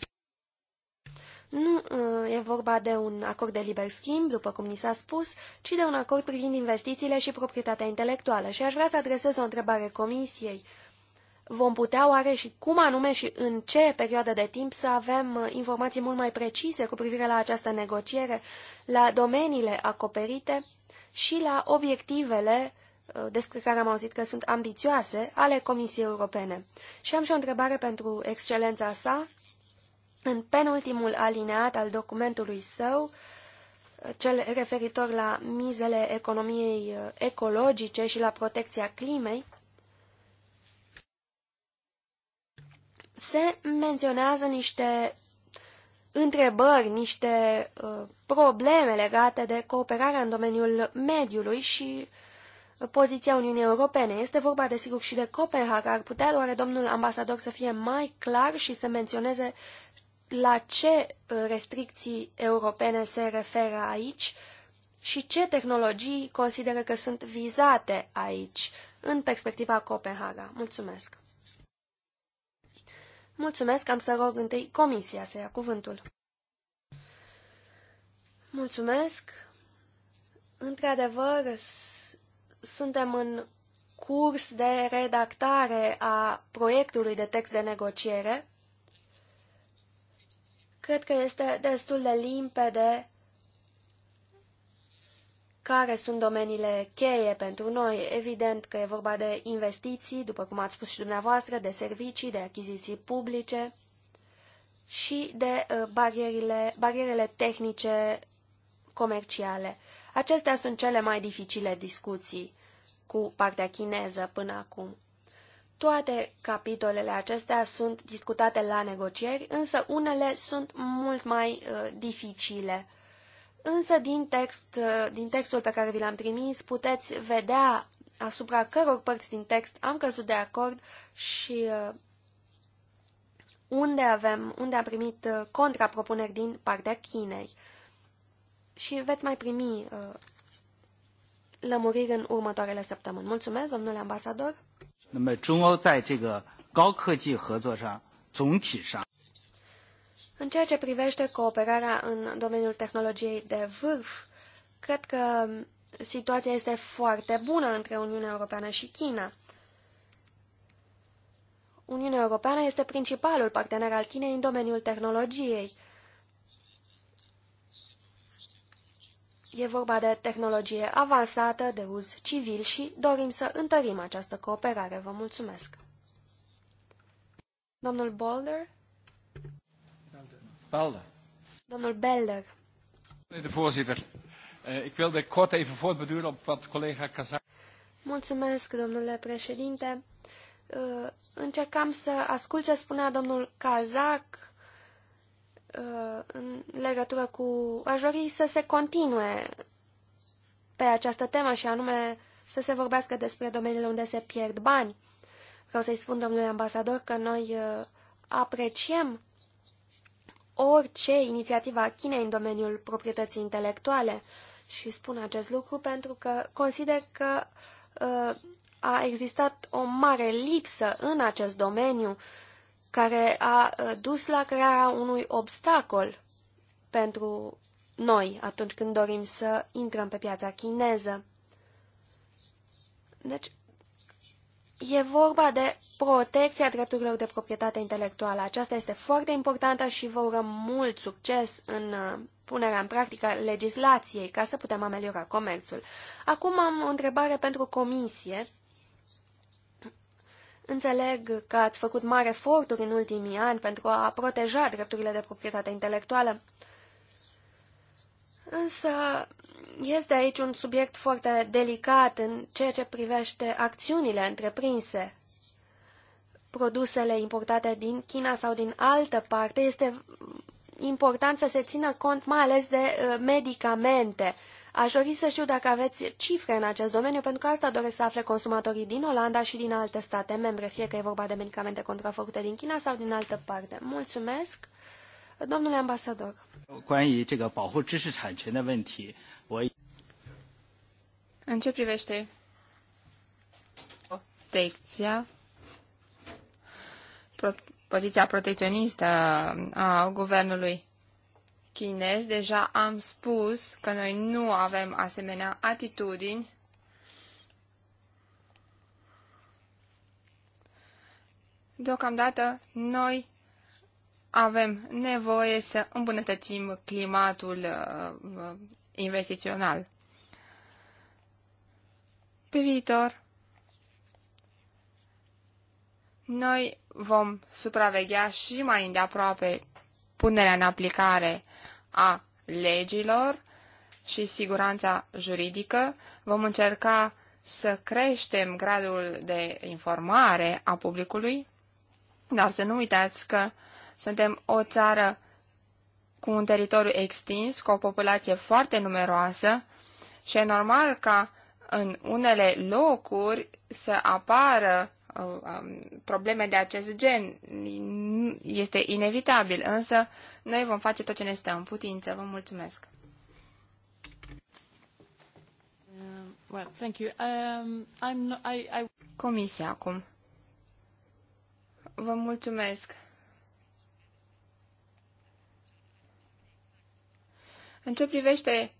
Nu uh, e vorba de un acord de liber schimb, după cum ni s-a spus, ci de un acord privind investițiile și proprietatea intelectuală. Și aș vrea să adresez o întrebare Comisiei. Uh, Vom putea oare și cum anume și în ce perioadă de timp să avem uh, informații mult mai precise cu privire la această negociere, la domeniile acoperite și la obiectivele uh, despre care am auzit că sunt ambițioase ale Comisiei Europene. Și am și o întrebare pentru excelența sa. În penultimul alineat al documentului său, uh, cel referitor la mizele economiei ecologice și la protecția climei, se menționează niște întrebări, niște uh, probleme legate de cooperarea în domeniul mediului și poziția Uniunii Europene. Este vorba, desigur, și de Copenhaga. Ar putea doar domnul ambasador să fie mai clar și să menționeze la ce uh, restricții europene se referă aici și ce tehnologii consideră că sunt vizate aici, în perspectiva Copenhaga. Mulțumesc! Mulțumesc, am să rog întâi comisia să ia cuvântul. Mulțumesc. Într-adevăr, suntem în curs de redactare a proiectului de text de negociere. Cred că este destul de limpede care sunt domeniile cheie pentru noi. Evident că e vorba de investiții, după cum ați spus și dumneavoastră, de servicii, de achiziții publice și de uh, barierile, barierele tehnice comerciale. Acestea sunt cele mai dificile discuții cu partea chineză până acum. Toate capitolele acestea sunt discutate la negocieri, însă unele sunt mult mai uh, dificile Însă din, text, din textul pe care vi l-am trimis puteți vedea asupra căror părți din text am căzut de acord și unde, avem, unde am primit contrapropuneri din partea Chinei. Și veți mai primi lămuriri în următoarele săptămâni. Mulțumesc, domnule ambasador! 那么，中欧在这个高科技合作上，总体上。în ceea ce privește cooperarea în domeniul tehnologiei de vârf, cred că situația este foarte bună între Uniunea Europeană și China. Uniunea Europeană este principalul partener al Chinei în domeniul tehnologiei. E vorba de tehnologie avansată, de uz civil și dorim să întărim această cooperare. Vă mulțumesc! Domnul Boulder? Belder. Domnul Belder. Meneer de voorzitter, eh, ik wilde kort even voortbeduren op wat collega Kazak... Mulțumesc, domnule președinte. Eh, încercam să ascult ce spunea domnul Kazak eh, în legătură cu... Aș dori să se continue pe această temă și anume să se vorbească despre domeniile unde se pierd bani. Vreau să-i spun domnului ambasador că noi apreciem orice inițiativă a Chinei în domeniul proprietății intelectuale. Și spun acest lucru pentru că consider că uh, a existat o mare lipsă în acest domeniu care a uh, dus la crearea unui obstacol pentru noi atunci când dorim să intrăm pe piața chineză. Deci, E vorba de protecția drepturilor de proprietate intelectuală. Aceasta este foarte importantă și vă urăm mult succes în uh, punerea în practică legislației ca să putem ameliora comerțul. Acum am o întrebare pentru comisie. Înțeleg că ați făcut mari eforturi în ultimii ani pentru a proteja drepturile de proprietate intelectuală, însă este aici un subiect foarte delicat în ceea ce privește acțiunile întreprinse. Produsele importate din China sau din altă parte este important să se țină cont mai ales de uh, medicamente. Aș dori să știu dacă aveți cifre în acest domeniu, pentru că asta doresc să afle consumatorii din Olanda și din alte state membre, fie că e vorba de medicamente contrafăcute din China sau din altă parte. Mulțumesc, domnule ambasador. 关于这个保护知识产权的问题，în ce privește protecția, pro, poziția protecționistă a guvernului chinez, deja am spus că noi nu avem asemenea atitudini Deocamdată, noi avem nevoie să îmbunătățim climatul uh, uh, investițional. Pe viitor, noi vom supraveghea și mai îndeaproape punerea în aplicare a legilor și siguranța juridică. Vom încerca să creștem gradul de informare a publicului, dar să nu uitați că suntem o țară cu un teritoriu extins, cu o populație foarte numeroasă și e normal ca în unele locuri să apară uh, um, probleme de acest gen. Este inevitabil, însă noi vom face tot ce ne stă în putință. Vă mulțumesc. Uh, well, thank you. Um, I'm I, I... Comisia acum. Vă mulțumesc. În ce privește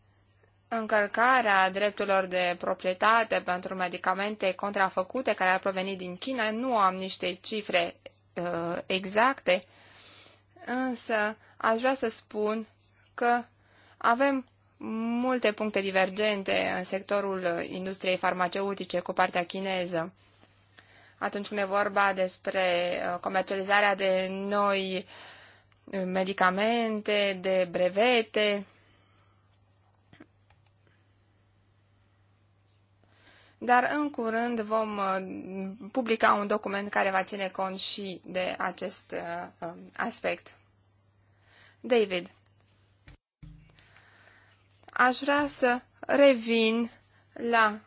încălcarea drepturilor de proprietate pentru medicamente contrafăcute care ar proveni din China, nu am niște cifre uh, exacte, însă aș vrea să spun că avem multe puncte divergente în sectorul industriei farmaceutice cu partea chineză. Atunci când e vorba despre uh, comercializarea de noi medicamente, de brevete, dar în curând vom uh, publica un document care va ține cont și de acest uh, uh, aspect. David, aș vrea să revin la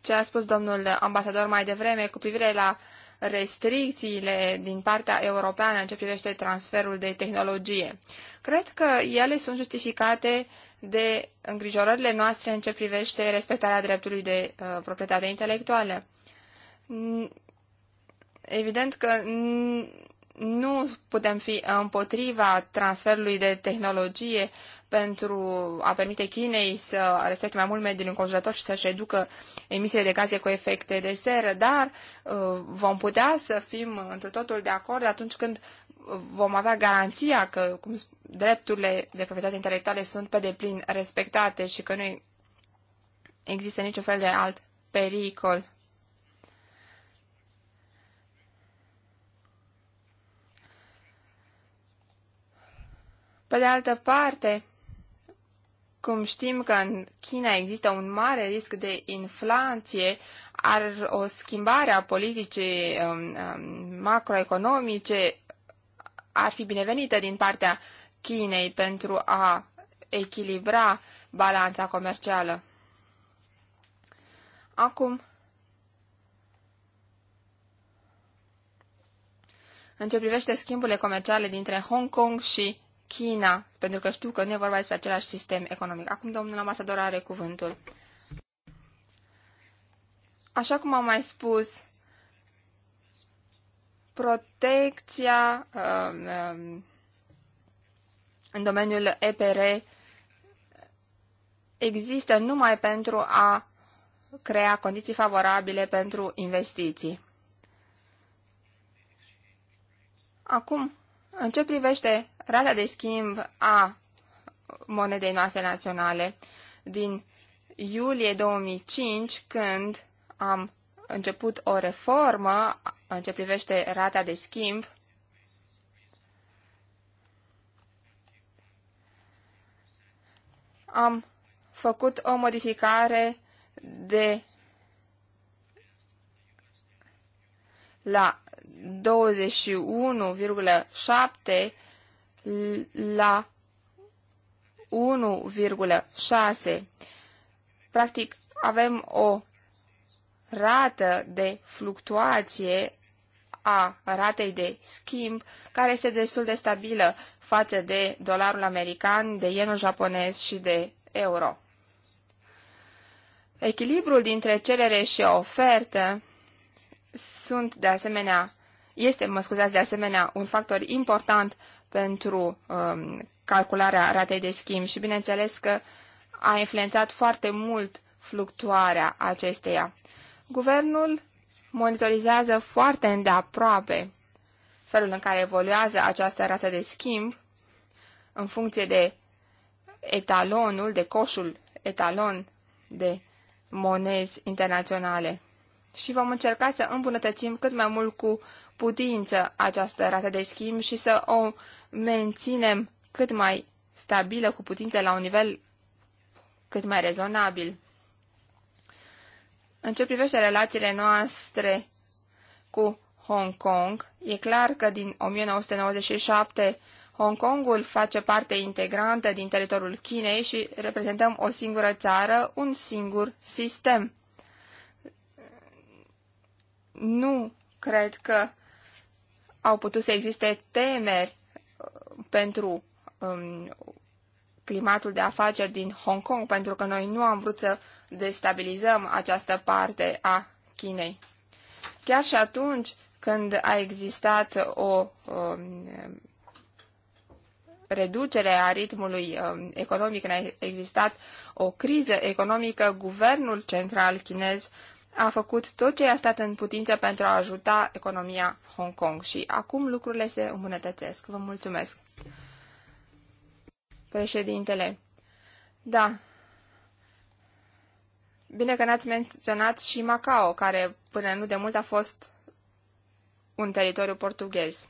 ce a spus domnul ambasador mai devreme cu privire la uh, restricțiile din partea europeană în ce privește transferul de tehnologie. Cred că ele sunt justificate de îngrijorările noastre în ce privește respectarea dreptului de uh, proprietate intelectuală. Evident că nu putem fi împotriva transferului de tehnologie pentru a permite Chinei să respecte mai mult mediul înconjurător și să-și reducă emisiile de gaze cu efecte de seră, dar uh, vom putea să fim într totul de acord atunci când uh, vom avea garanția că cum, drepturile de proprietate intelectuale sunt pe deplin respectate și că nu există niciun fel de alt pericol. Pe de altă parte, cum știm că în China există un mare risc de inflație, ar o schimbare a politicii um, um, macroeconomice ar fi binevenită din partea Chinei pentru a echilibra balanța comercială. Acum, în ce privește schimburile comerciale dintre Hong Kong și China, pentru că știu că nu e vorba despre același sistem economic. Acum domnul ambasador are cuvântul. Așa cum am mai spus, protecția um, um, în domeniul EPR există numai pentru a crea condiții favorabile pentru investiții. Acum, în ce privește rata de schimb a monedei noastre naționale din iulie 2005, când am început o reformă în ce privește rata de schimb, am făcut o modificare de la 21,7 la 1,6. Practic, avem o rată de fluctuație a ratei de schimb, care este destul de stabilă față de dolarul american, de yenul japonez și de euro. Echilibrul dintre cerere și ofertă sunt de asemenea este, mă scuzați, de asemenea un factor important pentru um, calcularea ratei de schimb și bineînțeles că a influențat foarte mult fluctuarea acesteia. Guvernul monitorizează foarte îndeaproape felul în care evoluează această rată de schimb în funcție de etalonul, de coșul etalon de monezi internaționale și vom încerca să îmbunătățim cât mai mult cu putință această rată de schimb și să o menținem cât mai stabilă cu putință la un nivel cât mai rezonabil. În ce privește relațiile noastre cu Hong Kong, e clar că din 1997 Hong Kongul face parte integrantă din teritoriul Chinei și reprezentăm o singură țară, un singur sistem nu cred că au putut să existe temeri uh, pentru um, climatul de afaceri din Hong Kong, pentru că noi nu am vrut să destabilizăm această parte a Chinei. Chiar și atunci când a existat o um, reducere a ritmului um, economic, când a existat o criză economică, guvernul central chinez a făcut tot ce i-a stat în putință pentru a ajuta economia Hong Kong și acum lucrurile se îmbunătățesc. Vă mulțumesc. Președintele, da, bine că n-ați menționat și Macao, care până nu de mult a fost un teritoriu portughez.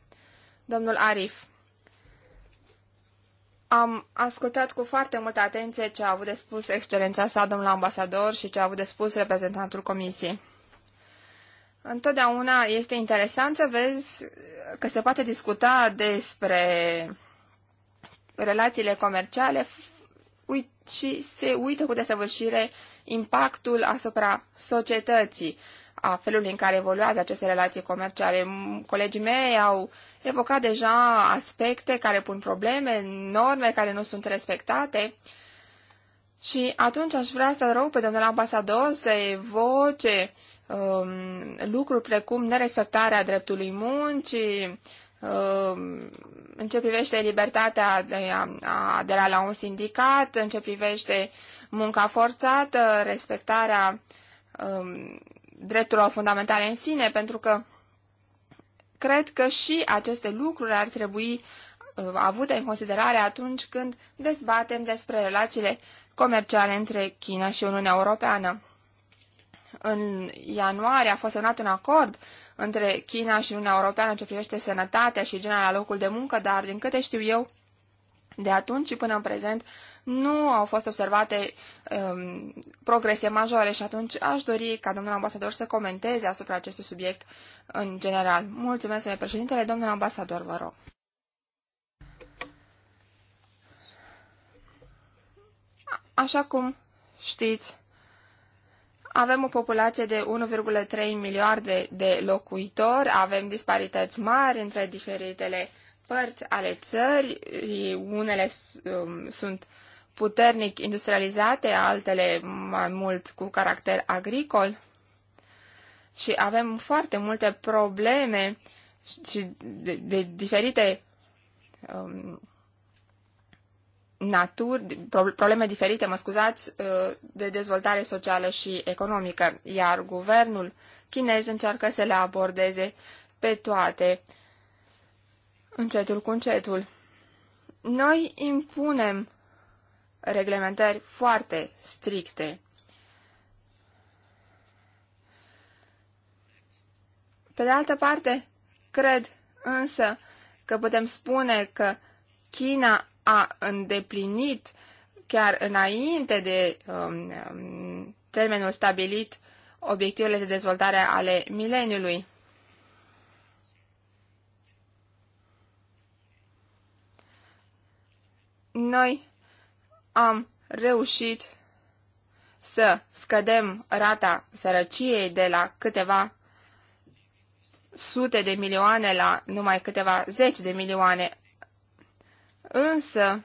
Domnul Arif. Am ascultat cu foarte multă atenție ce a avut de spus excelența sa, domnul ambasador, și ce a avut de spus reprezentantul comisiei. Întotdeauna este interesant să vezi că se poate discuta despre relațiile comerciale și se uită cu desăvârșire impactul asupra societății a felului în care evoluează aceste relații comerciale. Colegii mei au evocat deja aspecte care pun probleme, norme care nu sunt respectate. Și atunci aș vrea să rog pe domnul ambasador să evoce um, lucruri precum nerespectarea dreptului muncii, um, în ce privește libertatea de a la, la un sindicat, în ce privește munca forțată, respectarea um, drepturilor fundamentale în sine, pentru că cred că și aceste lucruri ar trebui uh, avute în considerare atunci când dezbatem despre relațiile comerciale între China și Uniunea Europeană. În ianuarie a fost semnat un acord între China și Uniunea Europeană ce privește sănătatea și genera locul de muncă, dar din câte știu eu, de atunci și până în prezent nu au fost observate um, progrese majore și atunci aș dori ca domnul ambasador să comenteze asupra acestui subiect în general. Mulțumesc, domnule președintele. Domnul ambasador, vă rog. Așa cum știți, avem o populație de 1,3 miliarde de locuitori, avem disparități mari între diferitele uh, părți ale țării, unele um, sunt puternic industrializate, altele mai mult cu caracter agricol și avem foarte multe probleme și de, de diferite um, naturi, probleme diferite, mă scuzați, uh, de dezvoltare socială și economică, iar guvernul chinez încearcă să le abordeze pe toate încetul cu încetul. Noi impunem reglementări foarte stricte. Pe de altă parte, cred însă că putem spune că China a îndeplinit chiar înainte de um, um termenul stabilit obiectivele de dezvoltare ale mileniului. noi am reușit să scădem rata sărăciei de la câteva sute de milioane la numai câteva zeci de milioane. Însă,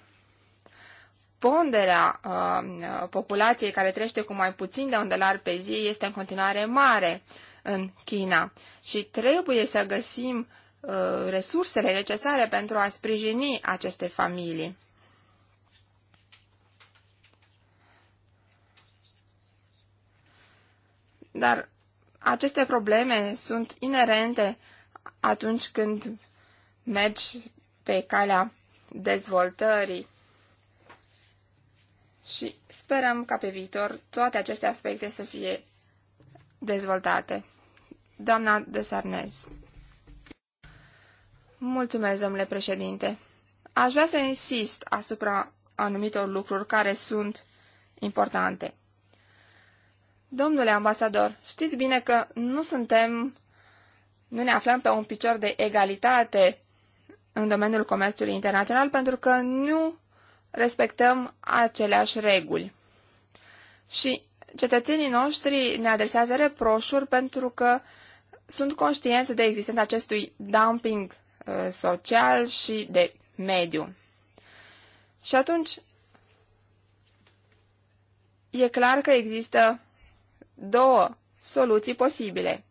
ponderea uh, populației care trăiește cu mai puțin de un dolar pe zi este în continuare mare în China și trebuie să găsim uh, resursele necesare pentru a sprijini aceste familii. Dar aceste probleme sunt inerente atunci când mergi pe calea dezvoltării. Și sperăm ca pe viitor toate aceste aspecte să fie dezvoltate. Doamna de Sarnez. Mulțumesc, domnule președinte. Aș vrea să insist asupra anumitor lucruri care sunt importante. Domnule ambasador, știți bine că nu suntem, nu ne aflăm pe un picior de egalitate în domeniul comerțului internațional pentru că nu respectăm aceleași reguli. Și cetățenii noștri ne adresează reproșuri pentru că sunt conștienți de existența acestui dumping uh, social și de mediu. Și atunci, e clar că există două soluții posibile.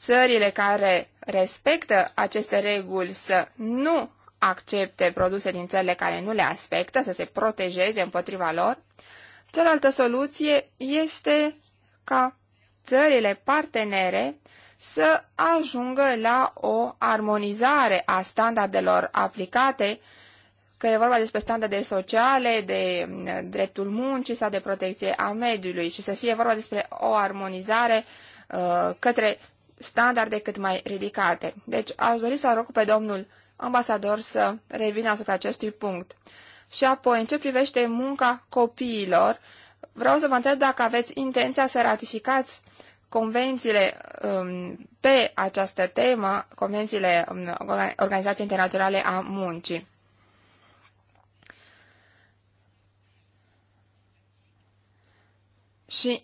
Țările care respectă aceste reguli să nu accepte produse din țările care nu le aspectă, să se protejeze împotriva lor. Cealaltă soluție este ca țările partenere să ajungă la o armonizare a standardelor aplicate că e vorba despre standarde sociale, de mm, dreptul muncii sau de protecție a mediului și să fie vorba despre o armonizare uh, către standarde cât mai ridicate. Deci aș dori să rog pe domnul ambasador să revină asupra acestui punct. Și apoi, în ce privește munca copiilor, vreau să vă întreb dacă aveți intenția să ratificați convențiile um, pe această temă, convențiile um, Organizației Internaționale a Muncii. Și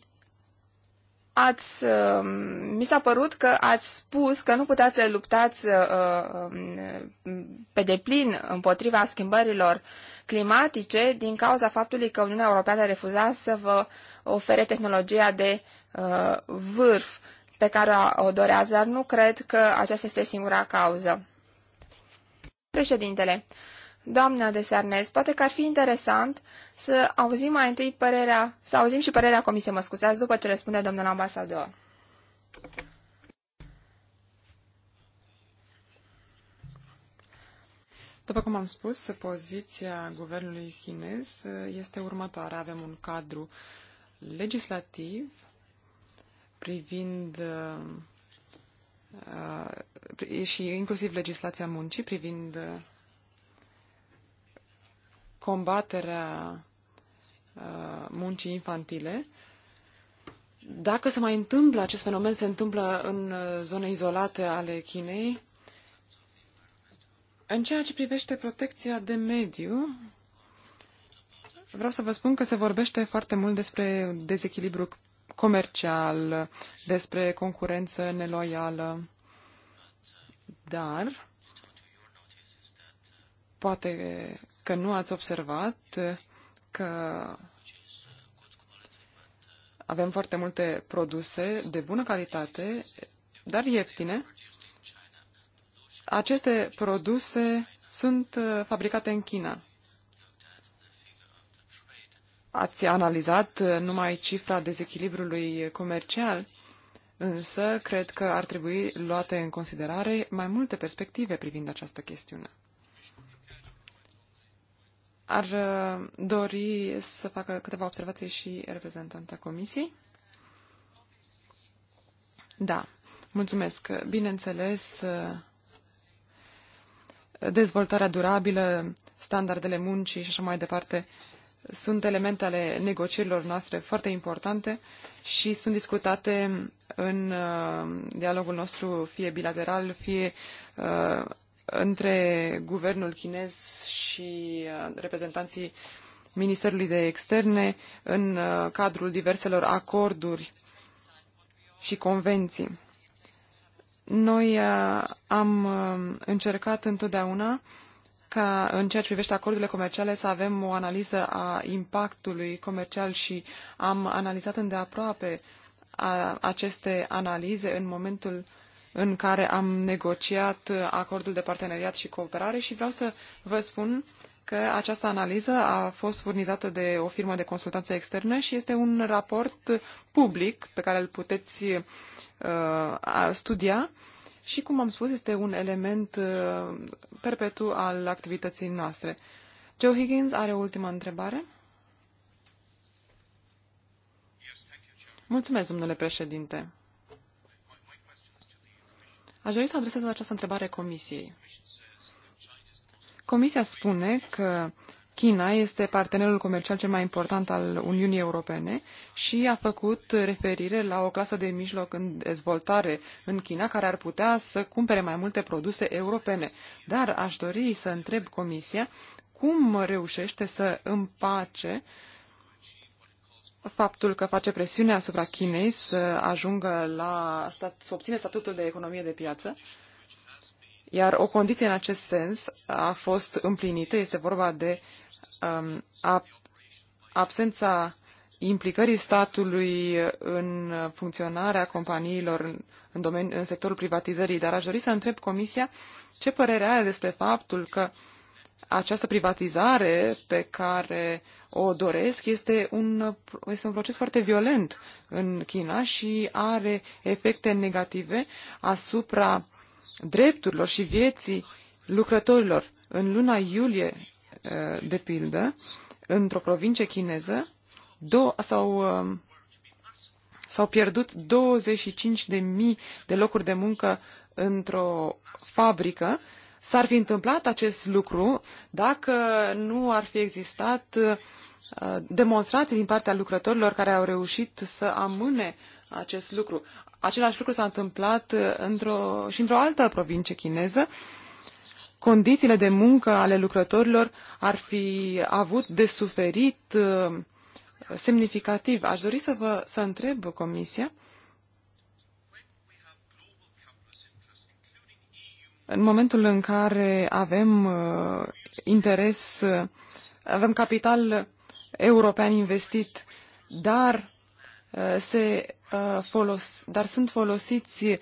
ați, um, mi s-a părut că ați spus că nu puteți să luptați uh, um, pe deplin împotriva schimbărilor climatice din cauza faptului că Uniunea Europeană refuza să vă ofere tehnologia de uh, vârf pe care o dorează, dar nu cred că aceasta este singura cauză. Președintele, Doamna de Sarnez, poate că ar fi interesant să auzim mai întâi părerea, să auzim și părerea comisiei, mă scuzați, după ce răspunde domnul ambasador. După cum am spus, poziția guvernului chinez este următoarea. Avem un cadru legislativ privind uh, uh, și inclusiv legislația muncii privind uh, combaterea uh, muncii infantile. Dacă se mai întâmplă, acest fenomen se întâmplă în uh, zone izolate ale Chinei. În ceea ce privește protecția de mediu, vreau să vă spun că se vorbește foarte mult despre dezechilibru comercial, despre concurență neloială, dar poate că nu ați observat că avem foarte multe produse de bună calitate, dar ieftine. Aceste produse sunt uh, fabricate în China. Ați analizat uh, numai cifra dezechilibrului comercial, însă cred că ar trebui luate în considerare mai multe perspective privind această chestiune. Ar uh, dori să facă câteva observații și reprezentanta comisiei? Da, mulțumesc. Bineînțeles, uh, dezvoltarea durabilă, standardele muncii și așa mai departe sunt elemente ale negocierilor noastre foarte importante și sunt discutate în uh, dialogul nostru fie bilateral, fie între guvernul chinez și uh, reprezentanții Ministerului de Externe în uh, cadrul diverselor acorduri și convenții. Noi uh, am încercat întotdeauna ca în ceea ce privește acordurile comerciale să avem o analiză a impactului comercial și am analizat îndeaproape aceste analize în momentul uh, în care am negociat acordul de parteneriat și cooperare și vreau să vă spun că această analiză a fost furnizată de o firmă de consultanță externă și este un raport public pe care îl puteți uh, studia și, cum am spus, este un element uh, perpetu al activității noastre. Joe Higgins are o ultimă întrebare. Mulțumesc, domnule președinte. Aș dori să adresez această întrebare Comisiei. Comisia spune că China este partenerul comercial cel mai important al Uniunii Europene și a făcut referire la o clasă de mijloc în dezvoltare în China care ar putea să cumpere mai multe produse europene. Dar aș dori să întreb Comisia cum reușește să împace uh, faptul că face presiune asupra Chinei să ajungă la stat, să obține statutul de economie de piață, iar o condiție în acest sens a fost împlinită, este vorba de um, absența implicării statului în funcționarea companiilor în, în, domeni, în sectorul privatizării, dar aș dori să întreb Comisia ce părere are despre faptul că această privatizare pe care o doresc este un, este un proces foarte violent în China și are efecte negative asupra drepturilor și vieții lucrătorilor. În luna iulie, eh, de pildă, într-o provincie chineză, do- sau eh, s-au pierdut 25.000 de locuri de muncă într-o fabrică S-ar fi întâmplat acest lucru dacă nu ar fi existat uh, demonstrații din partea lucrătorilor care au reușit să amâne acest lucru. Același lucru s-a întâmplat uh, într-o, și într-o altă provincie chineză. Condițiile de muncă ale lucrătorilor ar fi avut de suferit uh, semnificativ. Aș dori să vă să întreb Comisia În momentul în care avem uh, interes, uh, avem capital european investit, dar uh, se uh, folos, dar sunt folosiți uh,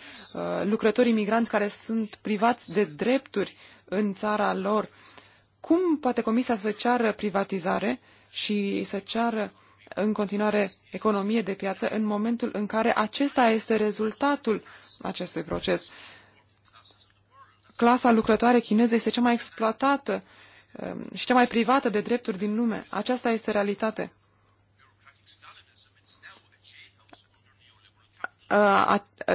lucrătorii migranți care sunt privați de drepturi în țara lor. Cum poate Comisia să ceară privatizare și să ceară în continuare economie de piață în momentul în care acesta este rezultatul acestui proces? clasa lucrătoare chineză este cea mai exploatată um, și cea mai privată de drepturi din lume. Aceasta este realitate.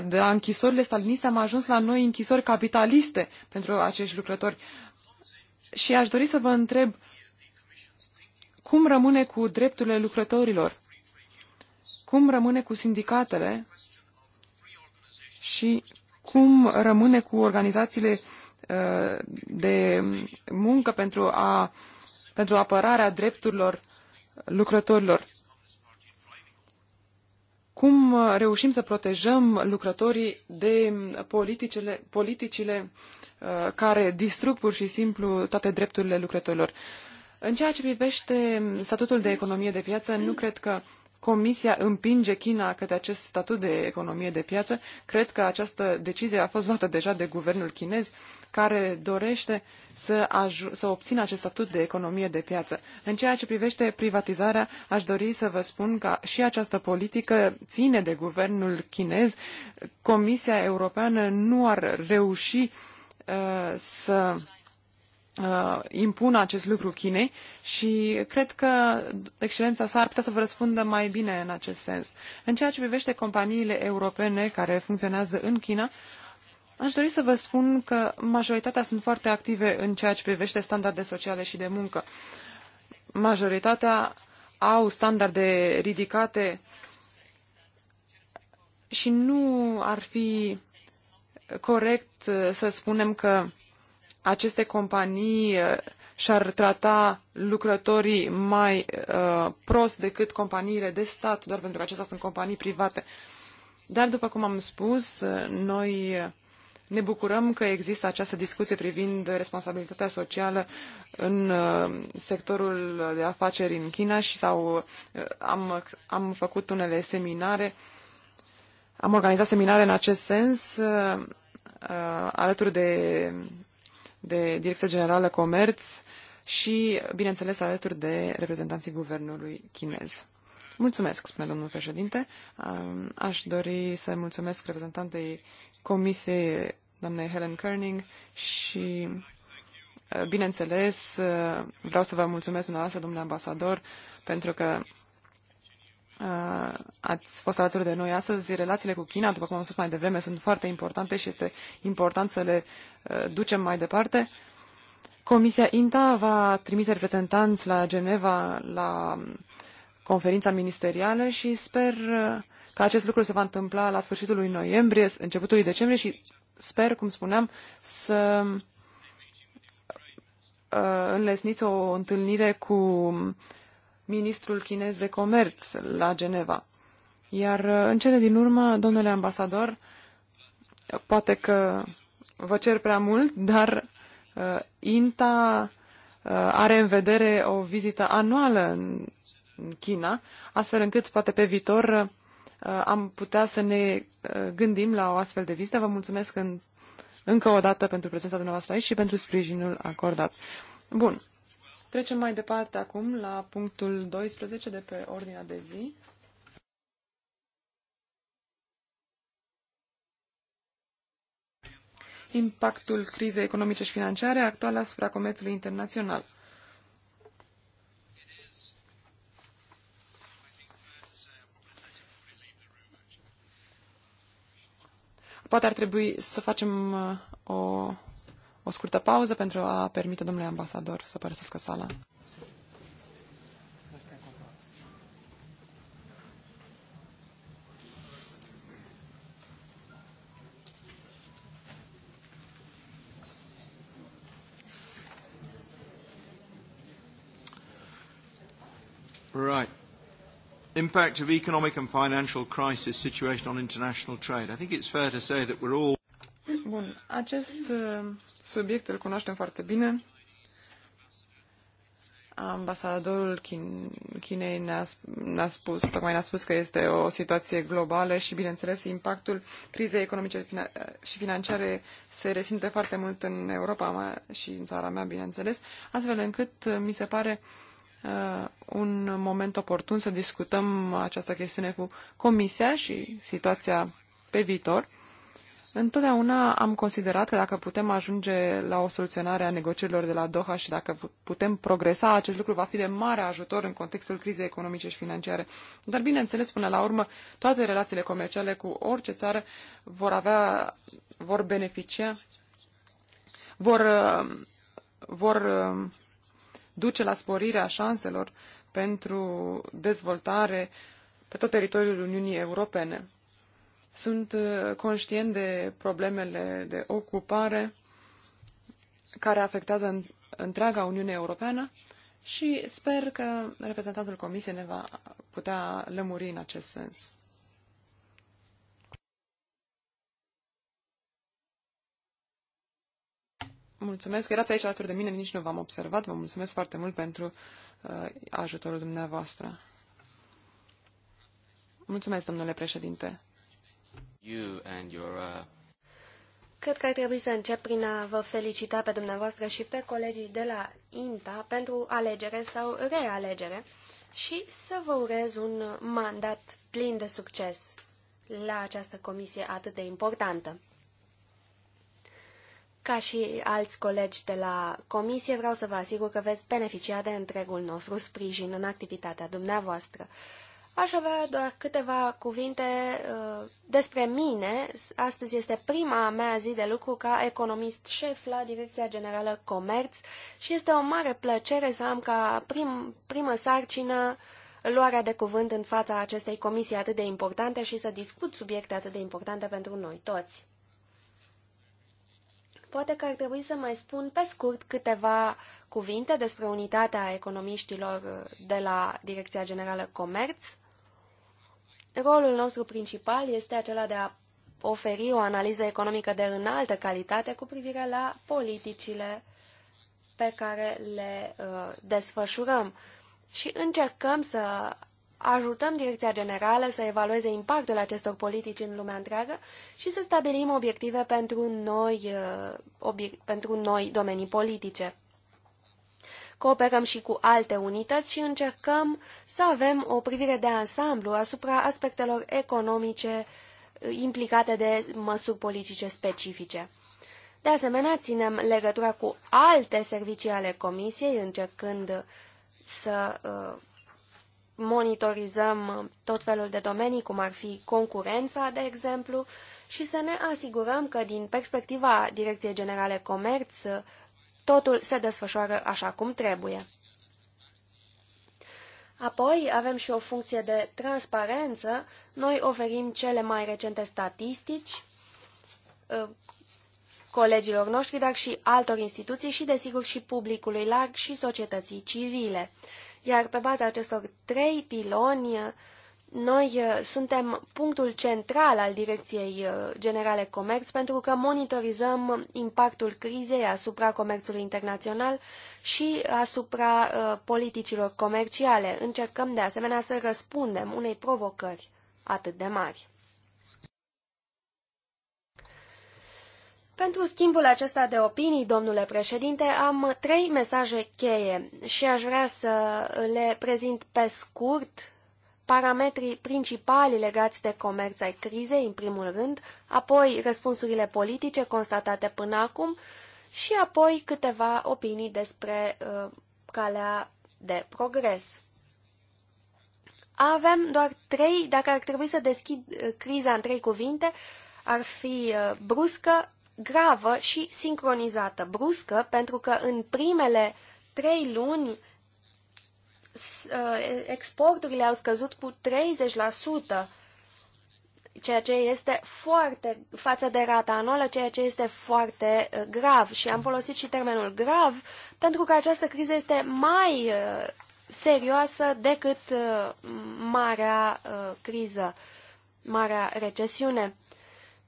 de la închisorile staliniste am ajuns la noi închisori capitaliste pentru acești lucrători. Și aș dori să vă întreb cum rămâne cu drepturile lucrătorilor? Cum rămâne cu sindicatele? Și cum rămâne cu organizațiile uh, de muncă pentru, a, pentru apărarea drepturilor lucrătorilor. Cum reușim să protejăm lucrătorii de politicile, politicile uh, care distrug pur și simplu toate drepturile lucrătorilor? În ceea ce privește statutul de economie de piață, nu cred că Comisia împinge China către acest statut de economie de piață. Cred că această decizie a fost luată deja de guvernul chinez, care dorește să, să obțină acest statut de economie de piață. În ceea ce privește privatizarea, aș dori să vă spun că și această politică ține de guvernul chinez. Comisia Europeană nu ar reuși uh, să uh, acest lucru Chinei și cred că excelența sa ar putea să vă răspundă mai bine în acest sens. În ceea ce privește companiile europene care funcționează în China, aș dori să vă spun că majoritatea sunt foarte active în ceea ce privește standarde sociale și de muncă. Majoritatea au standarde ridicate și nu ar fi corect uh, să spunem că aceste companii uh, și-ar trata lucrătorii mai uh, prost decât companiile de stat, doar pentru că acestea sunt companii private. Dar, după cum am spus, uh, noi uh, ne bucurăm că există această discuție privind responsabilitatea socială în sectorul de afaceri în China și sau am, am făcut unele seminare, am organizat seminare în acest sens alături de de Direcția Generală Comerț și, bineînțeles, alături de reprezentanții guvernului chinez. Mulțumesc, spune domnul președinte. Aș dori să mulțumesc reprezentantei comisiei, doamnei Helen Kerning, și, bineînțeles, vreau să vă mulțumesc dumneavoastră, domnule ambasador, pentru că Uh, ați fost alături de noi astăzi. Relațiile cu China, după cum am spus mai devreme, sunt foarte importante și este important să le uh, ducem mai departe. Comisia INTA va trimite reprezentanți la Geneva la um, conferința ministerială și sper uh, că acest lucru se va întâmpla la sfârșitul lui noiembrie, începutul lui decembrie și sper, cum spuneam, să înlesniți o întâlnire cu um, ministrul chinez de comerț la Geneva. Iar uh, în cele din urmă, domnule ambasador, poate că vă cer prea mult, dar uh, INTA uh, are în vedere o vizită anuală în, în China, astfel încât poate pe viitor uh, am putea să ne uh, gândim la o astfel de vizită. Vă mulțumesc în, încă o dată pentru prezența dumneavoastră aici și pentru sprijinul acordat. Bun. Trecem mai departe acum la punctul 12 de pe ordinea de zi. Impactul crizei economice și financiare actuale asupra comerțului internațional. Poate ar trebui să facem uh, o o scurtă pauză pentru a permite domnului ambasador să părăsească sala. Right. Impact of economic and financial crisis situation on international trade. I think it's fair to say that we're all Bun, acest uh, subiect îl cunoaștem foarte bine. Ambasadorul Chinei ne-a, ne spus, tocmai ne-a spus că este o situație globală și, bineînțeles, impactul crizei economice și financiare se resimte foarte mult în Europa mea și în țara mea, bineînțeles, astfel încât mi se pare uh, un moment oportun să discutăm această chestiune cu Comisia și situația pe viitor. Întotdeauna am considerat că dacă putem ajunge la o soluționare a negocierilor de la Doha și dacă putem progresa, acest lucru va fi de mare ajutor în contextul crizei economice și financiare. Dar, bineînțeles, până la urmă, toate relațiile comerciale cu orice țară vor avea, vor beneficia, vor, vor duce la sporirea șanselor pentru dezvoltare pe tot teritoriul Uniunii Europene. Sunt uh, conștient de problemele de ocupare care afectează întreaga Uniune Europeană și sper că reprezentantul Comisiei ne va putea lămuri în acest sens. Mulțumesc, erați aici alături de mine, nici nu v-am observat. Vă mulțumesc foarte mult pentru uh, ajutorul dumneavoastră. Mulțumesc, domnule președinte. Uh, Cred că ar trebui să încep prin a vă felicita pe dumneavoastră și pe colegii de la INTA pentru alegere sau realegere și să vă urez un mandat plin de succes la această comisie atât de importantă. Ca și alți colegi de la comisie, vreau să vă asigur că veți beneficia de întregul nostru sprijin în activitatea dumneavoastră. Uh, Aș avea doar câteva cuvinte uh, despre mine. Astăzi este prima mea zi de lucru ca economist șef la Direcția Generală Comerț și este o mare plăcere să am ca prim, primă sarcină luarea de cuvânt în fața acestei comisii atât de importante și să discut subiecte atât de importante pentru noi toți. Poate că ar trebui să mai spun pe scurt câteva cuvinte despre unitatea economiștilor uh, de la Direcția Generală Comerț. Rolul nostru principal este acela de a oferi o analiză economică de înaltă calitate cu privire la politicile pe care le uh, desfășurăm și încercăm să ajutăm Direcția Generală să evalueze impactul acestor politici în lumea întreagă și să stabilim obiective pentru noi, uh, obiect, pentru noi domenii politice cooperăm și cu alte unități și încercăm să avem o privire de ansamblu asupra aspectelor economice uh, implicate de măsuri politice specifice. De asemenea, ținem legătura cu alte servicii ale Comisiei, încercând să uh, monitorizăm tot felul de domenii, cum ar fi concurența, de exemplu, și să ne asigurăm că din perspectiva Direcției Generale Comerț totul se desfășoară așa cum trebuie. Apoi avem și o funcție de transparență. Noi oferim cele mai recente statistici uh, colegilor noștri, dar și altor instituții și, desigur, și publicului larg și societății civile. Iar pe baza acestor trei piloni, uh, noi uh, suntem punctul central al Direcției uh, Generale Comerț pentru că monitorizăm impactul crizei asupra comerțului internațional și asupra uh, politicilor comerciale. Încercăm de asemenea să răspundem unei provocări atât de mari. Pentru schimbul acesta de opinii, domnule președinte, am trei mesaje cheie și aș vrea să le prezint pe scurt parametrii principali legați de comerț ai crizei, în primul rând, apoi răspunsurile politice constatate până acum și apoi câteva opinii despre uh, calea de progres. Avem doar trei, dacă ar trebui să deschid uh, criza în trei cuvinte, ar fi uh, bruscă, gravă și sincronizată. Bruscă, pentru că în primele trei luni Uh, exporturile au scăzut cu 30%, ceea ce este foarte, față de rata anuală, ceea ce este foarte uh, grav. Și am folosit și termenul grav, pentru că această criză este mai uh, serioasă decât marea criză, marea recesiune.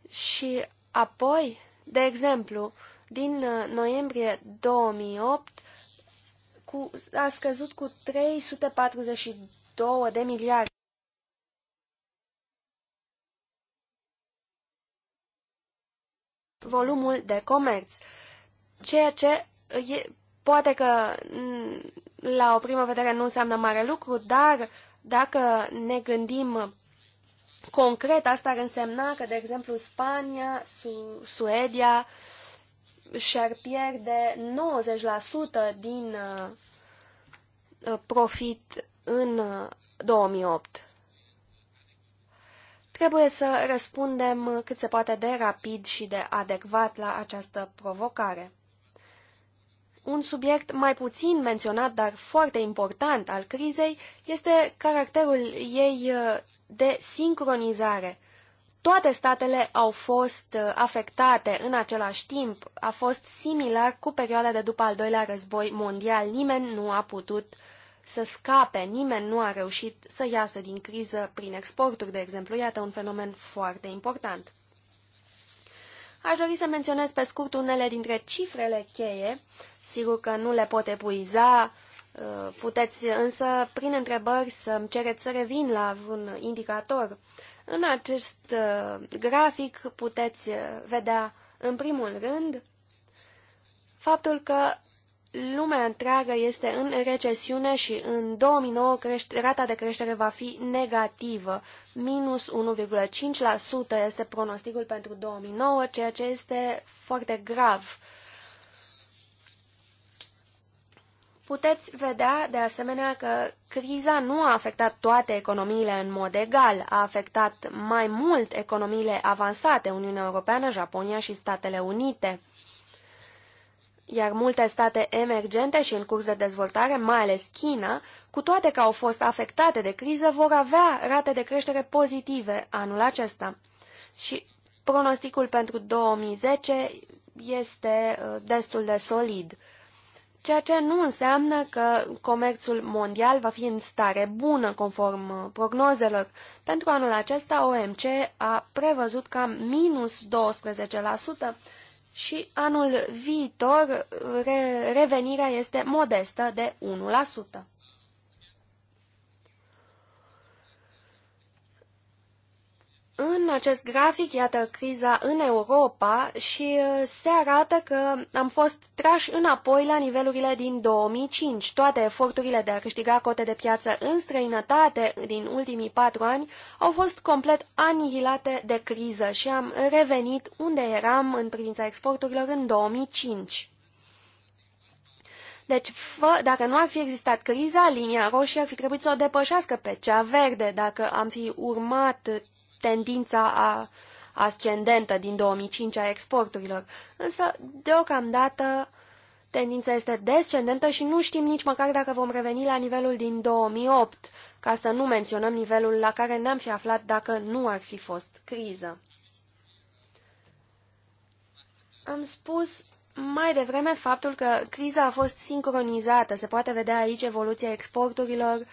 Și apoi, de exemplu, din noiembrie 2008 cu, a scăzut cu 342 de miliarde. volumul de comerț, ceea ce e, poate că la o primă vedere nu înseamnă mare lucru, dar dacă ne gândim concret, asta ar însemna că, de exemplu, Spania, Su Suedia, uh, și-ar pierde 90% din uh, profit în 2008. Uh, Trebuie să răspundem cât se poate de rapid și de adecvat la această provocare. Un subiect mai puțin menționat, dar foarte important al crizei, este caracterul ei uh, de sincronizare toate statele au fost uh, afectate în același timp, a fost similar cu perioada de după al doilea război mondial. Nimeni nu a putut să scape, nimeni nu a reușit să iasă din criză prin exporturi, de exemplu. Iată un fenomen foarte important. Aș dori să menționez pe scurt unele dintre cifrele cheie. Sigur că nu le pot epuiza, uh, puteți însă prin întrebări să-mi cereți să revin la un indicator. În acest uh, grafic puteți uh, vedea, în primul rând, faptul că lumea întreagă este în recesiune și în 2009 rata de creștere va fi negativă. Minus 1,5% este pronosticul pentru 2009, ceea ce este foarte grav. Puteți vedea, de asemenea, că criza nu a afectat toate economiile în mod egal, a afectat mai mult economiile avansate, Uniunea Europeană, Japonia și Statele Unite. Iar multe state emergente și în curs de dezvoltare, mai ales China, cu toate că au fost afectate de criză, vor avea rate de creștere pozitive anul acesta. Și pronosticul pentru 2010 este uh, destul de solid ceea ce nu înseamnă că comerțul mondial va fi în stare bună conform uh, prognozelor. Pentru anul acesta, OMC a prevăzut cam minus 12% și anul viitor uh, re revenirea este modestă de 1%. În acest grafic, iată criza în Europa și uh, se arată că am fost trași înapoi la nivelurile din 2005. Toate eforturile de a câștiga cote de piață în străinătate din ultimii patru ani au fost complet anihilate de criză și am revenit unde eram în privința exporturilor în 2005. Deci, fă, dacă nu ar fi existat criza, linia roșie ar fi trebuit să o depășească pe cea verde. Dacă am fi urmat tendința a ascendentă din 2005 a exporturilor, însă deocamdată tendința este descendentă și nu știm nici măcar dacă vom reveni la nivelul din 2008, ca să nu menționăm nivelul la care ne-am fi aflat dacă nu ar fi fost criză. Am spus mai devreme faptul că criza a fost sincronizată, se poate vedea aici evoluția exporturilor, uh,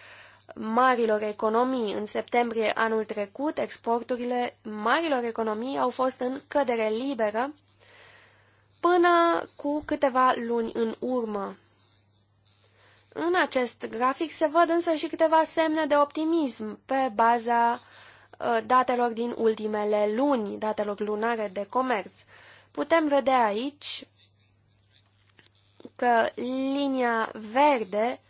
marilor economii. În septembrie anul trecut, exporturile marilor economii au fost în cădere liberă până cu câteva luni în urmă. În acest grafic se văd însă și câteva semne de optimism pe baza uh, datelor din ultimele luni, datelor lunare de comerț. Putem vedea aici că linia verde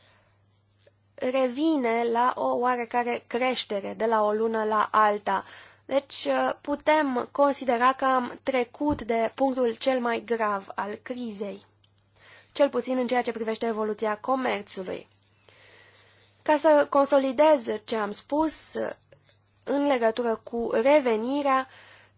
revine la o oarecare creștere de la o lună la alta. Deci uh, putem considera că am trecut de punctul cel mai grav al crizei, cel puțin în ceea ce privește evoluția comerțului. Ca să consolidez ce am spus uh, în legătură cu revenirea,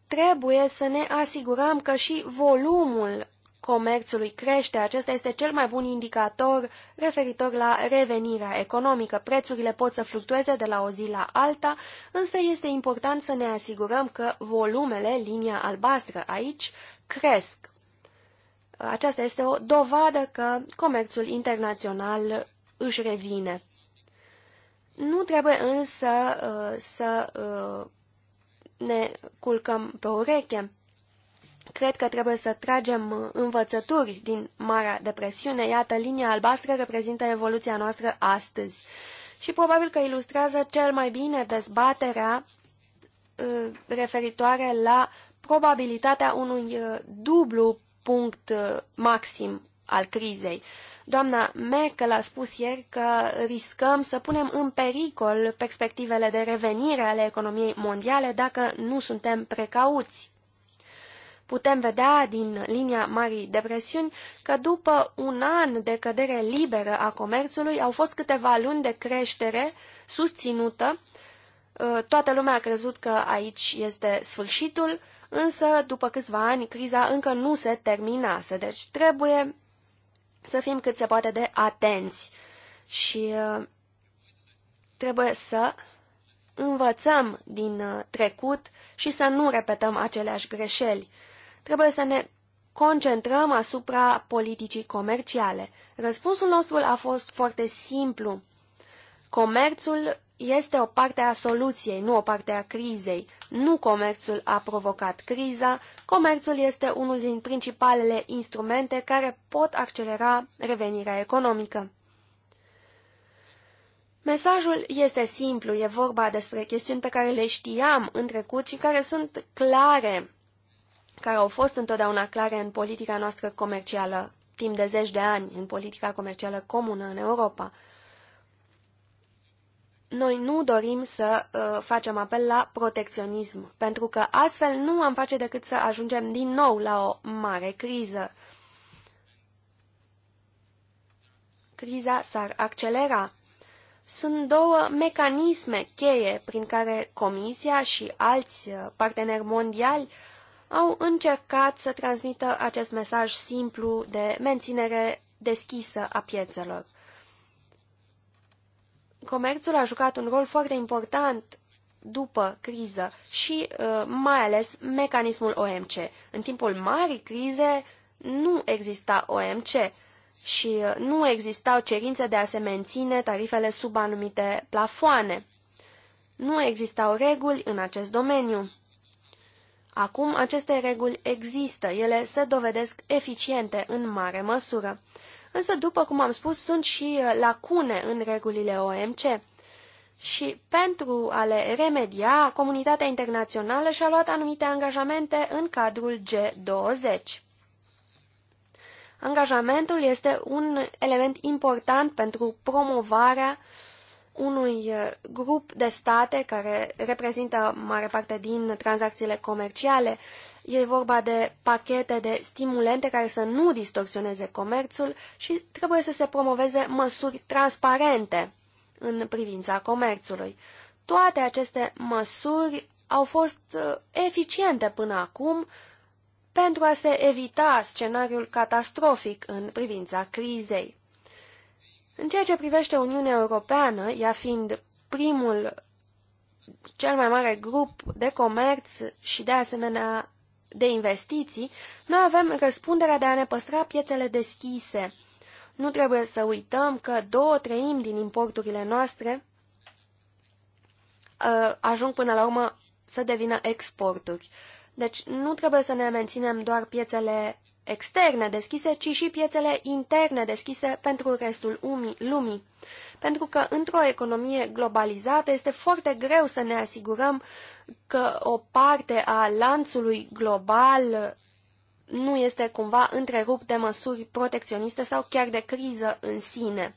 trebuie să ne asigurăm că și volumul comerțului crește. Acesta este cel mai bun indicator referitor la revenirea economică. Prețurile pot să fluctueze de la o zi la alta, însă este important să ne asigurăm că volumele, linia albastră aici, cresc. Aceasta este o dovadă că comerțul internațional își revine. Nu trebuie însă uh, să uh, ne culcăm pe ureche Cred că trebuie să tragem uh, învățături din Marea Depresiune. Iată, linia albastră reprezintă evoluția noastră astăzi. Și probabil că ilustrează cel mai bine dezbaterea uh, referitoare la probabilitatea unui uh, dublu punct maxim al crizei. Doamna Merkel a spus ieri că riscăm să punem în pericol perspectivele de revenire ale economiei mondiale dacă nu suntem precauți. Putem vedea din linia Marii Depresiuni că după un an de cădere liberă a comerțului au fost câteva luni de creștere susținută. Uh, toată lumea a crezut că aici este sfârșitul, însă după câțiva ani criza încă nu se terminase, deci trebuie să fim cât se poate de atenți și uh, trebuie să învățăm din uh, trecut și să nu repetăm aceleași greșeli. Trebuie să ne concentrăm asupra politicii comerciale. Răspunsul nostru a fost foarte simplu. Comerțul este o parte a soluției, nu o parte a crizei. Nu comerțul a provocat criza, comerțul este unul din principalele instrumente care pot accelera revenirea economică. Mesajul este simplu, e vorba despre chestiuni pe care le știam în trecut și care sunt clare care au fost întotdeauna clare în politica noastră comercială timp de zeci de ani, în politica comercială comună în Europa. Noi nu dorim să uh, facem apel la protecționism, pentru că astfel nu am face decât să ajungem din nou la o mare criză. Criza s-ar accelera. Sunt două mecanisme cheie prin care Comisia și alți uh, parteneri mondiali uh, au încercat să transmită acest mesaj simplu de menținere deschisă a piețelor. Comerțul a jucat un rol foarte important după criză și uh, mai ales mecanismul OMC. În timpul marii crize nu exista OMC și uh, nu existau cerințe de a se menține tarifele sub anumite plafoane. Nu existau reguli în acest domeniu. Acum aceste reguli există, ele se dovedesc eficiente în mare măsură. Însă, după cum am spus, sunt și lacune în regulile OMC. Și pentru a le remedia, comunitatea internațională și-a luat anumite angajamente în cadrul G20. Angajamentul este un element important pentru promovarea unui eh, grup de state care reprezintă mare parte din tranzacțiile comerciale. E vorba de pachete de stimulente care să nu distorsioneze comerțul și trebuie să se promoveze măsuri transparente în privința comerțului. Toate aceste măsuri au fost eh, eficiente până acum pentru a se evita scenariul catastrofic în privința crizei. În ceea ce privește Uniunea Europeană, ea fiind primul, cel mai mare grup de comerț și de asemenea de investiții, noi avem răspunderea de a ne păstra piețele deschise. Nu trebuie să uităm că două treimi din importurile noastre uh, ajung până la urmă să devină exporturi. Deci nu trebuie să ne menținem doar piețele externe deschise, ci și piețele interne deschise pentru restul umii, lumii. Pentru că într-o economie globalizată este foarte greu să ne asigurăm că o parte a lanțului global nu este cumva întrerupt de măsuri protecționiste sau chiar de criză în sine.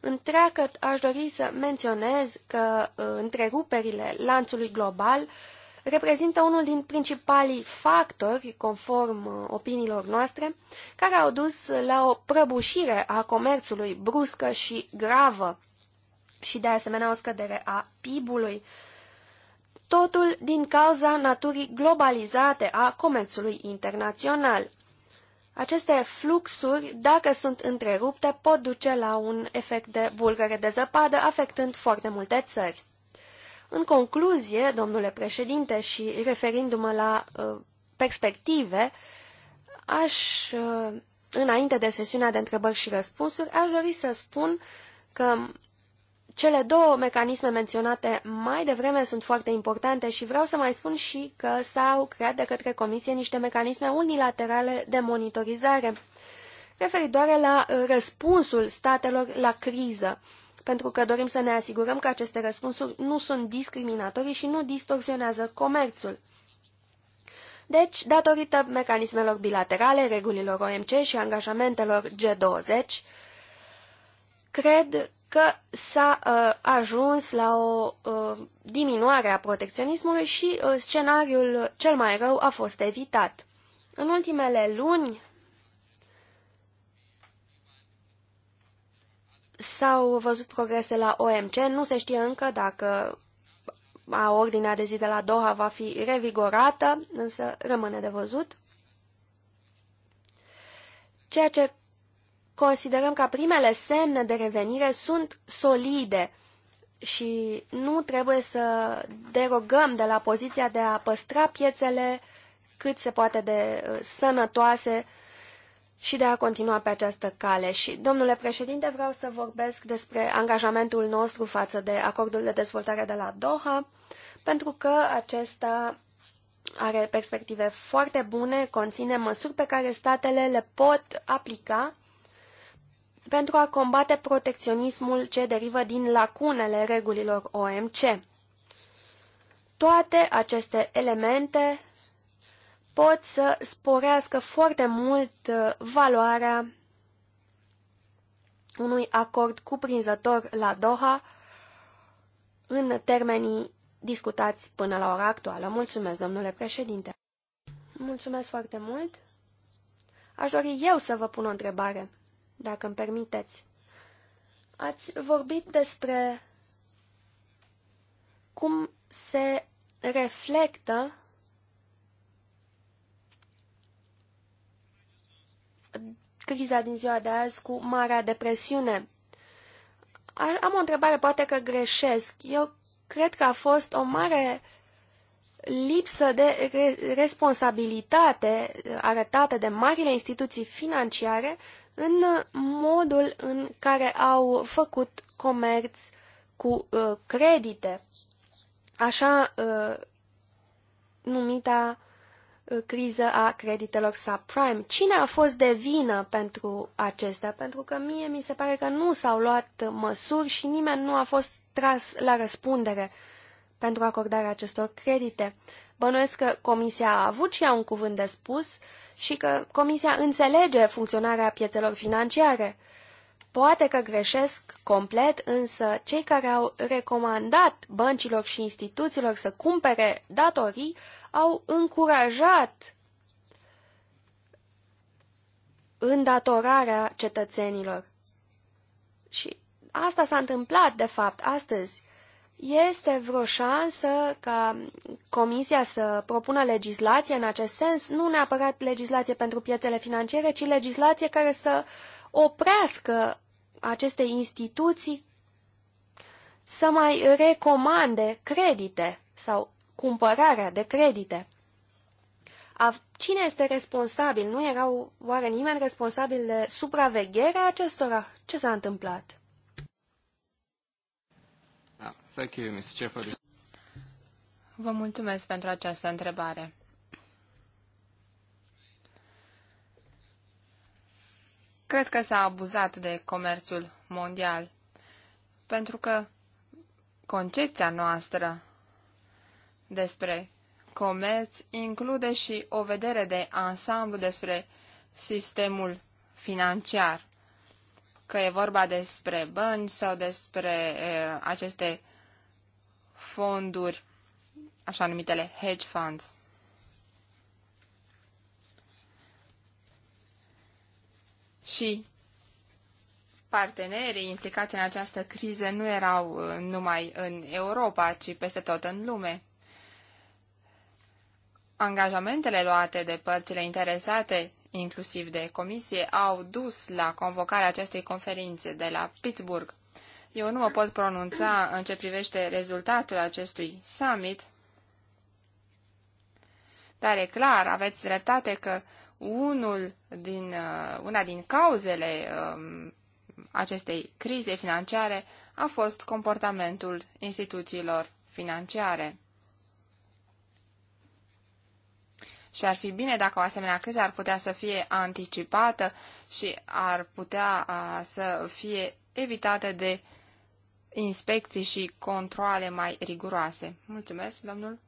Întreagăt aș dori să menționez că uh, întreruperile lanțului global uh, reprezintă unul din principalii factori, conform uh, opiniilor noastre, care au dus la o prăbușire a comerțului bruscă și gravă și de asemenea o scădere a PIB-ului, totul din cauza naturii globalizate a comerțului internațional. Aceste fluxuri, dacă sunt întrerupte, pot duce la un efect de bulgăre de zăpadă, afectând foarte multe țări. În concluzie, domnule președinte, și referindu-mă la uh, perspective, aș, uh, înainte de sesiunea de întrebări și răspunsuri, aș dori să spun că cele două mecanisme menționate mai devreme sunt foarte importante și vreau să mai spun și că s-au creat de către Comisie niște mecanisme unilaterale de monitorizare referitoare la uh, răspunsul statelor la criză. Uh, pentru că dorim să ne asigurăm că aceste răspunsuri nu sunt discriminatorii și nu distorsionează comerțul. Deci, datorită mecanismelor bilaterale, regulilor OMC și angajamentelor G20, cred că s-a uh, ajuns la o uh, diminuare a protecționismului și uh, scenariul cel mai rău a fost evitat. În ultimele luni, S-au văzut progrese la OMC, nu se știe încă dacă a ordinea de zi de la Doha va fi revigorată, însă rămâne de văzut. Ceea ce considerăm ca primele semne de revenire sunt solide și nu trebuie să derogăm de la poziția de a păstra piețele cât se poate de uh, sănătoase și de a continua pe această cale. Și, domnule președinte, vreau să vorbesc despre angajamentul nostru față de acordul de dezvoltare de la Doha, pentru că acesta are perspective foarte bune, conține măsuri pe care statele le pot aplica pentru a combate protecționismul ce derivă din lacunele regulilor OMC. Toate aceste elemente pot să sporească foarte mult uh, valoarea unui acord cuprinzător la Doha în termenii discutați până la ora actuală. Mulțumesc, domnule președinte. Mulțumesc foarte mult. Aș dori eu să vă pun o întrebare, dacă îmi permiteți. Ați vorbit despre cum se reflectă criza din ziua de azi cu Marea Depresiune. Am o întrebare, poate că greșesc. Eu cred că a fost o mare lipsă de responsabilitate uh, arătată de marile instituții financiare în modul în care au făcut comerț cu uh, credite, așa uh, numita Uh, criză a creditelor subprime. Cine a fost de vină pentru acestea? Pentru că mie mi se pare că nu s-au luat măsuri și nimeni nu a fost tras la răspundere pentru acordarea acestor credite. Bănuiesc că Comisia a avut și ea un cuvânt de spus și că Comisia înțelege funcționarea piețelor financiare. Poate că greșesc complet, însă cei care au recomandat băncilor și instituțiilor să cumpere datorii au încurajat îndatorarea cetățenilor. Și asta s-a întâmplat, de fapt, astăzi. Este vreo șansă ca Comisia să propună legislație în acest sens, nu neapărat legislație pentru piețele financiare, ci legislație care să oprească aceste instituții să mai recomande credite sau cumpărarea de credite. A, cine este responsabil? Nu erau oare nimeni responsabil de supravegherea acestora? Ce s-a întâmplat? Ah, thank you, Mr. Chair, for this. Vă mulțumesc pentru această întrebare. Cred că s-a abuzat de comerțul mondial, pentru că concepția noastră despre comerț include și o vedere de ansamblu despre sistemul financiar, că e vorba despre bănci sau despre e, aceste fonduri, așa numitele hedge funds. Și partenerii implicați în această criză nu erau uh, numai în Europa, ci peste tot în lume. Angajamentele luate de părțile interesate, inclusiv de comisie, au dus la convocarea acestei conferințe de la Pittsburgh. Eu nu mă pot pronunța în ce privește rezultatul acestui summit, dar e clar, aveți dreptate că unul din, uh, una din cauzele um, acestei crize financiare a fost comportamentul instituțiilor financiare. și ar fi bine dacă o asemenea criză ar putea să fie anticipată și ar putea să fie evitată de inspecții și controle mai riguroase. Mulțumesc, domnul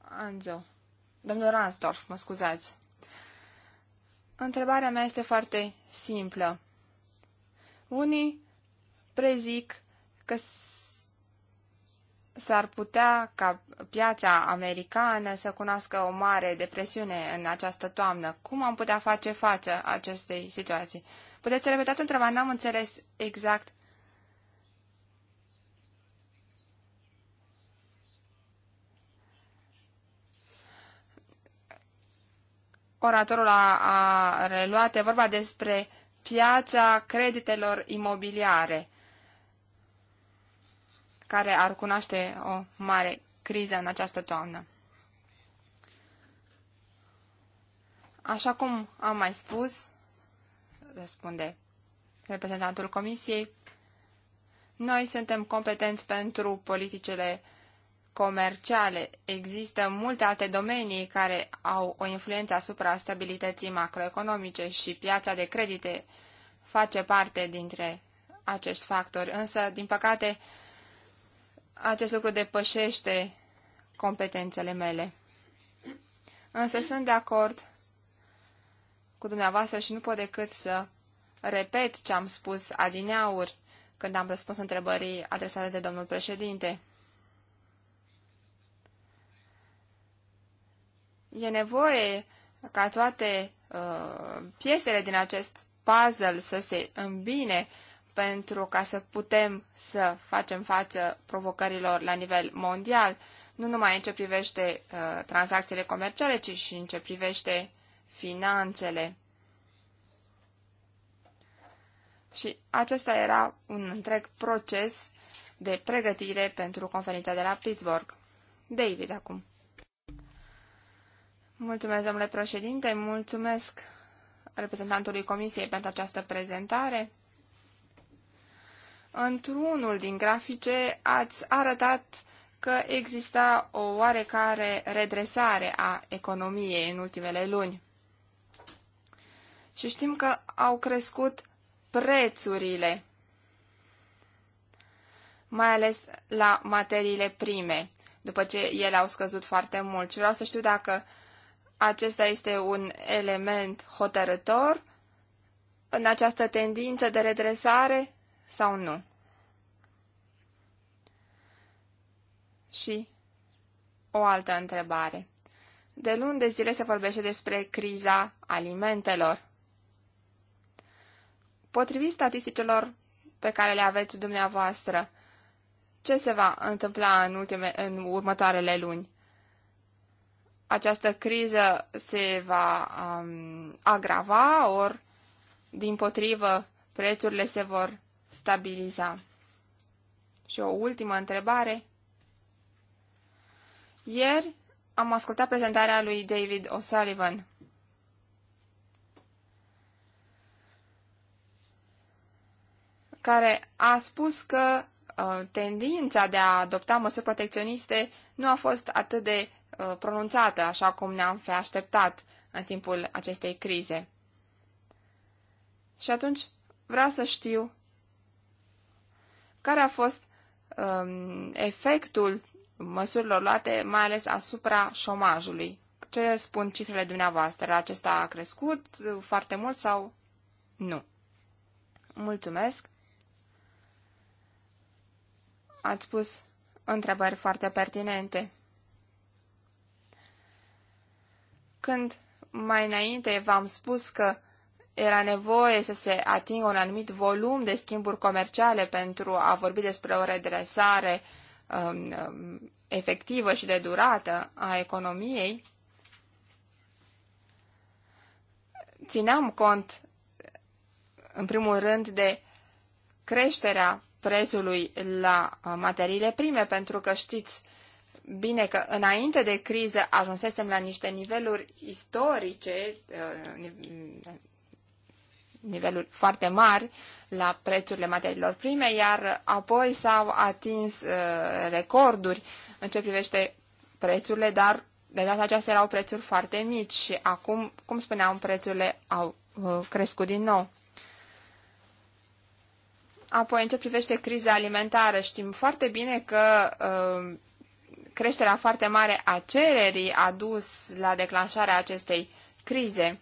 Anzo. Domnul Ransdorf, mă scuzați. Întrebarea mea este foarte simplă. Unii prezic că s-ar putea ca piața americană să cunoască o mare depresiune în această toamnă. Cum am putea face față acestei situații? Puteți să repetați întrebarea? N-am înțeles exact. Oratorul a, a reluat e vorba despre piața creditelor imobiliare care ar cunoaște o mare criză în această toamnă. Așa cum am mai spus, răspunde reprezentantul Comisiei, noi suntem competenți pentru politicele comerciale. Există multe alte domenii care au o influență asupra stabilității macroeconomice și piața de credite face parte dintre acești factori. Însă, din păcate, acest lucru depășește competențele mele. Însă sunt de acord cu dumneavoastră și nu pot decât să repet ce am spus adineauri când am răspuns întrebării adresate de domnul președinte. E nevoie ca toate uh, piesele din acest puzzle să se îmbine pentru ca să putem să facem față provocărilor la nivel mondial, nu numai în ce privește uh, tranzacțiile comerciale, ci și în ce privește finanțele. Și acesta era un întreg proces de pregătire pentru conferința de la Pittsburgh. David acum. Mulțumesc, domnule președinte, mulțumesc reprezentantului Comisiei pentru această prezentare într-unul din grafice ați arătat că exista o oarecare redresare a economiei în ultimele luni. Și știm că au crescut prețurile, mai ales la materiile prime, după ce ele au scăzut foarte mult. Și vreau să știu dacă acesta este un element hotărător în această tendință de redresare sau nu. Și o altă întrebare. De luni de zile se vorbește despre criza alimentelor. Potrivit statisticilor pe care le aveți dumneavoastră, ce se va întâmpla în, ultime, în următoarele luni? Această criză se va um, agrava, ori, din potrivă, prețurile se vor stabiliza? Și o ultimă întrebare. Ieri am ascultat prezentarea lui David O'Sullivan. care a spus că uh, tendința de a adopta măsuri protecționiste nu a fost atât de uh, pronunțată, așa cum ne-am fi așteptat în timpul acestei crize. Și atunci vreau să știu care a fost um, efectul măsurilor luate, mai ales asupra șomajului. Ce spun cifrele dumneavoastră? Acesta a crescut foarte mult sau nu? Mulțumesc! Ați pus întrebări foarte pertinente. Când mai înainte v-am spus că era nevoie să se atingă un anumit volum de schimburi comerciale pentru a vorbi despre o redresare uh, Um, um, efectivă și de durată a economiei, țineam cont, în primul rând, de creșterea prețului la uh, materiile prime, pentru că știți bine că înainte de criză ajunsesem la niște niveluri istorice, uh, niveluri foarte mari la prețurile materiilor prime, iar apoi s-au atins uh, recorduri în ce privește prețurile, dar de data aceasta erau prețuri foarte mici și acum, cum spuneam, prețurile au uh, crescut din nou. Apoi, în ce privește criza alimentară, știm foarte bine că uh, creșterea foarte mare a cererii a dus la declanșarea acestei crize.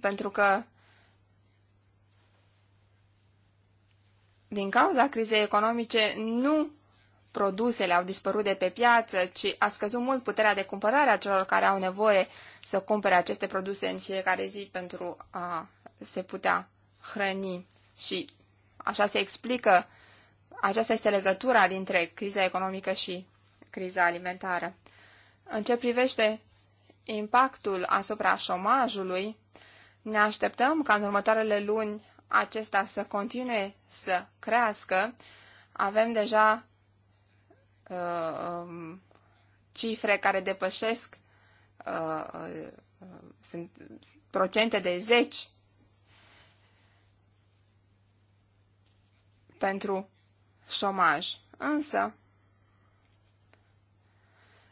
pentru că din cauza crizei economice nu produsele au dispărut de pe piață, ci a scăzut mult puterea de cumpărare a celor care au nevoie să cumpere aceste produse în fiecare zi pentru a se putea hrăni. Și așa se explică, aceasta este legătura dintre criza economică și criza alimentară. În ce privește impactul asupra șomajului, ne așteptăm ca în următoarele luni acesta să continue să crească. Avem deja uh, um, cifre care depășesc, uh, uh, sunt procente de 10 pentru șomaj. Însă,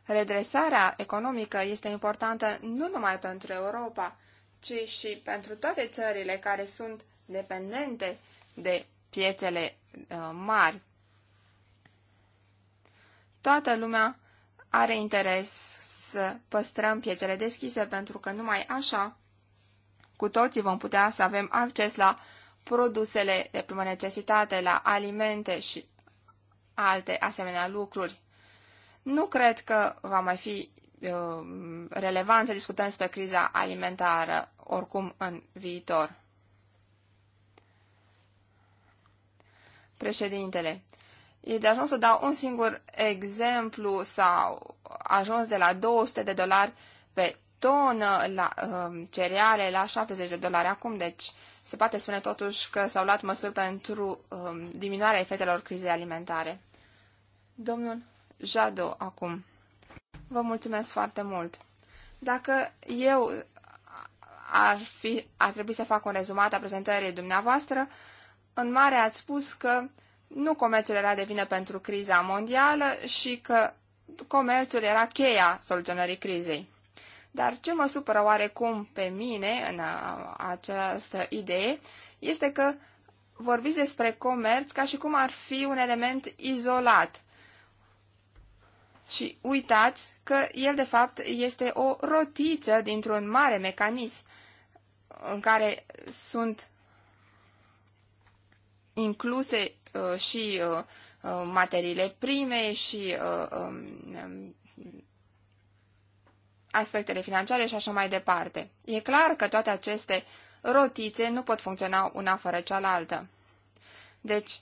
redresarea economică este importantă nu numai pentru Europa, ci și pentru toate țările care sunt dependente de piețele uh, mari. Toată lumea are interes să păstrăm piețele deschise pentru că numai așa cu toții vom putea să avem acces la produsele de primă necesitate, la alimente și alte asemenea lucruri. Nu cred că va mai fi Uh, relevant să discutăm despre criza alimentară oricum în viitor. Președintele, e de ajuns să dau un singur exemplu sau ajuns de la 200 de dolari pe tonă la um, cereale la 70 de dolari acum, deci se poate spune totuși că s-au luat măsuri pentru um, diminuarea efectelor crizei alimentare. Domnul Jado acum. Vă mulțumesc foarte mult. Dacă eu ar, fi, ar trebui să fac un rezumat a prezentării dumneavoastră, în mare ați spus că nu comerțul era de vină pentru criza mondială și că comerțul era cheia soluționării crizei. Dar ce mă supără oarecum pe mine în această idee este că vorbiți despre comerț ca și cum ar fi un element izolat. Și uitați că el, de fapt, este o rotiță dintr-un mare mecanism în care sunt incluse uh, și uh, uh materiile prime și uh, um, um, aspectele financiare și așa mai departe. E clar că toate aceste rotițe nu pot funcționa una fără cealaltă. Deci,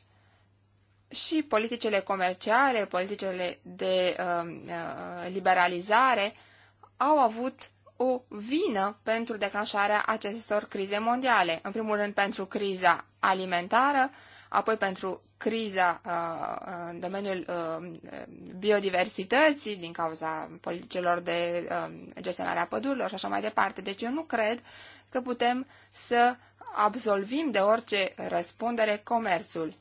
și politicele comerciale, politicele de um, uh, liberalizare au avut o vină pentru declanșarea acestor crize mondiale. În primul rând pentru criza alimentară, apoi pentru criza uh, uh în domeniul uh, biodiversității din cauza politicilor de uh, gestionare a pădurilor și așa mai departe. Deci eu nu cred că putem să absolvim de orice răspundere comerțul.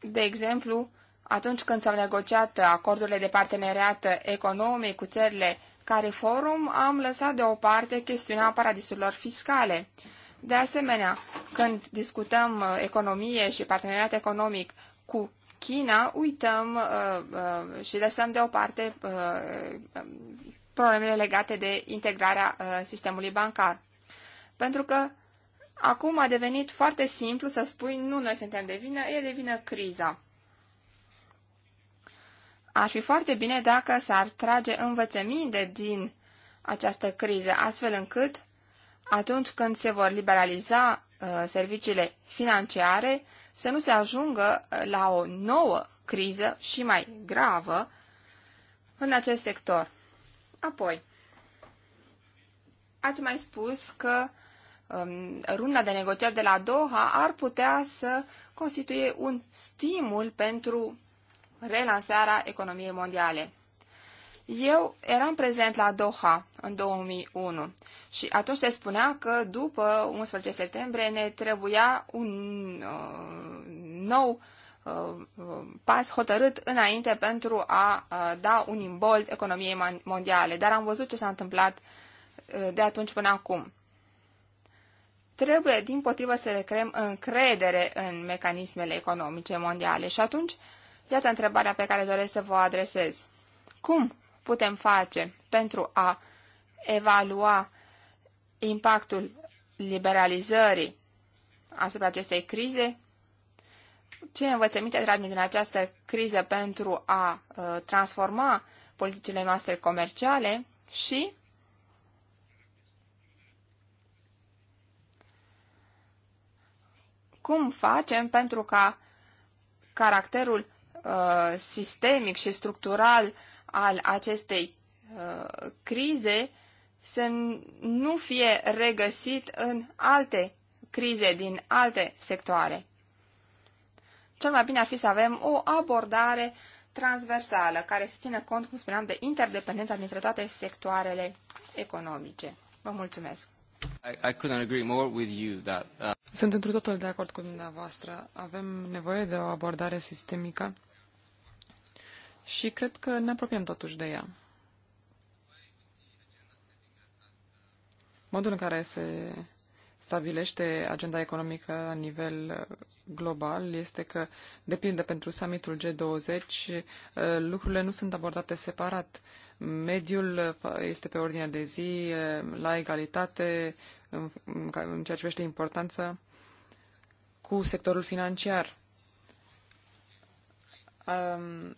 De exemplu, atunci când s-au negociat acordurile de parteneriat economic cu țările forum, am lăsat deoparte chestiunea paradisurilor fiscale. De asemenea, când discutăm economie și parteneriat economic cu China, uităm uh, uh, și lăsăm deoparte uh, problemele legate de integrarea uh, sistemului bancar. Pentru că Acum a devenit foarte simplu să spui nu noi suntem de vină, e de vină criza. Ar fi foarte bine dacă s-ar trage învățăminte din această criză, astfel încât atunci când se vor liberaliza uh, serviciile financiare, să nu se ajungă uh, la o nouă criză și mai gravă în acest sector. Apoi, ați mai spus că uh, Um, runda de negocieri de la Doha ar putea să constituie un stimul pentru relansarea economiei mondiale. Eu eram prezent la Doha în 2001 și atunci se spunea că după 11 septembrie ne trebuia un uh, nou uh, uh, pas hotărât înainte pentru a uh, da un imbold economiei mondiale, dar am văzut ce s-a întâmplat uh, de atunci până acum. Trebuie, din potrivă, să le creăm încredere în mecanismele economice mondiale. Și atunci, iată întrebarea pe care doresc să vă adresez. Cum putem face pentru a evalua impactul liberalizării asupra acestei crize? Ce învățăminte tragem din această criză pentru a uh, transforma politicile noastre comerciale și Cum facem pentru ca caracterul uh, sistemic și structural al acestei uh, crize să nu fie regăsit în alte crize din alte sectoare. Cel mai bine ar fi să avem o abordare transversală care să țină cont, cum spuneam, de interdependența dintre toate sectoarele economice. Vă mulțumesc! Uh, sunt într totul de acord cu dumneavoastră. Avem nevoie de o abordare sistemică și cred că ne apropiem totuși de ea. Modul în care se stabilește agenda economică la nivel uh, global este că, de pildă pentru summitul G20, uh, lucrurile nu sunt abordate separat. Mediul uh, este pe ordinea de zi uh, la egalitate în, în ceea ce privește importanță cu sectorul financiar.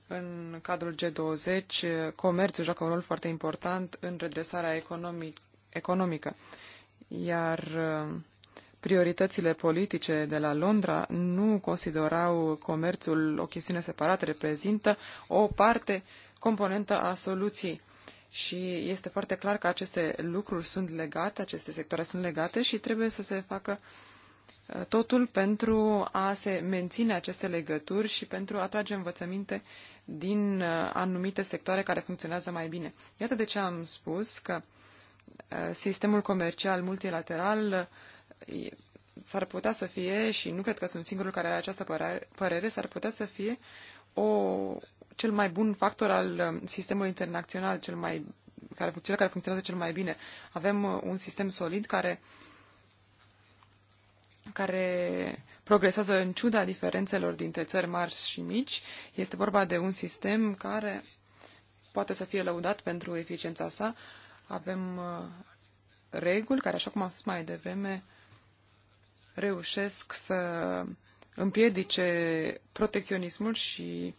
În cadrul G20, uh, comerțul joacă un rol foarte important în redresarea economic, economică, iar prioritățile politice de la Londra nu considerau comerțul o chestiune separată, reprezintă o parte uh, componentă a soluției. Și este foarte clar că aceste lucruri sunt legate, aceste sectoare sunt legate și trebuie să se facă uh, totul pentru a se menține aceste legături și pentru a trage învățăminte din uh, anumite sectoare care funcționează mai bine. Iată de ce am spus că uh, sistemul comercial multilateral s-ar putea să fie, și nu cred că sunt singurul care are această părere, s-ar putea să fie o, cel mai bun factor al um, sistemului internațional, cel mai, care, cel care funcționează cel mai bine. Avem uh, un sistem solid care, care progresează în ciuda diferențelor dintre țări mari și mici. Este vorba de un sistem care poate să fie lăudat pentru eficiența sa. Avem uh, reguli care, așa cum am spus mai devreme, reușesc să împiedice protecționismul și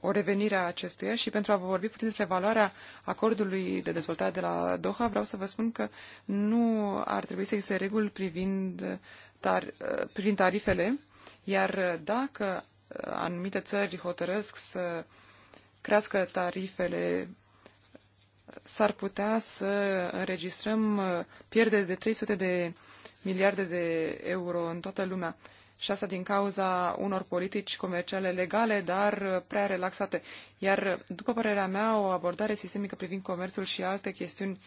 o revenire a acestuia și pentru a vă vorbi puțin despre valoarea acordului de dezvoltare de la Doha, vreau să vă spun că nu ar trebui să existe reguli privind, tar, privind tarifele, iar dacă anumite țări hotărăsc să crească tarifele, s-ar putea să înregistrăm pierderi de 300 de miliarde de euro în toată lumea și asta din cauza unor politici comerciale legale, dar prea relaxate. Iar, după părerea mea, o abordare sistemică privind comerțul și alte chestiuni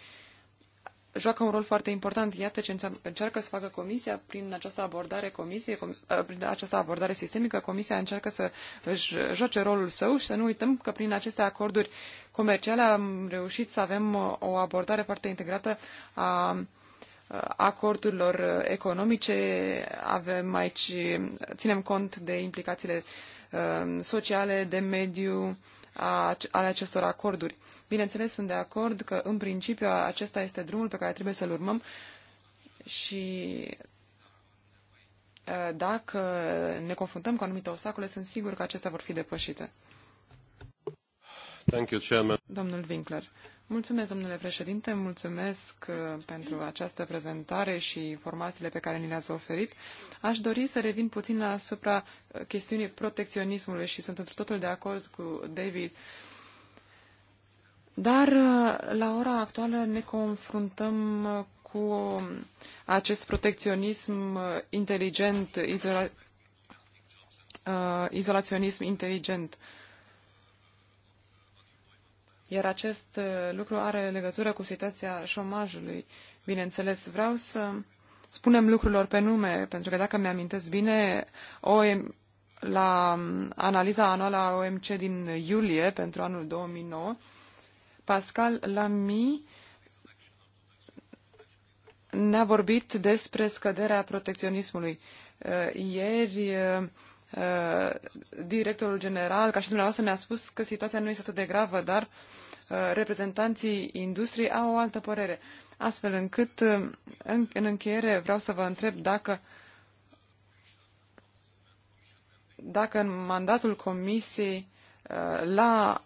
joacă un rol foarte important. Iată ce încearcă să facă Comisia prin această abordare, comisie, com, ă, prin această abordare sistemică. Comisia încearcă să își joace rolul său și să nu uităm că prin aceste acorduri comerciale am reușit să avem o abordare foarte integrată a acordurilor economice, avem aici, ținem cont de implicațiile um, sociale, de mediu ale acestor acorduri. Bineînțeles, sunt de acord că, în principiu, acesta este drumul pe care trebuie să-l urmăm și uh, dacă ne confruntăm cu anumite obstacole, sunt sigur că acestea vor fi depășite. Domnule Domnul Winkler. Mulțumesc, domnule președinte, mulțumesc uh, pentru această prezentare și informațiile pe care ni le-ați oferit. Aș dori să revin puțin asupra uh, chestiunii protecționismului și sunt într totul de acord cu David. Dar uh, la ora actuală ne confruntăm cu acest protecționism inteligent, izola... izolaționism inteligent. Iar acest uh, lucru are legătură cu situația șomajului. Bineînțeles, vreau să spunem lucrurilor pe nume, pentru că dacă mi-amintesc bine, OM, la um, analiza anuală a OMC din iulie pentru anul 2009, Pascal Lamy ne-a vorbit despre scăderea protecționismului. Uh, ieri, uh, directorul general, ca și dumneavoastră, ne-a spus că situația nu este atât de gravă, dar uh, Uh, reprezentanții industriei au o altă părere. Astfel încât, uh, în, încheiere, vreau să vă întreb dacă dacă în mandatul comisiei uh, la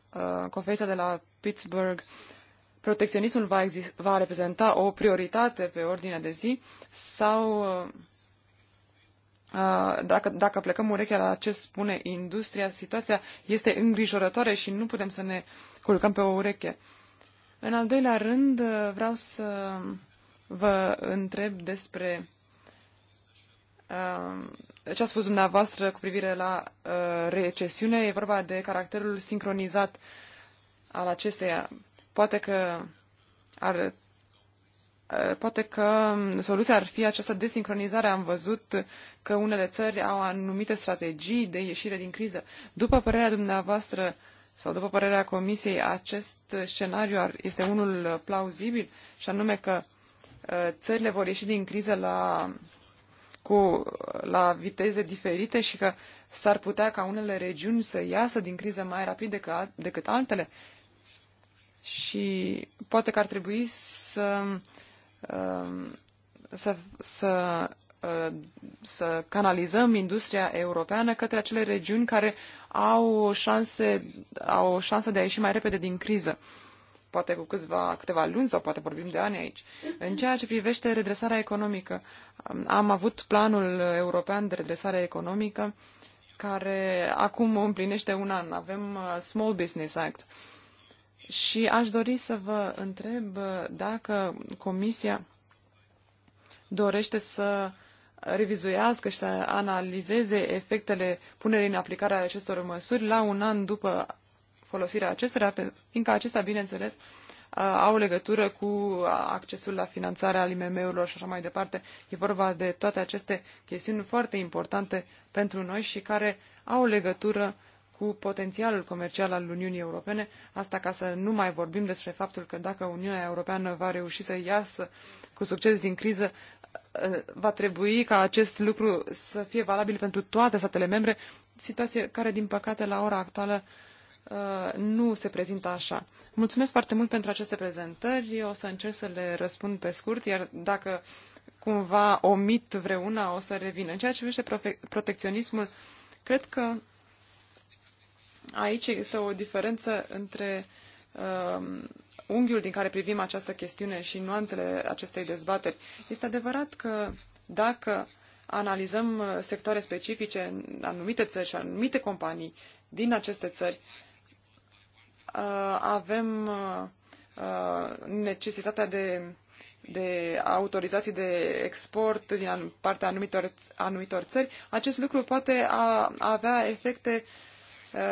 conferința de la Pittsburgh protecționismul va, va reprezenta o prioritate pe ordinea de zi sau Uh, dacă, dacă plecăm urechea la ce spune industria, situația este îngrijorătoare și nu putem să ne culcăm pe o ureche. În al doilea rând, uh, vreau să vă întreb despre uh, ce a spus dumneavoastră cu privire la recesiune. E vorba de caracterul sincronizat al acesteia. Poate că ar poate că um, soluția ar fi această desincronizare. Am văzut că unele țări au anumite strategii de ieșire din criză. După părerea dumneavoastră sau după părerea Comisiei, acest scenariu este unul plauzibil și anume că uh, țările vor ieși din criză la, cu, la viteze diferite și că s-ar putea ca unele regiuni să iasă din criză mai rapid decât, decât altele și poate că ar trebui să, um, să, să Uh, să canalizăm industria europeană către acele regiuni care au șanse, au o șansă de a ieși mai repede din criză. Poate cu câțiva, câteva luni sau poate vorbim de ani aici. În ceea ce privește redresarea economică, um, am avut planul european de redresare economică care acum împlinește un an. Avem uh, Small Business Act. Și aș dori să vă întreb uh, dacă Comisia dorește să revizuiască și să analizeze efectele punerii în aplicare a acestor măsuri la un an după folosirea acestora, fiindcă acestea, bineînțeles, au legătură cu accesul la finanțarea al IMM-urilor și așa mai departe. E vorba de toate aceste chestiuni foarte importante pentru noi și care au legătură cu potențialul comercial al Uniunii Europene, asta ca să nu mai vorbim despre faptul că dacă Uniunea Europeană va reuși să iasă cu succes din criză, Uh, va trebui ca acest lucru să fie valabil pentru toate statele membre, situație care, din păcate, la ora actuală uh, nu se prezintă așa. Mulțumesc foarte mult pentru aceste prezentări. Eu o să încerc să le răspund pe scurt, iar dacă cumva omit vreuna, o să revin. În ceea ce privește protecționismul, cred că aici există o diferență între uh, unghiul din care privim această chestiune și nuanțele acestei dezbateri. Este adevărat că dacă analizăm uh, sectoare specifice în anumite țări și anumite companii din aceste țări, uh, avem uh, necesitatea de, de autorizații de export din partea anumitor, anumitor țări, acest lucru poate a, avea efecte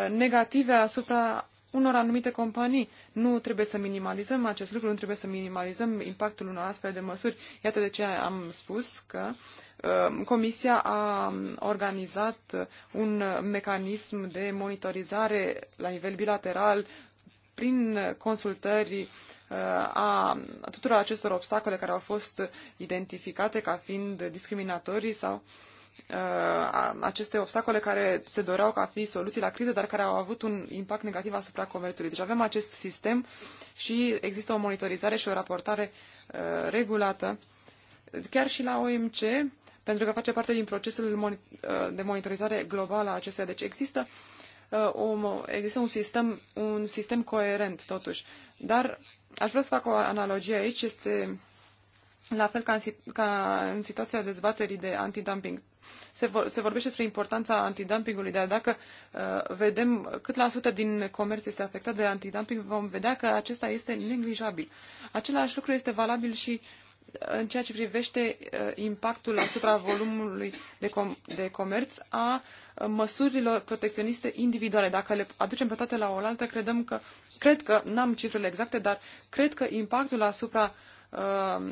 negative asupra unor anumite companii. Nu trebuie să minimalizăm acest lucru, nu trebuie să minimalizăm impactul unor astfel de măsuri. Iată de ce am spus că uh, Comisia a organizat un mecanism de monitorizare la nivel bilateral prin consultări uh, a tuturor acestor obstacole care au fost identificate ca fiind discriminatorii sau uh, Uh, aceste obstacole care se doreau ca fi soluții la criză, dar care au avut un impact negativ asupra comerțului. Deci avem acest sistem și există o monitorizare și o raportare uh, regulată, chiar și la OMC, pentru că face parte din procesul uh, de monitorizare globală a acesteia. Deci există, uh, o, există un, sistem, un sistem coerent, totuși. Dar aș vrea să fac o analogie aici. Este la fel ca în, ca în situația dezbaterii de antidumping. Se, vor, se vorbește despre importanța antidumpingului, dar dacă uh, vedem cât la sută din comerț este afectat de antidumping, vom vedea că acesta este neglijabil. Același lucru este valabil și uh, în ceea ce privește uh, impactul asupra volumului de, com- de comerț a uh, măsurilor protecționiste individuale. Dacă le aducem pe toate la oaltă, credem că, cred că, n-am cifrele exacte, dar cred că impactul asupra uh, Uh,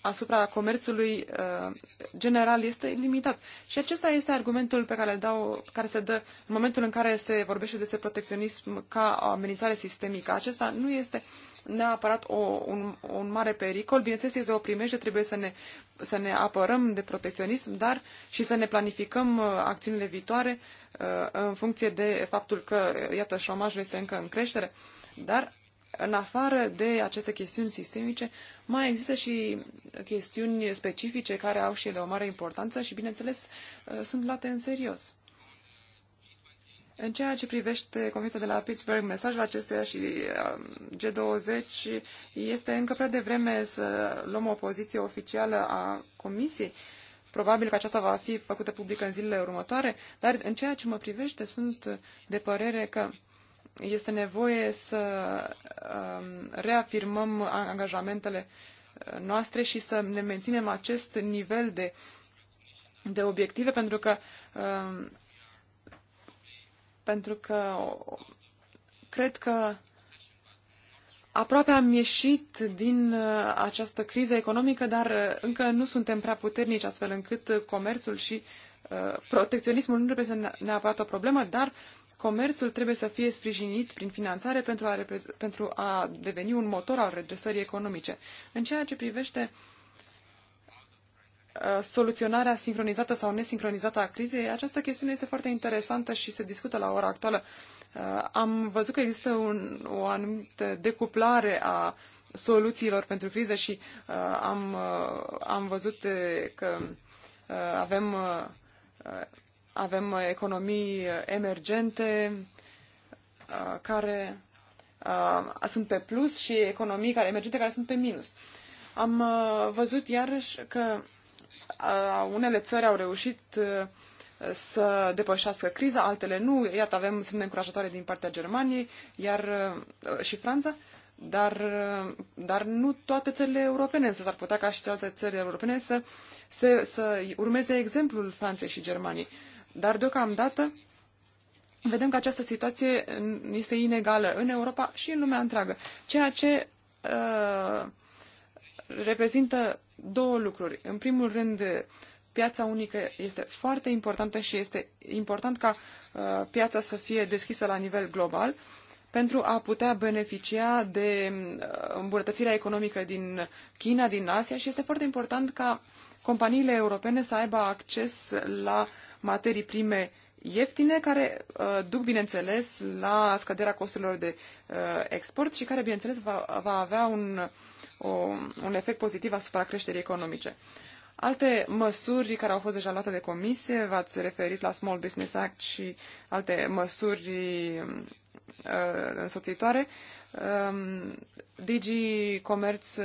asupra comerțului uh, general este limitat. Și acesta este argumentul pe care, îl dau, care se dă în momentul în care se vorbește despre protecționism ca o amenințare sistemică. Acesta nu este neapărat o, un, un mare pericol. Bineînțeles, este o primejde, trebuie să ne, să ne apărăm de protecționism, dar și să ne planificăm uh, acțiunile viitoare în funcție de faptul că, iată, șomajul este încă în creștere. Dar în afară de aceste chestiuni sistemice, mai există și chestiuni specifice care au și ele o mare importanță și, bineînțeles, uh, sunt luate în serios. În ceea ce privește conferința de la Pittsburgh, mesajul acesteia și um, G20 este încă prea devreme să luăm o poziție oficială a Comisiei. Probabil că aceasta va fi făcută publică în zilele următoare, dar în ceea ce mă privește sunt de părere că este nevoie să um, reafirmăm angajamentele uh, noastre și să ne menținem acest nivel de, de obiective, pentru că, um, pentru că cred că aproape am ieșit din uh, această criză economică, dar uh, încă nu suntem prea puternici, astfel încât comerțul și protecționismul nu reprezintă neapărat o problemă, dar Comerțul trebuie să fie sprijinit prin finanțare pentru a, pentru a deveni un motor al redresării economice. În ceea ce privește uh, soluționarea sincronizată sau nesincronizată a crizei, această chestiune este foarte interesantă și se discută la ora actuală. Uh, am văzut că există un, o anumită decuplare a soluțiilor pentru criză și uh, am, am văzut că avem avem uh, economii uh, emergente uh, care sunt pe plus și economii care, emergente care sunt pe minus. Am văzut iarăși că unele țări au reușit să depășească criza, altele nu. Iată, avem semne încurajatoare din partea Germaniei iar, și Franța, dar, dar nu toate țările europene, însă s-ar putea ca și alte țări europene să, să, să urmeze exemplul Franței și Germaniei. Dar deocamdată vedem că această situație este inegală în Europa și în lumea întreagă, ceea ce uh, reprezintă două lucruri. În primul rând, piața unică este foarte importantă și este important ca uh, piața să fie deschisă la nivel global pentru a putea beneficia de uh, îmbunătățirea economică din China, din Asia și este foarte important ca uh, companiile europene să aibă acces la materii prime ieftine, care uh, duc, bineînțeles, la scăderea costurilor de uh, export și care, bineînțeles, va, va avea un, o, un efect pozitiv asupra creșterii economice. Alte măsuri care au fost deja luate de comisie, v-ați referit la Small Business Act și alte măsuri uh, însoțitoare, DG um, Digi Comerț uh,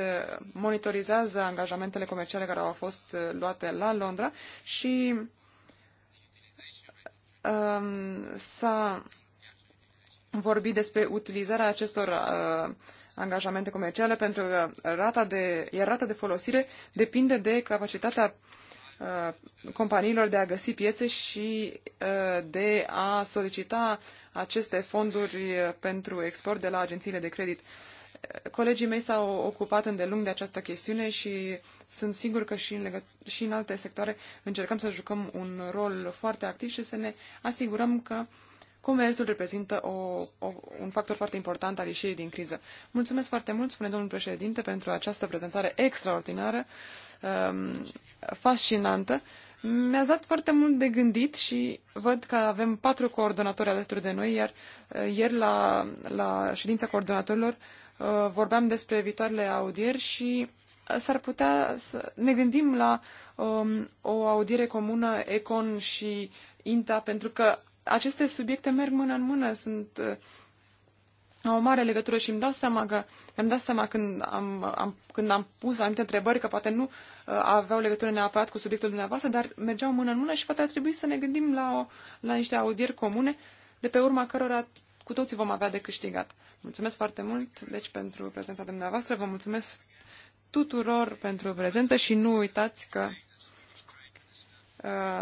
monitorizează angajamentele comerciale care au fost uh, luate la Londra și um, s-a vorbit despre utilizarea acestor uh, angajamente comerciale pentru că rata de, iar rata de folosire depinde de capacitatea uh, companiilor de a găsi piețe și uh, de a solicita aceste fonduri eh, pentru export de la agențiile de credit. Colegii mei s-au ocupat îndelung de această chestiune și sunt sigur că și în, legă- și în alte sectoare încercăm să jucăm un rol foarte activ și să ne asigurăm că comerțul reprezintă o, o, un factor foarte important al ieșirii din criză. Mulțumesc foarte mult, spune domnul președinte, pentru această prezentare extraordinară, um, fascinantă mi a dat foarte mult de gândit și văd că avem patru coordonatori alături de noi, iar uh, ieri la, la ședința coordonatorilor uh, vorbeam despre viitoarele audieri și uh, s-ar putea să ne gândim la um, o audiere comună Econ și INTA, pentru că aceste subiecte merg mână în mână, sunt au o mare legătură și îmi dau seama că îmi am dat seama când am, am, când am pus anumite întrebări că poate nu uh, aveau legătură neapărat cu subiectul dumneavoastră, dar mergeau mână în mână și poate ar trebui să ne gândim la, o, la niște audieri comune de pe urma cărora cu toții vom avea de câștigat. Mulțumesc foarte mult, deci, pentru prezența dumneavoastră. Vă mulțumesc tuturor pentru prezență și nu uitați că uh,